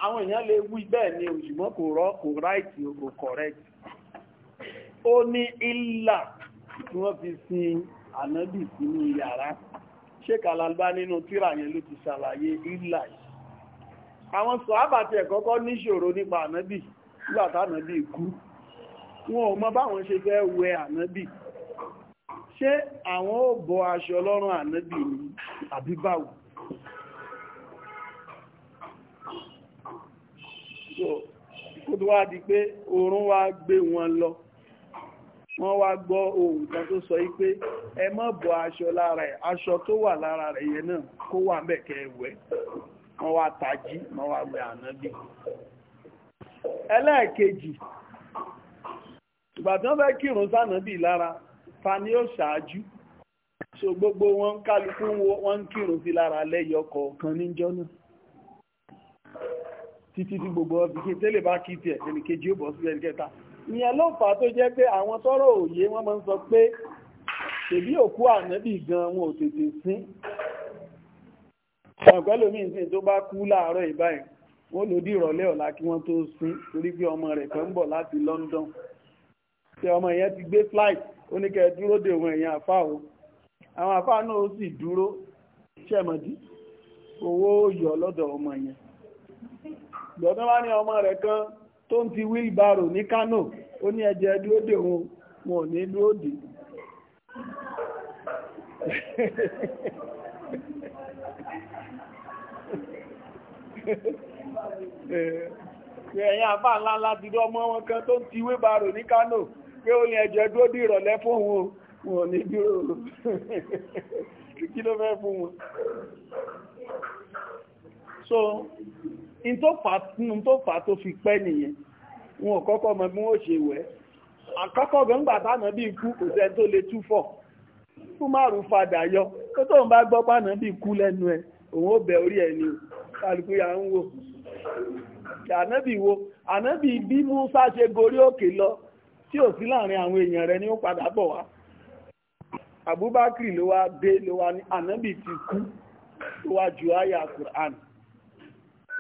àwọn èèyàn lè wí bẹ́ẹ̀ ni òṣùgbọ́n kò rọ́ kò ráìtì kò kọ̀rẹ́tì ó ní ìlà tí wọ́n fi sin ànábì sínú yàrá Sheikh al nínú tírà yẹn ló ti ṣàlàyé ìlà yìí àwọn sọ̀hábà tí ẹ̀ kọ́kọ́ níṣòro nípa ànábì nígbà tánábì kú wọn ò mọ báwọn ṣe fẹ́ wẹ ànábì ṣé àwọn ò bọ aṣọ lọ́rùn ànábì ni àbí so kó tó wá di pé oorun wá gbé wọn lọ wọ́n wá gbọ́ ohun kan tó sọ wípé ẹ má bọ́ aṣọ lára ẹ̀ aṣọ tó wà lára rẹ̀ yẹn náà kó wà mẹ́kẹ́ ẹ̀wẹ́ wọ́n wá tají wọ́n wá wẹ ànábì ẹlẹ́ẹ̀kejì ìgbà tí wọ́n fẹ́ kírun sànábì lára ta ni ó ṣáájú so gbogbo wọn kálukú wọn kírun sí lára lẹ́yọ kọ̀ọ̀kan níjọ́ náà títí tí gbogbo ọ̀fíkẹ́ tẹ́lẹ̀ bá kí tiẹ̀ ẹnìkejì ó bọ̀ sí ẹnìkẹta ìyẹn ló fà tó jẹ́ pé àwọn tọ́rọ̀ òye wọ́n máa ń sọ pé tèbí òkú ànábì gan wọn ò tètè sín ọ̀pẹ́ lómi ìsìn tó bá kú láàárọ̀ ìbáyìí wọ́n lò dí ìrọ̀lẹ́ ọ̀la kí wọ́n tó sín torí pé ọmọ rẹ̀ kan ń bọ̀ láti London tí ọmọ yẹn ti gbé flight ó dúró de òun ẹ̀yìn àfá o àwọn àfá náà ó sì dúró ṣẹ̀mọ̀dí owó yọ lọ́dọ̀ ọmọ yẹn gbọ́dọ̀ wá ní ọmọ rẹ̀ kan tó ń ti wheelbarrow ní Kánò ó ní ẹjẹ́ dúró wọn wọn ní dúró ẹ̀yìn àbá ńlá láti rí ọmọ wọn kan tó ń ti wheelbarrow ní Kánò pé ó ní ẹjẹ́ dúró ìrọ̀lẹ́ fún wọn wọn ní dúró kí ló fẹ́ fún wọn in tó fà tó fi pẹ́ nìyẹn wọn ò kọ́kọ́ mọ bí wọ́n ṣe wẹ̀ àkọ́kọ́ gbọ́ngbà tánà bí ikú kò sẹ́ tó lè túfọ̀ fún márùn fadà yọ kó tóun bá gbọ́ pánà bí ikú lẹ́nu ẹ̀ òun ó bẹ orí ẹ̀ ni kálukú ya ń wò ànábì wo ànábì bí Musa ṣe gorí òkè lọ ni ó padà bọ̀ wá Abubakar ló wá dé ló wá ní ànábì ti kú tó wá ju àyà Quran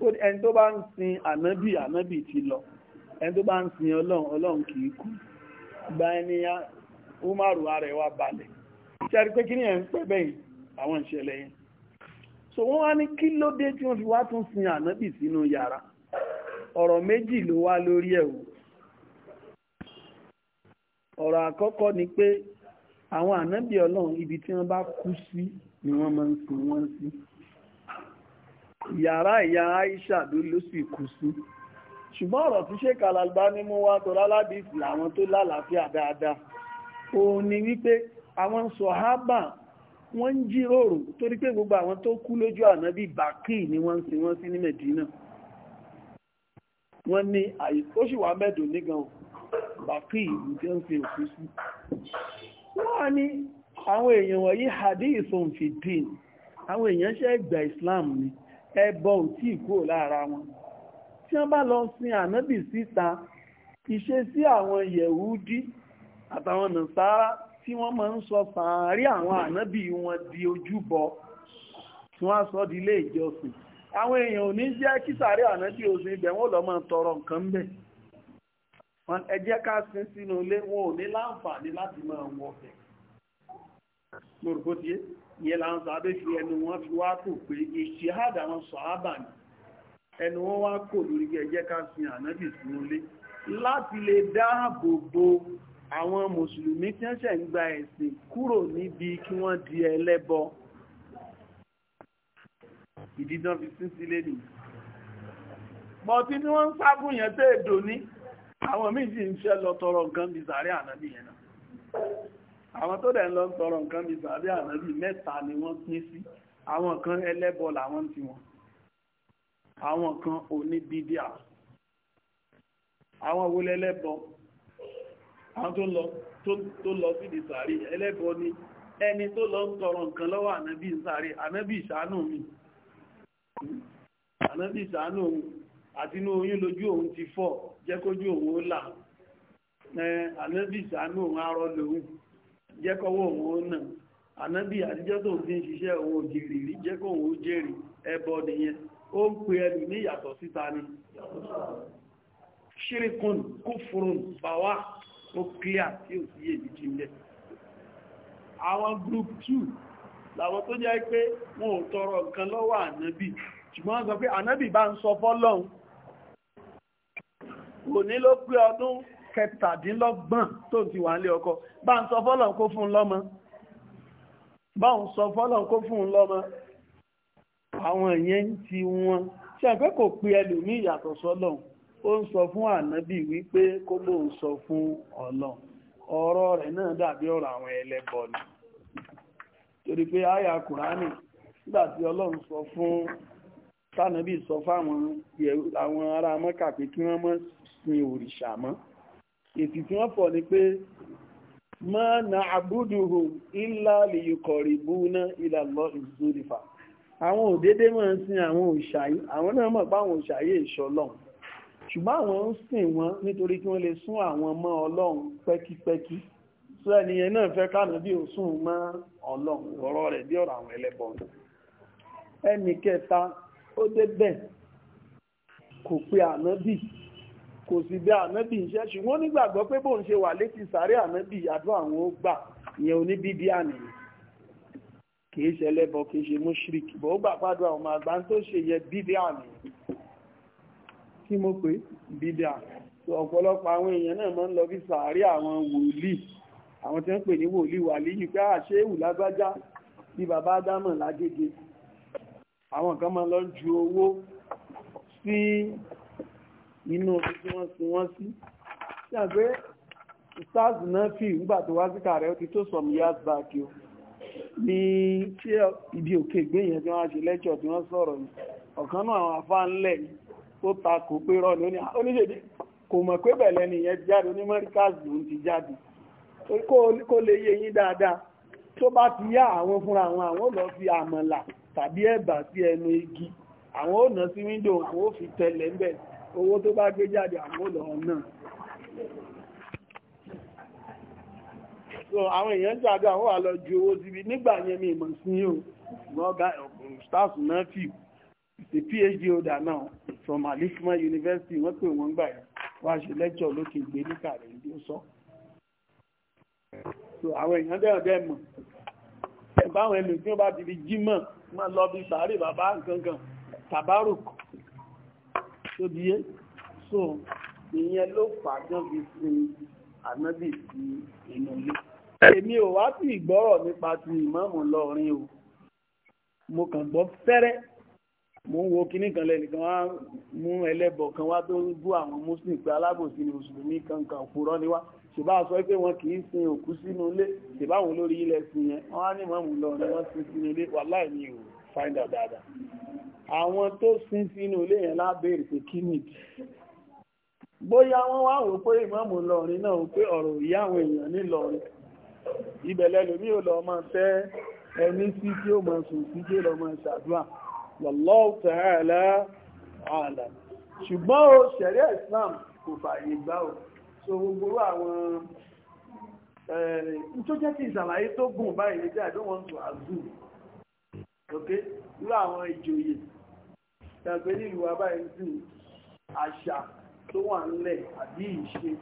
ẹni tó bá ń sin ànábì ànábì ti lọ ẹni tó bá ń sin ọlọ́run ọlọ́run kì í kú gba ẹni umaru arẹwà balẹ̀ ṣẹ́rí pé kí ni ẹ̀ ń pẹ́ bẹ́yìn àwọn ìṣẹ̀lẹ̀ yẹn so wọ́n wá ní kí ló dé tí wọ́n fi wá tún sin ànábì sínú yàrá ọ̀rọ̀ méjì ló wá lórí ẹ̀ wò ọ̀rọ̀ àkọ́kọ́ ni pé àwọn ànábì ọlọ́run ibi tí wọ́n bá kú sí ni wọ́n máa ń sin wọ́n sí yàrá ìyá Aisha ló ló sì kú sí ṣùgbọ́n ọ̀rọ̀ tí ṣe kàlàlùbá ní mú wá tọ́lá lábìsì àwọn tó lálàáfíà dáadáa ó ní wípé àwọn sọ̀hábà wọ́n ń jíròrò torí pé gbogbo àwọn tó kú lójú ànábì bàkì ni wọ́n ń sin wọ́n sí ní Medina wọ́n ní àyè ó sì wà mẹ́dùn nígan bàkì ìlú tí ó ń fi òkú sí wọ́n ní àwọn èèyàn wọ̀nyí hadith on àwọn èèyàn ṣe gba Islam ni ẹbọ ò tí kúrò lára wọn tí wọ́n bá lọ sin ànábì síta ìṣe sí àwọn yẹ̀wúdí àtàwọn nàṣàrà tí wọ́n máa ń sọ sàárì àwọn ànábì wọn di ojúbọ tí wọ́n á sọ di ilé ìjọsìn àwọn èèyàn ò ní jẹ́ kí sàárì ànábì ó sin ibẹ̀ wọ́n lọ máa tọrọ nǹkan bẹ̀ ẹ jẹ́ ká sin sínú ilé wọn ò ní láǹfààní láti máa wọ ọ̀fẹ́ lórúkọ tiẹ́ ìyẹn láwọn sàábé fi ẹnu wọn fi wá kò pé ìṣíhàd àwọn sàábà ní ẹnu wọn wá kò lórí ẹjẹ́ ká sin ànábì súnlé láti lè dáàbò bo àwọn mùsùlùmí tí wọ́n ṣẹ̀ ń gba ẹ̀sìn kúrò níbi kí wọ́n di ẹlẹ́bọ ìdídán fi sín sílé nì bọ́tí tí wọ́n ń ságun yẹn tẹ́ èdò ní àwọn méjì ń fẹ́ lọ tọrọ gan bí sàárẹ̀ ànábì yẹn náà àwọn tó dẹ̀ ń lọ ń tọrọ nǹkan bí sàbí ànábì mẹ́ta ni wọ́n pín sí àwọn kan ẹlẹ́bọ làwọn ti wọn àwọn kan oníbídíà àwọn wo lẹ́lẹ́bọ àwọn tó lọ tó lọ sí di sàárì ẹlẹ́bọ ni ẹni tó lọ ń tọrọ nǹkan lọ́wọ́ ànábì sàárì ànábì ìṣàánú mi ànábì ìṣàánú òun àti inú oyún lójú òun ti fọ́ jẹ́ kójú òun ó là ànábì ìṣàánú òun arọ lòun jẹ́kọ́wọ́ òun náà ànábì àtijọ́ tó fi ń ṣiṣẹ́ òun òjèrè rí jẹ́kọ́ òun ó jèrè ẹbọ nìyẹn ó ń pè ẹlù ní ìyàtọ̀ síta ni ṣíríkùn kúfùrùn bàwà ó kílíà tí ò sí èdè jíndẹ̀ àwọn group 2 làwọn tó jẹ́ pé wọn ò tọrọ nǹkan lọ́wọ́ ànábì ṣùgbọ́n wọ́n sọ pé ànábì bá ń sọ fọ́lọ́hun kẹtàdínlọ́gbọ̀n tó ti wà nílé ọkọ bá ń sọ fọ́lọ̀ kó fún un lọ́mọ bá ń sọ fọ́lọ̀ kó fún un lọ́mọ àwọn yẹn ń ti wọn ṣe àpé kò pe ẹlòmí ìyàtọ̀ sọ́lọ̀ ó ń sọ fún ànábì wípé kó ló ń sọ fún ọlọ́run ọ̀rọ̀ rẹ̀ náà dàbí ọ̀rọ̀ àwọn ẹlẹ́bọ ni torí pé àyà kùránì nígbà tí ọlọ́run sọ fún tànábì sọ fáwọn àwọn ará mọ́kà pé kí wọ́n má sin òrìṣà mọ́ èsì tí wọ́n fọ̀ ni pé ma na àbúdùhù illa li yuqarribuna ila Allah zulfa àwọn òdédé máa ń sin àwọn òṣàyí àwọn náà mọ̀ pé àwọn òṣàyí ìṣọlọ́run ṣùgbọ́n àwọn ń sìn wọn nítorí kí wọ́n lè sún àwọn mọ́ ọlọ́run pẹ́kípẹ́kí tó ẹniyẹn náà fẹ́ kánà bí ó sún mọ́ ọlọ́run ọ̀rọ̀ rẹ̀ bí ọ̀rọ̀ àwọn ẹlẹ́bọ ẹnì kẹta ó débẹ̀ kò pe ànábì kò sì bẹ ànábì ń ṣe ṣùgbọ́n nígbàgbọ́ pé bóun ṣe wà létí sáré ànábì àdúrà àwọn ó gbà ìyẹn oníbíbí ànìyàn kì í ṣẹlẹ́bọ kì í ṣe mọ́ṣíríkì bọ́ ó gbà pàdé àwọn àgbà tó ṣe yẹ bíbí ànìyàn kí mo pé bíbí ànìyàn ọ̀pọ̀lọpọ̀ àwọn èèyàn náà máa ń lọ bí sàárì àwọn wòlíì àwọn tí ń pè ní wòlíì wà líyìí pé àṣẹ ah, ìwù lágbájá bí bàbá dámọ̀ lágége àwọn kan máa lọ ju owó sí nínú omi tí wọ́n sin wọ́n sí ṣàgbé stars náà fi ìgbà tó wá síkà rẹ̀ ó ti tó some years back o ní tí ibi òkè gbé yẹn tí wọ́n ṣe lẹ́jọ́ tí wọ́n sọ̀rọ̀ yìí ọ̀kan náà àwọn afá ńlẹ̀ tó ta kò pé rọ́ ní oníṣèdè kò mọ̀ pé bẹ̀lẹ̀ nìyẹn jáde onímọ̀ríkàs lòún ti jáde kó lè yé yín dáadáa tó bá ti yá àwọn fúnra àwọn àwọn ò lọ fi àmàlà tàbí ẹ̀bà sí ẹnu igi àwọn ò nà sí wíńdò àwọn ò fi tẹ̀lẹ̀ ń bẹ̀rẹ̀ owó tó bá gbé jáde àmúlò náà so àwọn èèyàn jàgbé àwọn wà lọ ju owó síbi nígbà yẹn mi ìmọ̀ sí yóò lọ́gá staff náà the phd holder now from Alisma university wọ́n pè wọ́n gbà yẹn wá ṣe lecture lókè gbé ní kàrẹ́ ìdí ó sọ so àwọn èèyàn dẹ́rọ̀ dẹ́ mọ̀ ẹ̀bá àwọn ẹlòmíràn bá ti di jímọ̀ wọ́n lọ bí sàárè bàbá nǹkan kan tàbárùkù tó bí yé so ìyẹn ló fà gán fi sin ànábì sí inú ilé èmi ò wá sí ìgbọ́rọ̀ nípa ti ìmáàmù lọ́rin o mo kàn gbọ́ fẹ́rẹ́ mo ń wo kinní kan lẹ́nìkan wá mú ẹlẹ́bọ̀ kan wá tó ń bú àwọn muslim pé alábòsí ni mùsùlùmí kankan òpùrọ́ ni wá ṣùgbọ́n a sọ pé wọn kì í sin òkú sínú ilé ṣùgbọ́n àwọn olórí ilẹ̀ sìn yẹn wọ́n á ní ìmáàmù lọ́rin wọ́n sin sínú ilé wàláì mi ò find out dáadáa àwọn tó sin sínú ilé yẹn lábẹ́rẹ̀ pé kí nìdí bóyá wọ́n wá wò pé ìmọ̀mù lọ́rin náà pé ọ̀rọ̀ ìyá àwọn èèyàn ní lọ́rin ibẹ̀lẹ̀ lómi ò lọ máa tẹ́ ẹni sí tí ó máa sùn sí tí ó lọ máa ṣàdúrà wallahu ta'ala a'lam ṣùgbọ́n o ṣẹ̀ríà Islam kò fààyè gbà o eh, I don't want to assume okay irú àwọn ìjòyè ṣàgbé ní ìlú abáyé sí àṣà tó wà ńlẹ̀ àbí ìṣe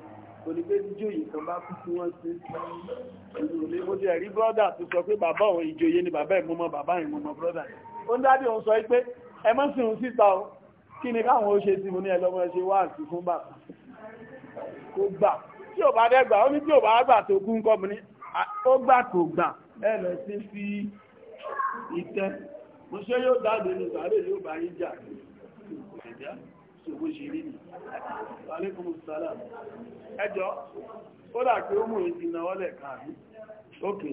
onígbé ìjòyè kan bá kú tí wọ́n sí ìlúlé mo ti ẹ̀rí brọ́dà tó sọ pé bàbá òun ìjòyè ni bàbá ìmúmọ́ bàbá ìmúmọ́ brọ́dà ó ń dádì òun sọ pé ẹ mọ́ sí òun síta o kí ni káwọn ó ṣe sí mo ní ẹlọ́mọ ṣe wá àti fún bàbá kò gbà tí ò bá dẹ́gbà ó ní tí ò bá gbà tó kú ń kọ́ mi ní ó gbà kò gbà ẹ lọ sí fi ìtẹ́ mo ṣe yóò dáàdé ní sàárè yóò bá yí jà ẹ̀dá ṣògbó ṣe rí ni alékùnmù sálà ẹjọ́ ó dà pé ó mú èdè náà lẹ́ẹ̀kan àbí ókè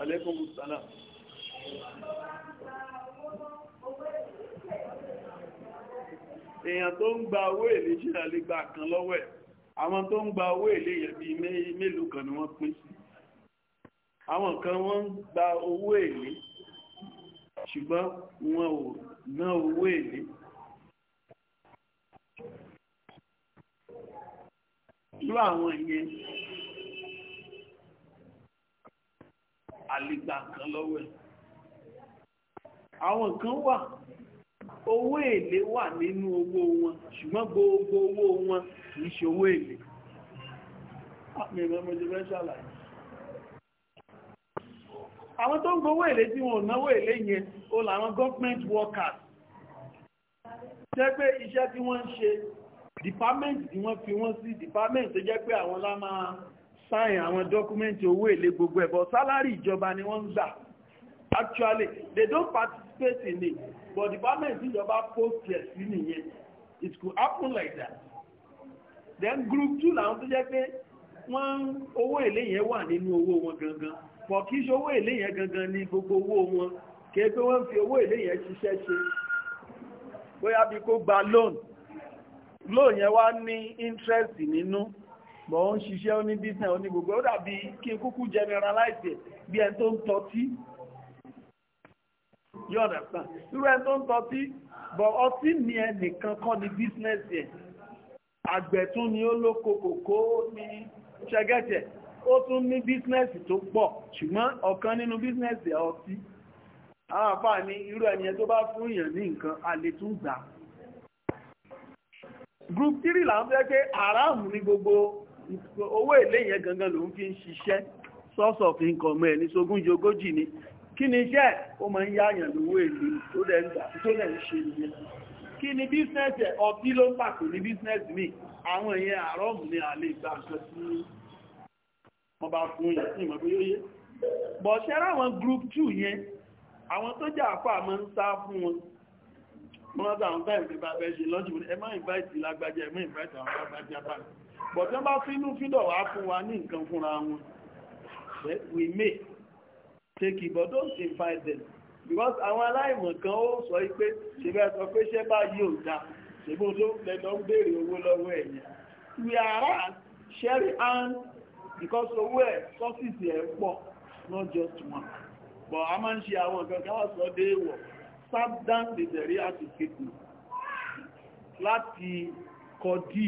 alékùnmù sálà èèyàn tó ń gba owó èlé ṣíra lè gba kan lọ́wọ́ ẹ̀ àwọn tó ń gba owó èlé yẹn bí mélòó kan ni wọ́n pín sí àwọn kan wọ́n gba owó èlé ṣùgbọ́n wọn ò ná owó èlé irú àwọn ìyẹn àlìgbà kan lọ́wọ́ ẹ̀ àwọn kan wà owó èlé wà nínú owó wọn ṣùgbọ́n gbogbo owó wọn kìí ṣe owó èlé. Àmì ah, ìrẹ́mọ̀jẹ́ fẹ́ ṣàlàyé àwọn tó ń gbowó èlé tí wọn ò náwó èlé yẹn o làwọn government workers jẹ́ pé iṣẹ́ tí wọ́n ń ṣe department tí wọ́n fi wọ́n sí department tó jẹ́ pé àwọn lá máa sign àwọn dọ́kúmẹ́ntì owó èlé gbogbo ẹ̀bọ̀ sálárì ìjọba ni wọ́n ń gbà actually they don't participate in it but department ìjọba post rẹ̀ sí nìyẹn it could happen like that then group two làwọn tó jẹ́ pé wọ́n owó èlé yẹn wà nínú owó wọn gangan pọ̀ kí ṣe owó èlé yẹn gangan ní gbogbo owó wọn kìí pé wọ́n fi owó èlé yẹn ṣiṣẹ́ ṣe bóyá bí kó gba loan loan yẹn wá ní interest nínú bọ̀ ó ń ṣiṣẹ́ ó ní business ó ní gbogbo ó dàbí kí n kúkú generalize bí ẹni tó ń tọ́tí you understand irú ẹni tó ń tọ́tí bọ̀ ọtí ni ẹnìkan kọ́ ni business ẹ̀ àgbẹ̀ tún ni ó lóko kòkó ní ṣẹgẹ́tẹ̀ ó tún ní bísínẹ́sì tó pọ̀ ṣùgbọ́n ọ̀kan nínú bísínẹ́sì ọtí àwọn àfáà ní irú ẹniyẹn tó bá fún èèyàn ní nǹkan a lè tún gbà group three là ń fẹ́ pé àràmù ní gbogbo owó èlé yẹn gangan ló ń fi ń ṣiṣẹ́ source of income ẹ̀ ní sogún jogójì ni kí ni iṣẹ́ ó máa ń yáyàn lówó èlé tó lẹ́ ń gbà tó lẹ́ ń ṣe ìyẹn kí ni bísínẹ́sì ọtí ló ń pàtó ní bísínẹ́sì mi àwọn èèyàn àràmù ni a gbà nǹkan sí wọ́n bá fún yà sí ìmọ̀ yóò yé bọ̀ ṣẹ́rá àwọn group two yẹn àwọn tó jà àpá àmọ́ ń sá fún wọn wọ́n àwọn táìmù pípa bẹ́ẹ̀ ṣe lọ́jọ́ ẹ má invite lágbájá àwọn lágbájá báyìí we may take it but don't invite them because àwọn aláìmọ̀ kan ó sọ pé ṣe bẹ́ẹ̀ sọ we are sharing because owó ẹ̀ sọ́sìsì ẹ̀ pọ̀ not just one but a máa ń ṣe àwọn nǹkan káwà sọ dé wọ̀ sábdán lè tẹ̀rí àti kéèkù láti kọjí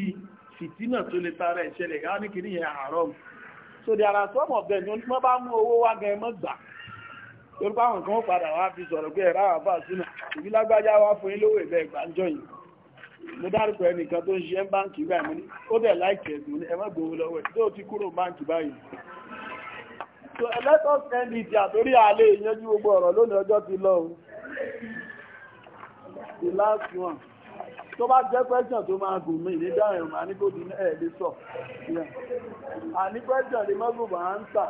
fìtínà tó lè tara ìṣẹ̀lẹ̀ ká ní kìíní yẹn àárọ̀ so there are some of them ní wọ́n bá mú owó wá gan ẹmọ́ gbà lórúkọ àwọn kan padà wá fi sọ̀rọ̀ pé ẹ̀rá àbá sínú ìbílágbájá wá fún ilé ìwé ìbẹ̀ ìgbàjọ́ yìí mo dárúkọ ẹnìkan tó ń ṣiṣẹ́ báǹkì báyìí mo ní ó dẹ̀ láìkì ẹ̀sùn ní ẹ̀mọ́ gbowó lọ́wọ́ ẹ̀ tó ti kúrò báǹkì báyìí so ẹlẹ́tọ̀ sẹ́ndì ìjà torí àlè ìyanjú gbogbo ọ̀rọ̀ lónìí ọjọ́ ti lọ o the last one tó bá jẹ́ question tó máa gùn mí ní dáhùn ẹ̀rùn àní kò dín ẹ̀ lè sọ àní question lè mọ́gùn bá ń tà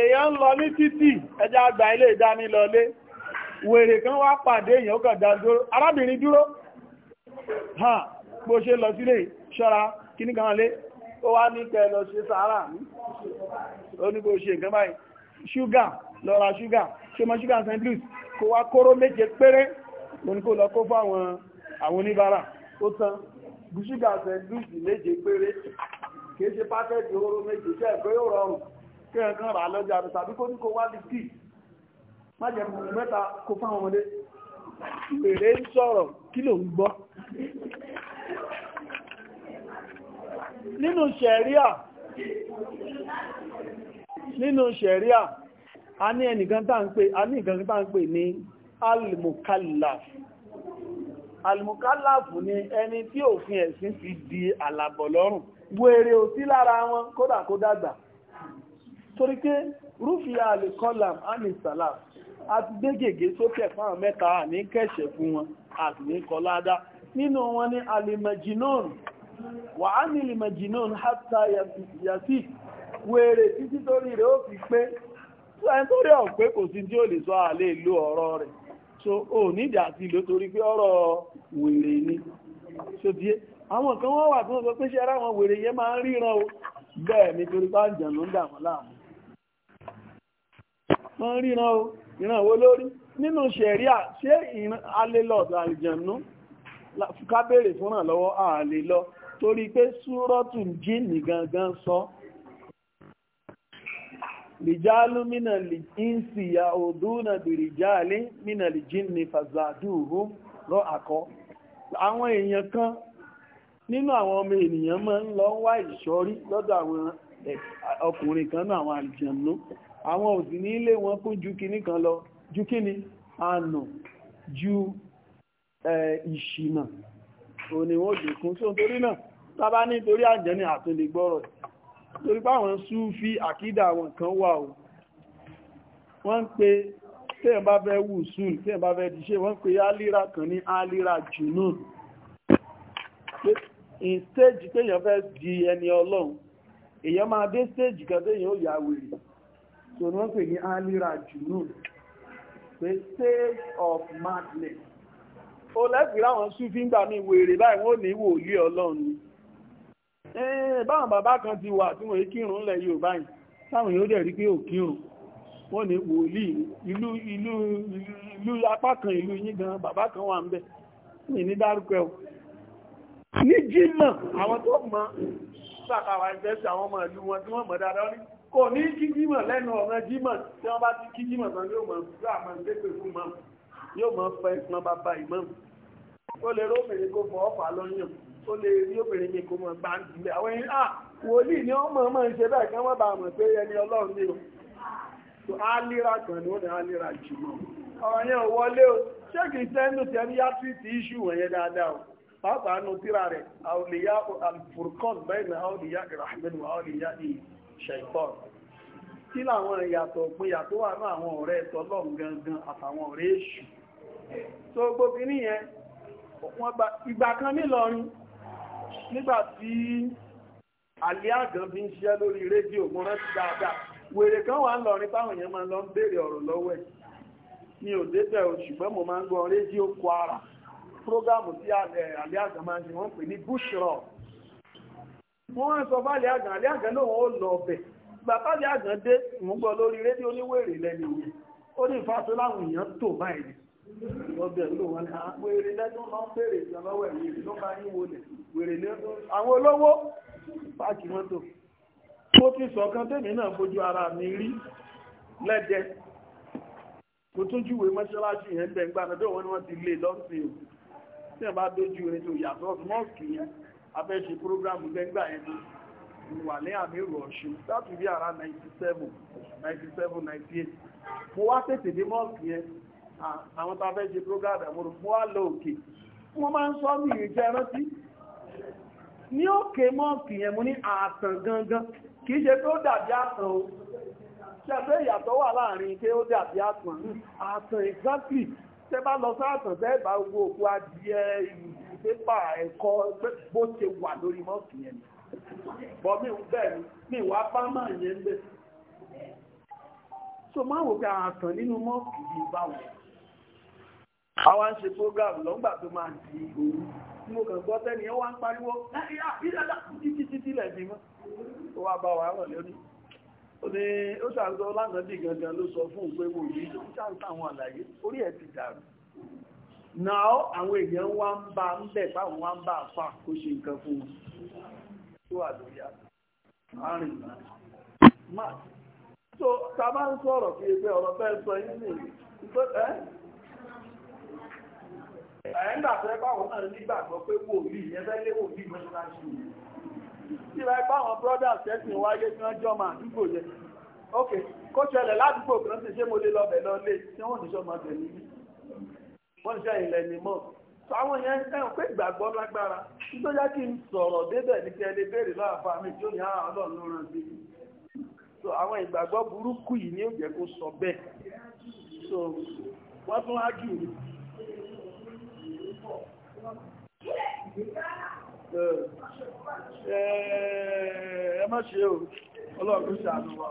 èèyàn ń lọ ní títì ẹja àgbà ilé ìdání lọlé wèrè kan wá pàdé èèyàn ó kàdá dúró arábìnrin dúró ha bó ṣe lọ sílé ṣọ́ra kíní kan lé ó wá ní kẹ lọ ṣe sàárà ní ó ní bó ṣe nǹkan báyìí ṣúgà lọ ra ṣúgà ṣe mọ́ ṣúgà st louis kó wá kóró méje péré mo ní kó lọ kó fáwọn àwọn oníbàárà ó tán ṣúgà st louis méje péré kìí ṣe pákẹ́ẹ̀tì oró méje ṣẹ́ẹ̀kọ́ yóò rọrùn kẹ́ẹ̀kan rà lọ́jà rẹ̀ tàbí kó ní kó wá lè kí májẹ̀mù mẹ́ta kó fáwọn ọmọdé èrè ń sọ̀rọ̀ kí ló ń gbọ́ nínú ṣẹ̀ríà nínú ṣẹ̀ríà a ní ẹnìkan tá ń pè a ní ẹnìkan tá ń pè al-mukallaf al-mukallaf ni ẹni tí òfin ẹ̀sìn ti di àlàbọ̀ lọ́rùn wèrè ò sí lára wọn kódà kó torí pé rúfìá àlèkọ́làm ánìsàlám àti gbégègé sókè fáwọn mẹ́ta ní kẹ́ṣẹ̀ fún wọn àti ní kọládá nínú wọn ni alìmẹ̀jìnón wà á ní títí torí rẹ̀ ó fi pé sẹ́ńtórí ọ̀pẹ́ kò sí tí ó lè sọ àlè ìlú ọ̀rọ̀ rẹ̀ so ó nídà torí pé so díẹ̀ àwọn kan wọ́n wà sọ pé ṣe ara wọn wèrè yẹn máa ń ríran o bẹ́ẹ̀ nítorí bá ń wọ́n ríran o ìran wo lórí nínú ṣẹ̀ríà ṣé ìran alélọ́dọ̀ àlìjànú ká béèrè fúnràn lọ́wọ́ ààlè lọ torí pé súrọ́tù jíìnì gangan sọ rìjálú mínà lè jíǹsì ya òdúnà bí rìjálí mínà lè jíìnì fàzàdúhù rọ àkọ́ àwọn èèyàn kan nínú àwọn ọmọ ènìyàn máa ń lọ wá ìṣọ́rí lọ́dọ̀ àwọn ọkùnrin kan náà àwọn àlìjànú àwọn òsì ní ilé wọn kún ju kíní kan lọ ju kíní àánú ju ìṣìnà ò ní wọ́n jù kún sóhun torí náà tábá nítorí àjẹ́ni àtúnlè gbọ́rọ̀ torí páwọn súfí àkídà àwọn kan wà o wọ́n ń pe tẹ́yàn bá fẹ́ wù sùn tẹ́yàn bá fẹ́ díṣẹ́ wọ́n ń pe alíra kan ní alíra jùnú in stage tẹ́yàn fẹ́ di ẹni ọlọ́run èyàn máa dé stage kan tẹ́yàn ó yà wèrè tó ní wọ́n pè ní alira junun pé state of madness ó lẹ́fìrí àwọn súnfíngbà mi wèrè báyìí wọ́n ní wòlíì ọlọ́run ni báwọn bàbá kan ti wà tí wọ́n kírun lẹ̀ Yorùbá yìí táwọn yóò dẹ̀ rí pé ò kírun wọ́n ní wòlíì ìlú ìlú ìlú apá kan ìlú yín gan bàbá kan wà ń bẹ̀ mi ní dárúkọ ẹ̀ ní jímọ̀ àwọn tó mọ̀ sàkàwà ìfẹ́sì àwọn ọmọ ìlú wọn tí wọ́n mọ̀ dáadáa ní kò ní kí jímọ̀ lẹ́nu ọ̀ràn jímọ̀ tí wọ́n bá ti kí jímọ̀ tán yóò mọ̀ yóò àmọ́ pépè fún mọ́ yóò mọ̀ fẹ́ ìpọn bàbá ìmọ̀ ó lè róbìnrin kó fọ ọ̀fà lọ́yàn ó lè rí obìnrin mi kó ah, mọ̀ ń àwọn ẹni à ni o tó á líra kan ni ó ní á jù mọ́ ọ̀rọ̀ yẹn ò wọlé o ṣé kìí sẹ́nu iṣu dáadáa o pàápàá nu tíra rẹ̀ àwòlíyá alfurkan bẹ́ẹ̀ ni àwòlíyá ìràhìmẹ́nu àwòlíyá ṣẹ̀tọ́n kí làwọn ìyàtọ̀ òpinyà tó wà náà àwọn ọ̀rẹ́ tọ́lọ́m gangan àtàwọn ọ̀rẹ́ èṣù tó gbóbi níyẹn ìgbà kan nílọrin nígbàtí àlíàgàn fi ń ṣiṣẹ́ lórí rédíò mo rántí dáadáa wèrè kan wà ń lọrin táwọn èèyàn máa lọ ń béèrè ọ̀rọ̀ lọ́wọ́ ẹ̀ ní òdébẹ̀ ṣùgbọ́n mo máa ń gbọ́ rédíò Kwara prógámù tí àlíàgàn eh, máa ń ṣe wọ́n pè ní bushrock wọ́n ń sọ fálẹ̀ àgàn àlẹ́ àgàn náà ó lọ ọ̀bẹ̀ gbàtàlẹ̀ àgàn dé ìmúgbọ́ lórí rédíò oníwèrè lẹ́nu ìyẹn ó ní ìfàṣọ láwọn èèyàn tó báyìí ọbẹ̀ ló wọn ni àwọn ah, wèrè lẹ́nu lọ ń bèrè ìjọlọ́wọ́ ẹ̀mí ló bá yín wọlé wèrè lẹ́nu àwọn olówó páàkì mọ́tò ó ti sọ̀kan tèmi náà bójú ara mi rí lẹ́dẹ kò tún júwe mọ́ṣáláṣí yẹn bẹ̀ ń gbà náà bí wọ́n ti lè lọ́sìn o tí wọ́n bá dójú rẹ̀ tó yàtọ̀ mọ́ọ̀kì yẹn abẹ́ṣe program lẹ́gbà ẹni wà ní àmìrò ọ̀ṣun láti bí ara 97 97 98 mo wá tètè dé mọ́ọ̀kì yẹn àwọn tó abẹ́ṣe prógrámù àmúrò mo wá lọ òkè wọ́n máa ń sọ ní ìjẹ́ rántí ní òkè mọ́ọ̀kì yẹn mo ní ààtàn gangan kì í ṣe pé ó dàbí ààtàn o ṣẹ́fẹ́ ìyàtọ̀ wà láàrin pé ó dàbí ààtàn ààtàn exactly tẹ́ bá lọ sáàtàn tẹ́ bá gbogbo òkú adìẹ ìlú pépà ẹ̀kọ́ bó ṣe wà lórí mọ́ọ̀kì yẹn ni bọ́ mi ń bẹ̀ ni mi wá bá mọ̀ yẹn ń bẹ̀ so máa wò pé àtàn nínú mọ́ọ̀kì yìí báwọn àwa ń ṣe program lọ́gbà tó máa di òru tí mo kàn gbọ́ tẹ́ni ẹ wá ń pariwo títí títí lẹ̀ bí mọ́ ó wá bá wa rọ̀ lórí ó ní ó ṣàǹtọ́ lánàá dì gangan ló sọ fún òpé wò yìí ó ṣàǹtà àwọn àlàyé orí ẹ̀ ti dàrú náà àwọn èèyàn wá ń bá ń bẹ̀ báwọn wá ń bá àfà kó ṣe nǹkan fún wọn tó àdóyá márìnlá máa so ta bá ń sọ̀rọ̀ fi ẹgbẹ́ ọ̀rọ̀ bẹ́ẹ̀ sọ yín ní ẹ́ ẹ̀ẹ́dà fẹ́ báwọn náà nígbàgbọ́ pé wòlíì yẹn fẹ́ lé wòlíì mọ́ṣáláṣí tí ra ipá àwọn brothers tẹ́sìn wáyé tí wọ́n jọ máa dúgbò yẹn ok kó ṣẹlẹ̀ ládùúgbò kan ti ṣé mo lè lọ bẹ̀ lọ lé tí wọ́n ní sọ́mọ́ tẹ̀lé wọ́n ṣe ilẹ̀ ní mọ́ àwọn pé ìgbàgbọ́ lágbára ẹni béèrè mi ní àwọn ah, ọlọ́run ràn sí so àwọn ìgbàgbọ́ burúkú yìí kó sọ bẹ́ẹ̀ so wọ́n tún á jù eh, eh, ẹ má ṣe o ọlọ́run ṣàánú wa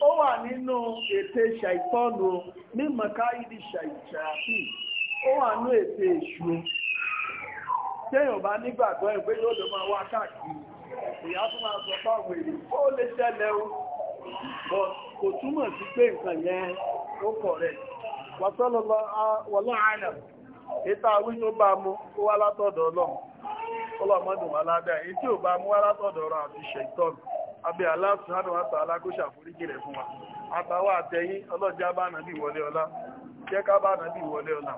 ó wà nínú ète ṣàìtọ́nù mímọ̀ká ìdí ṣàìṣàfì ó wà nínú ète èṣù téèyàn bá nígbàgbọ́ ẹ̀ yóò lè máa wá káàkiri ìyá tó máa sọ fáwọn èrè ó lè o kò túmọ̀ sí pé nǹkan yẹn ó correct wàtọ́lọ́lọ́ wọlọ́ àìlẹ̀ ìta àwí tó bá mú abẹ́ Allah subhanahu wa ta'ala kó ṣàforíjì rẹ̀ fún wa àtàwà àtẹ̀yìn ọlọ́jà bá nàbí wọlé ọlá jẹ́ ká bá nàbí wọlé ọlá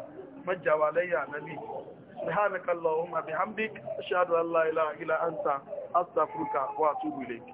mẹ́jà wà lẹ́yìn ànábì subhanakallahumma bihamdik ashhadu an la ilaha illa anta astaghfiruka wa atubu ilayk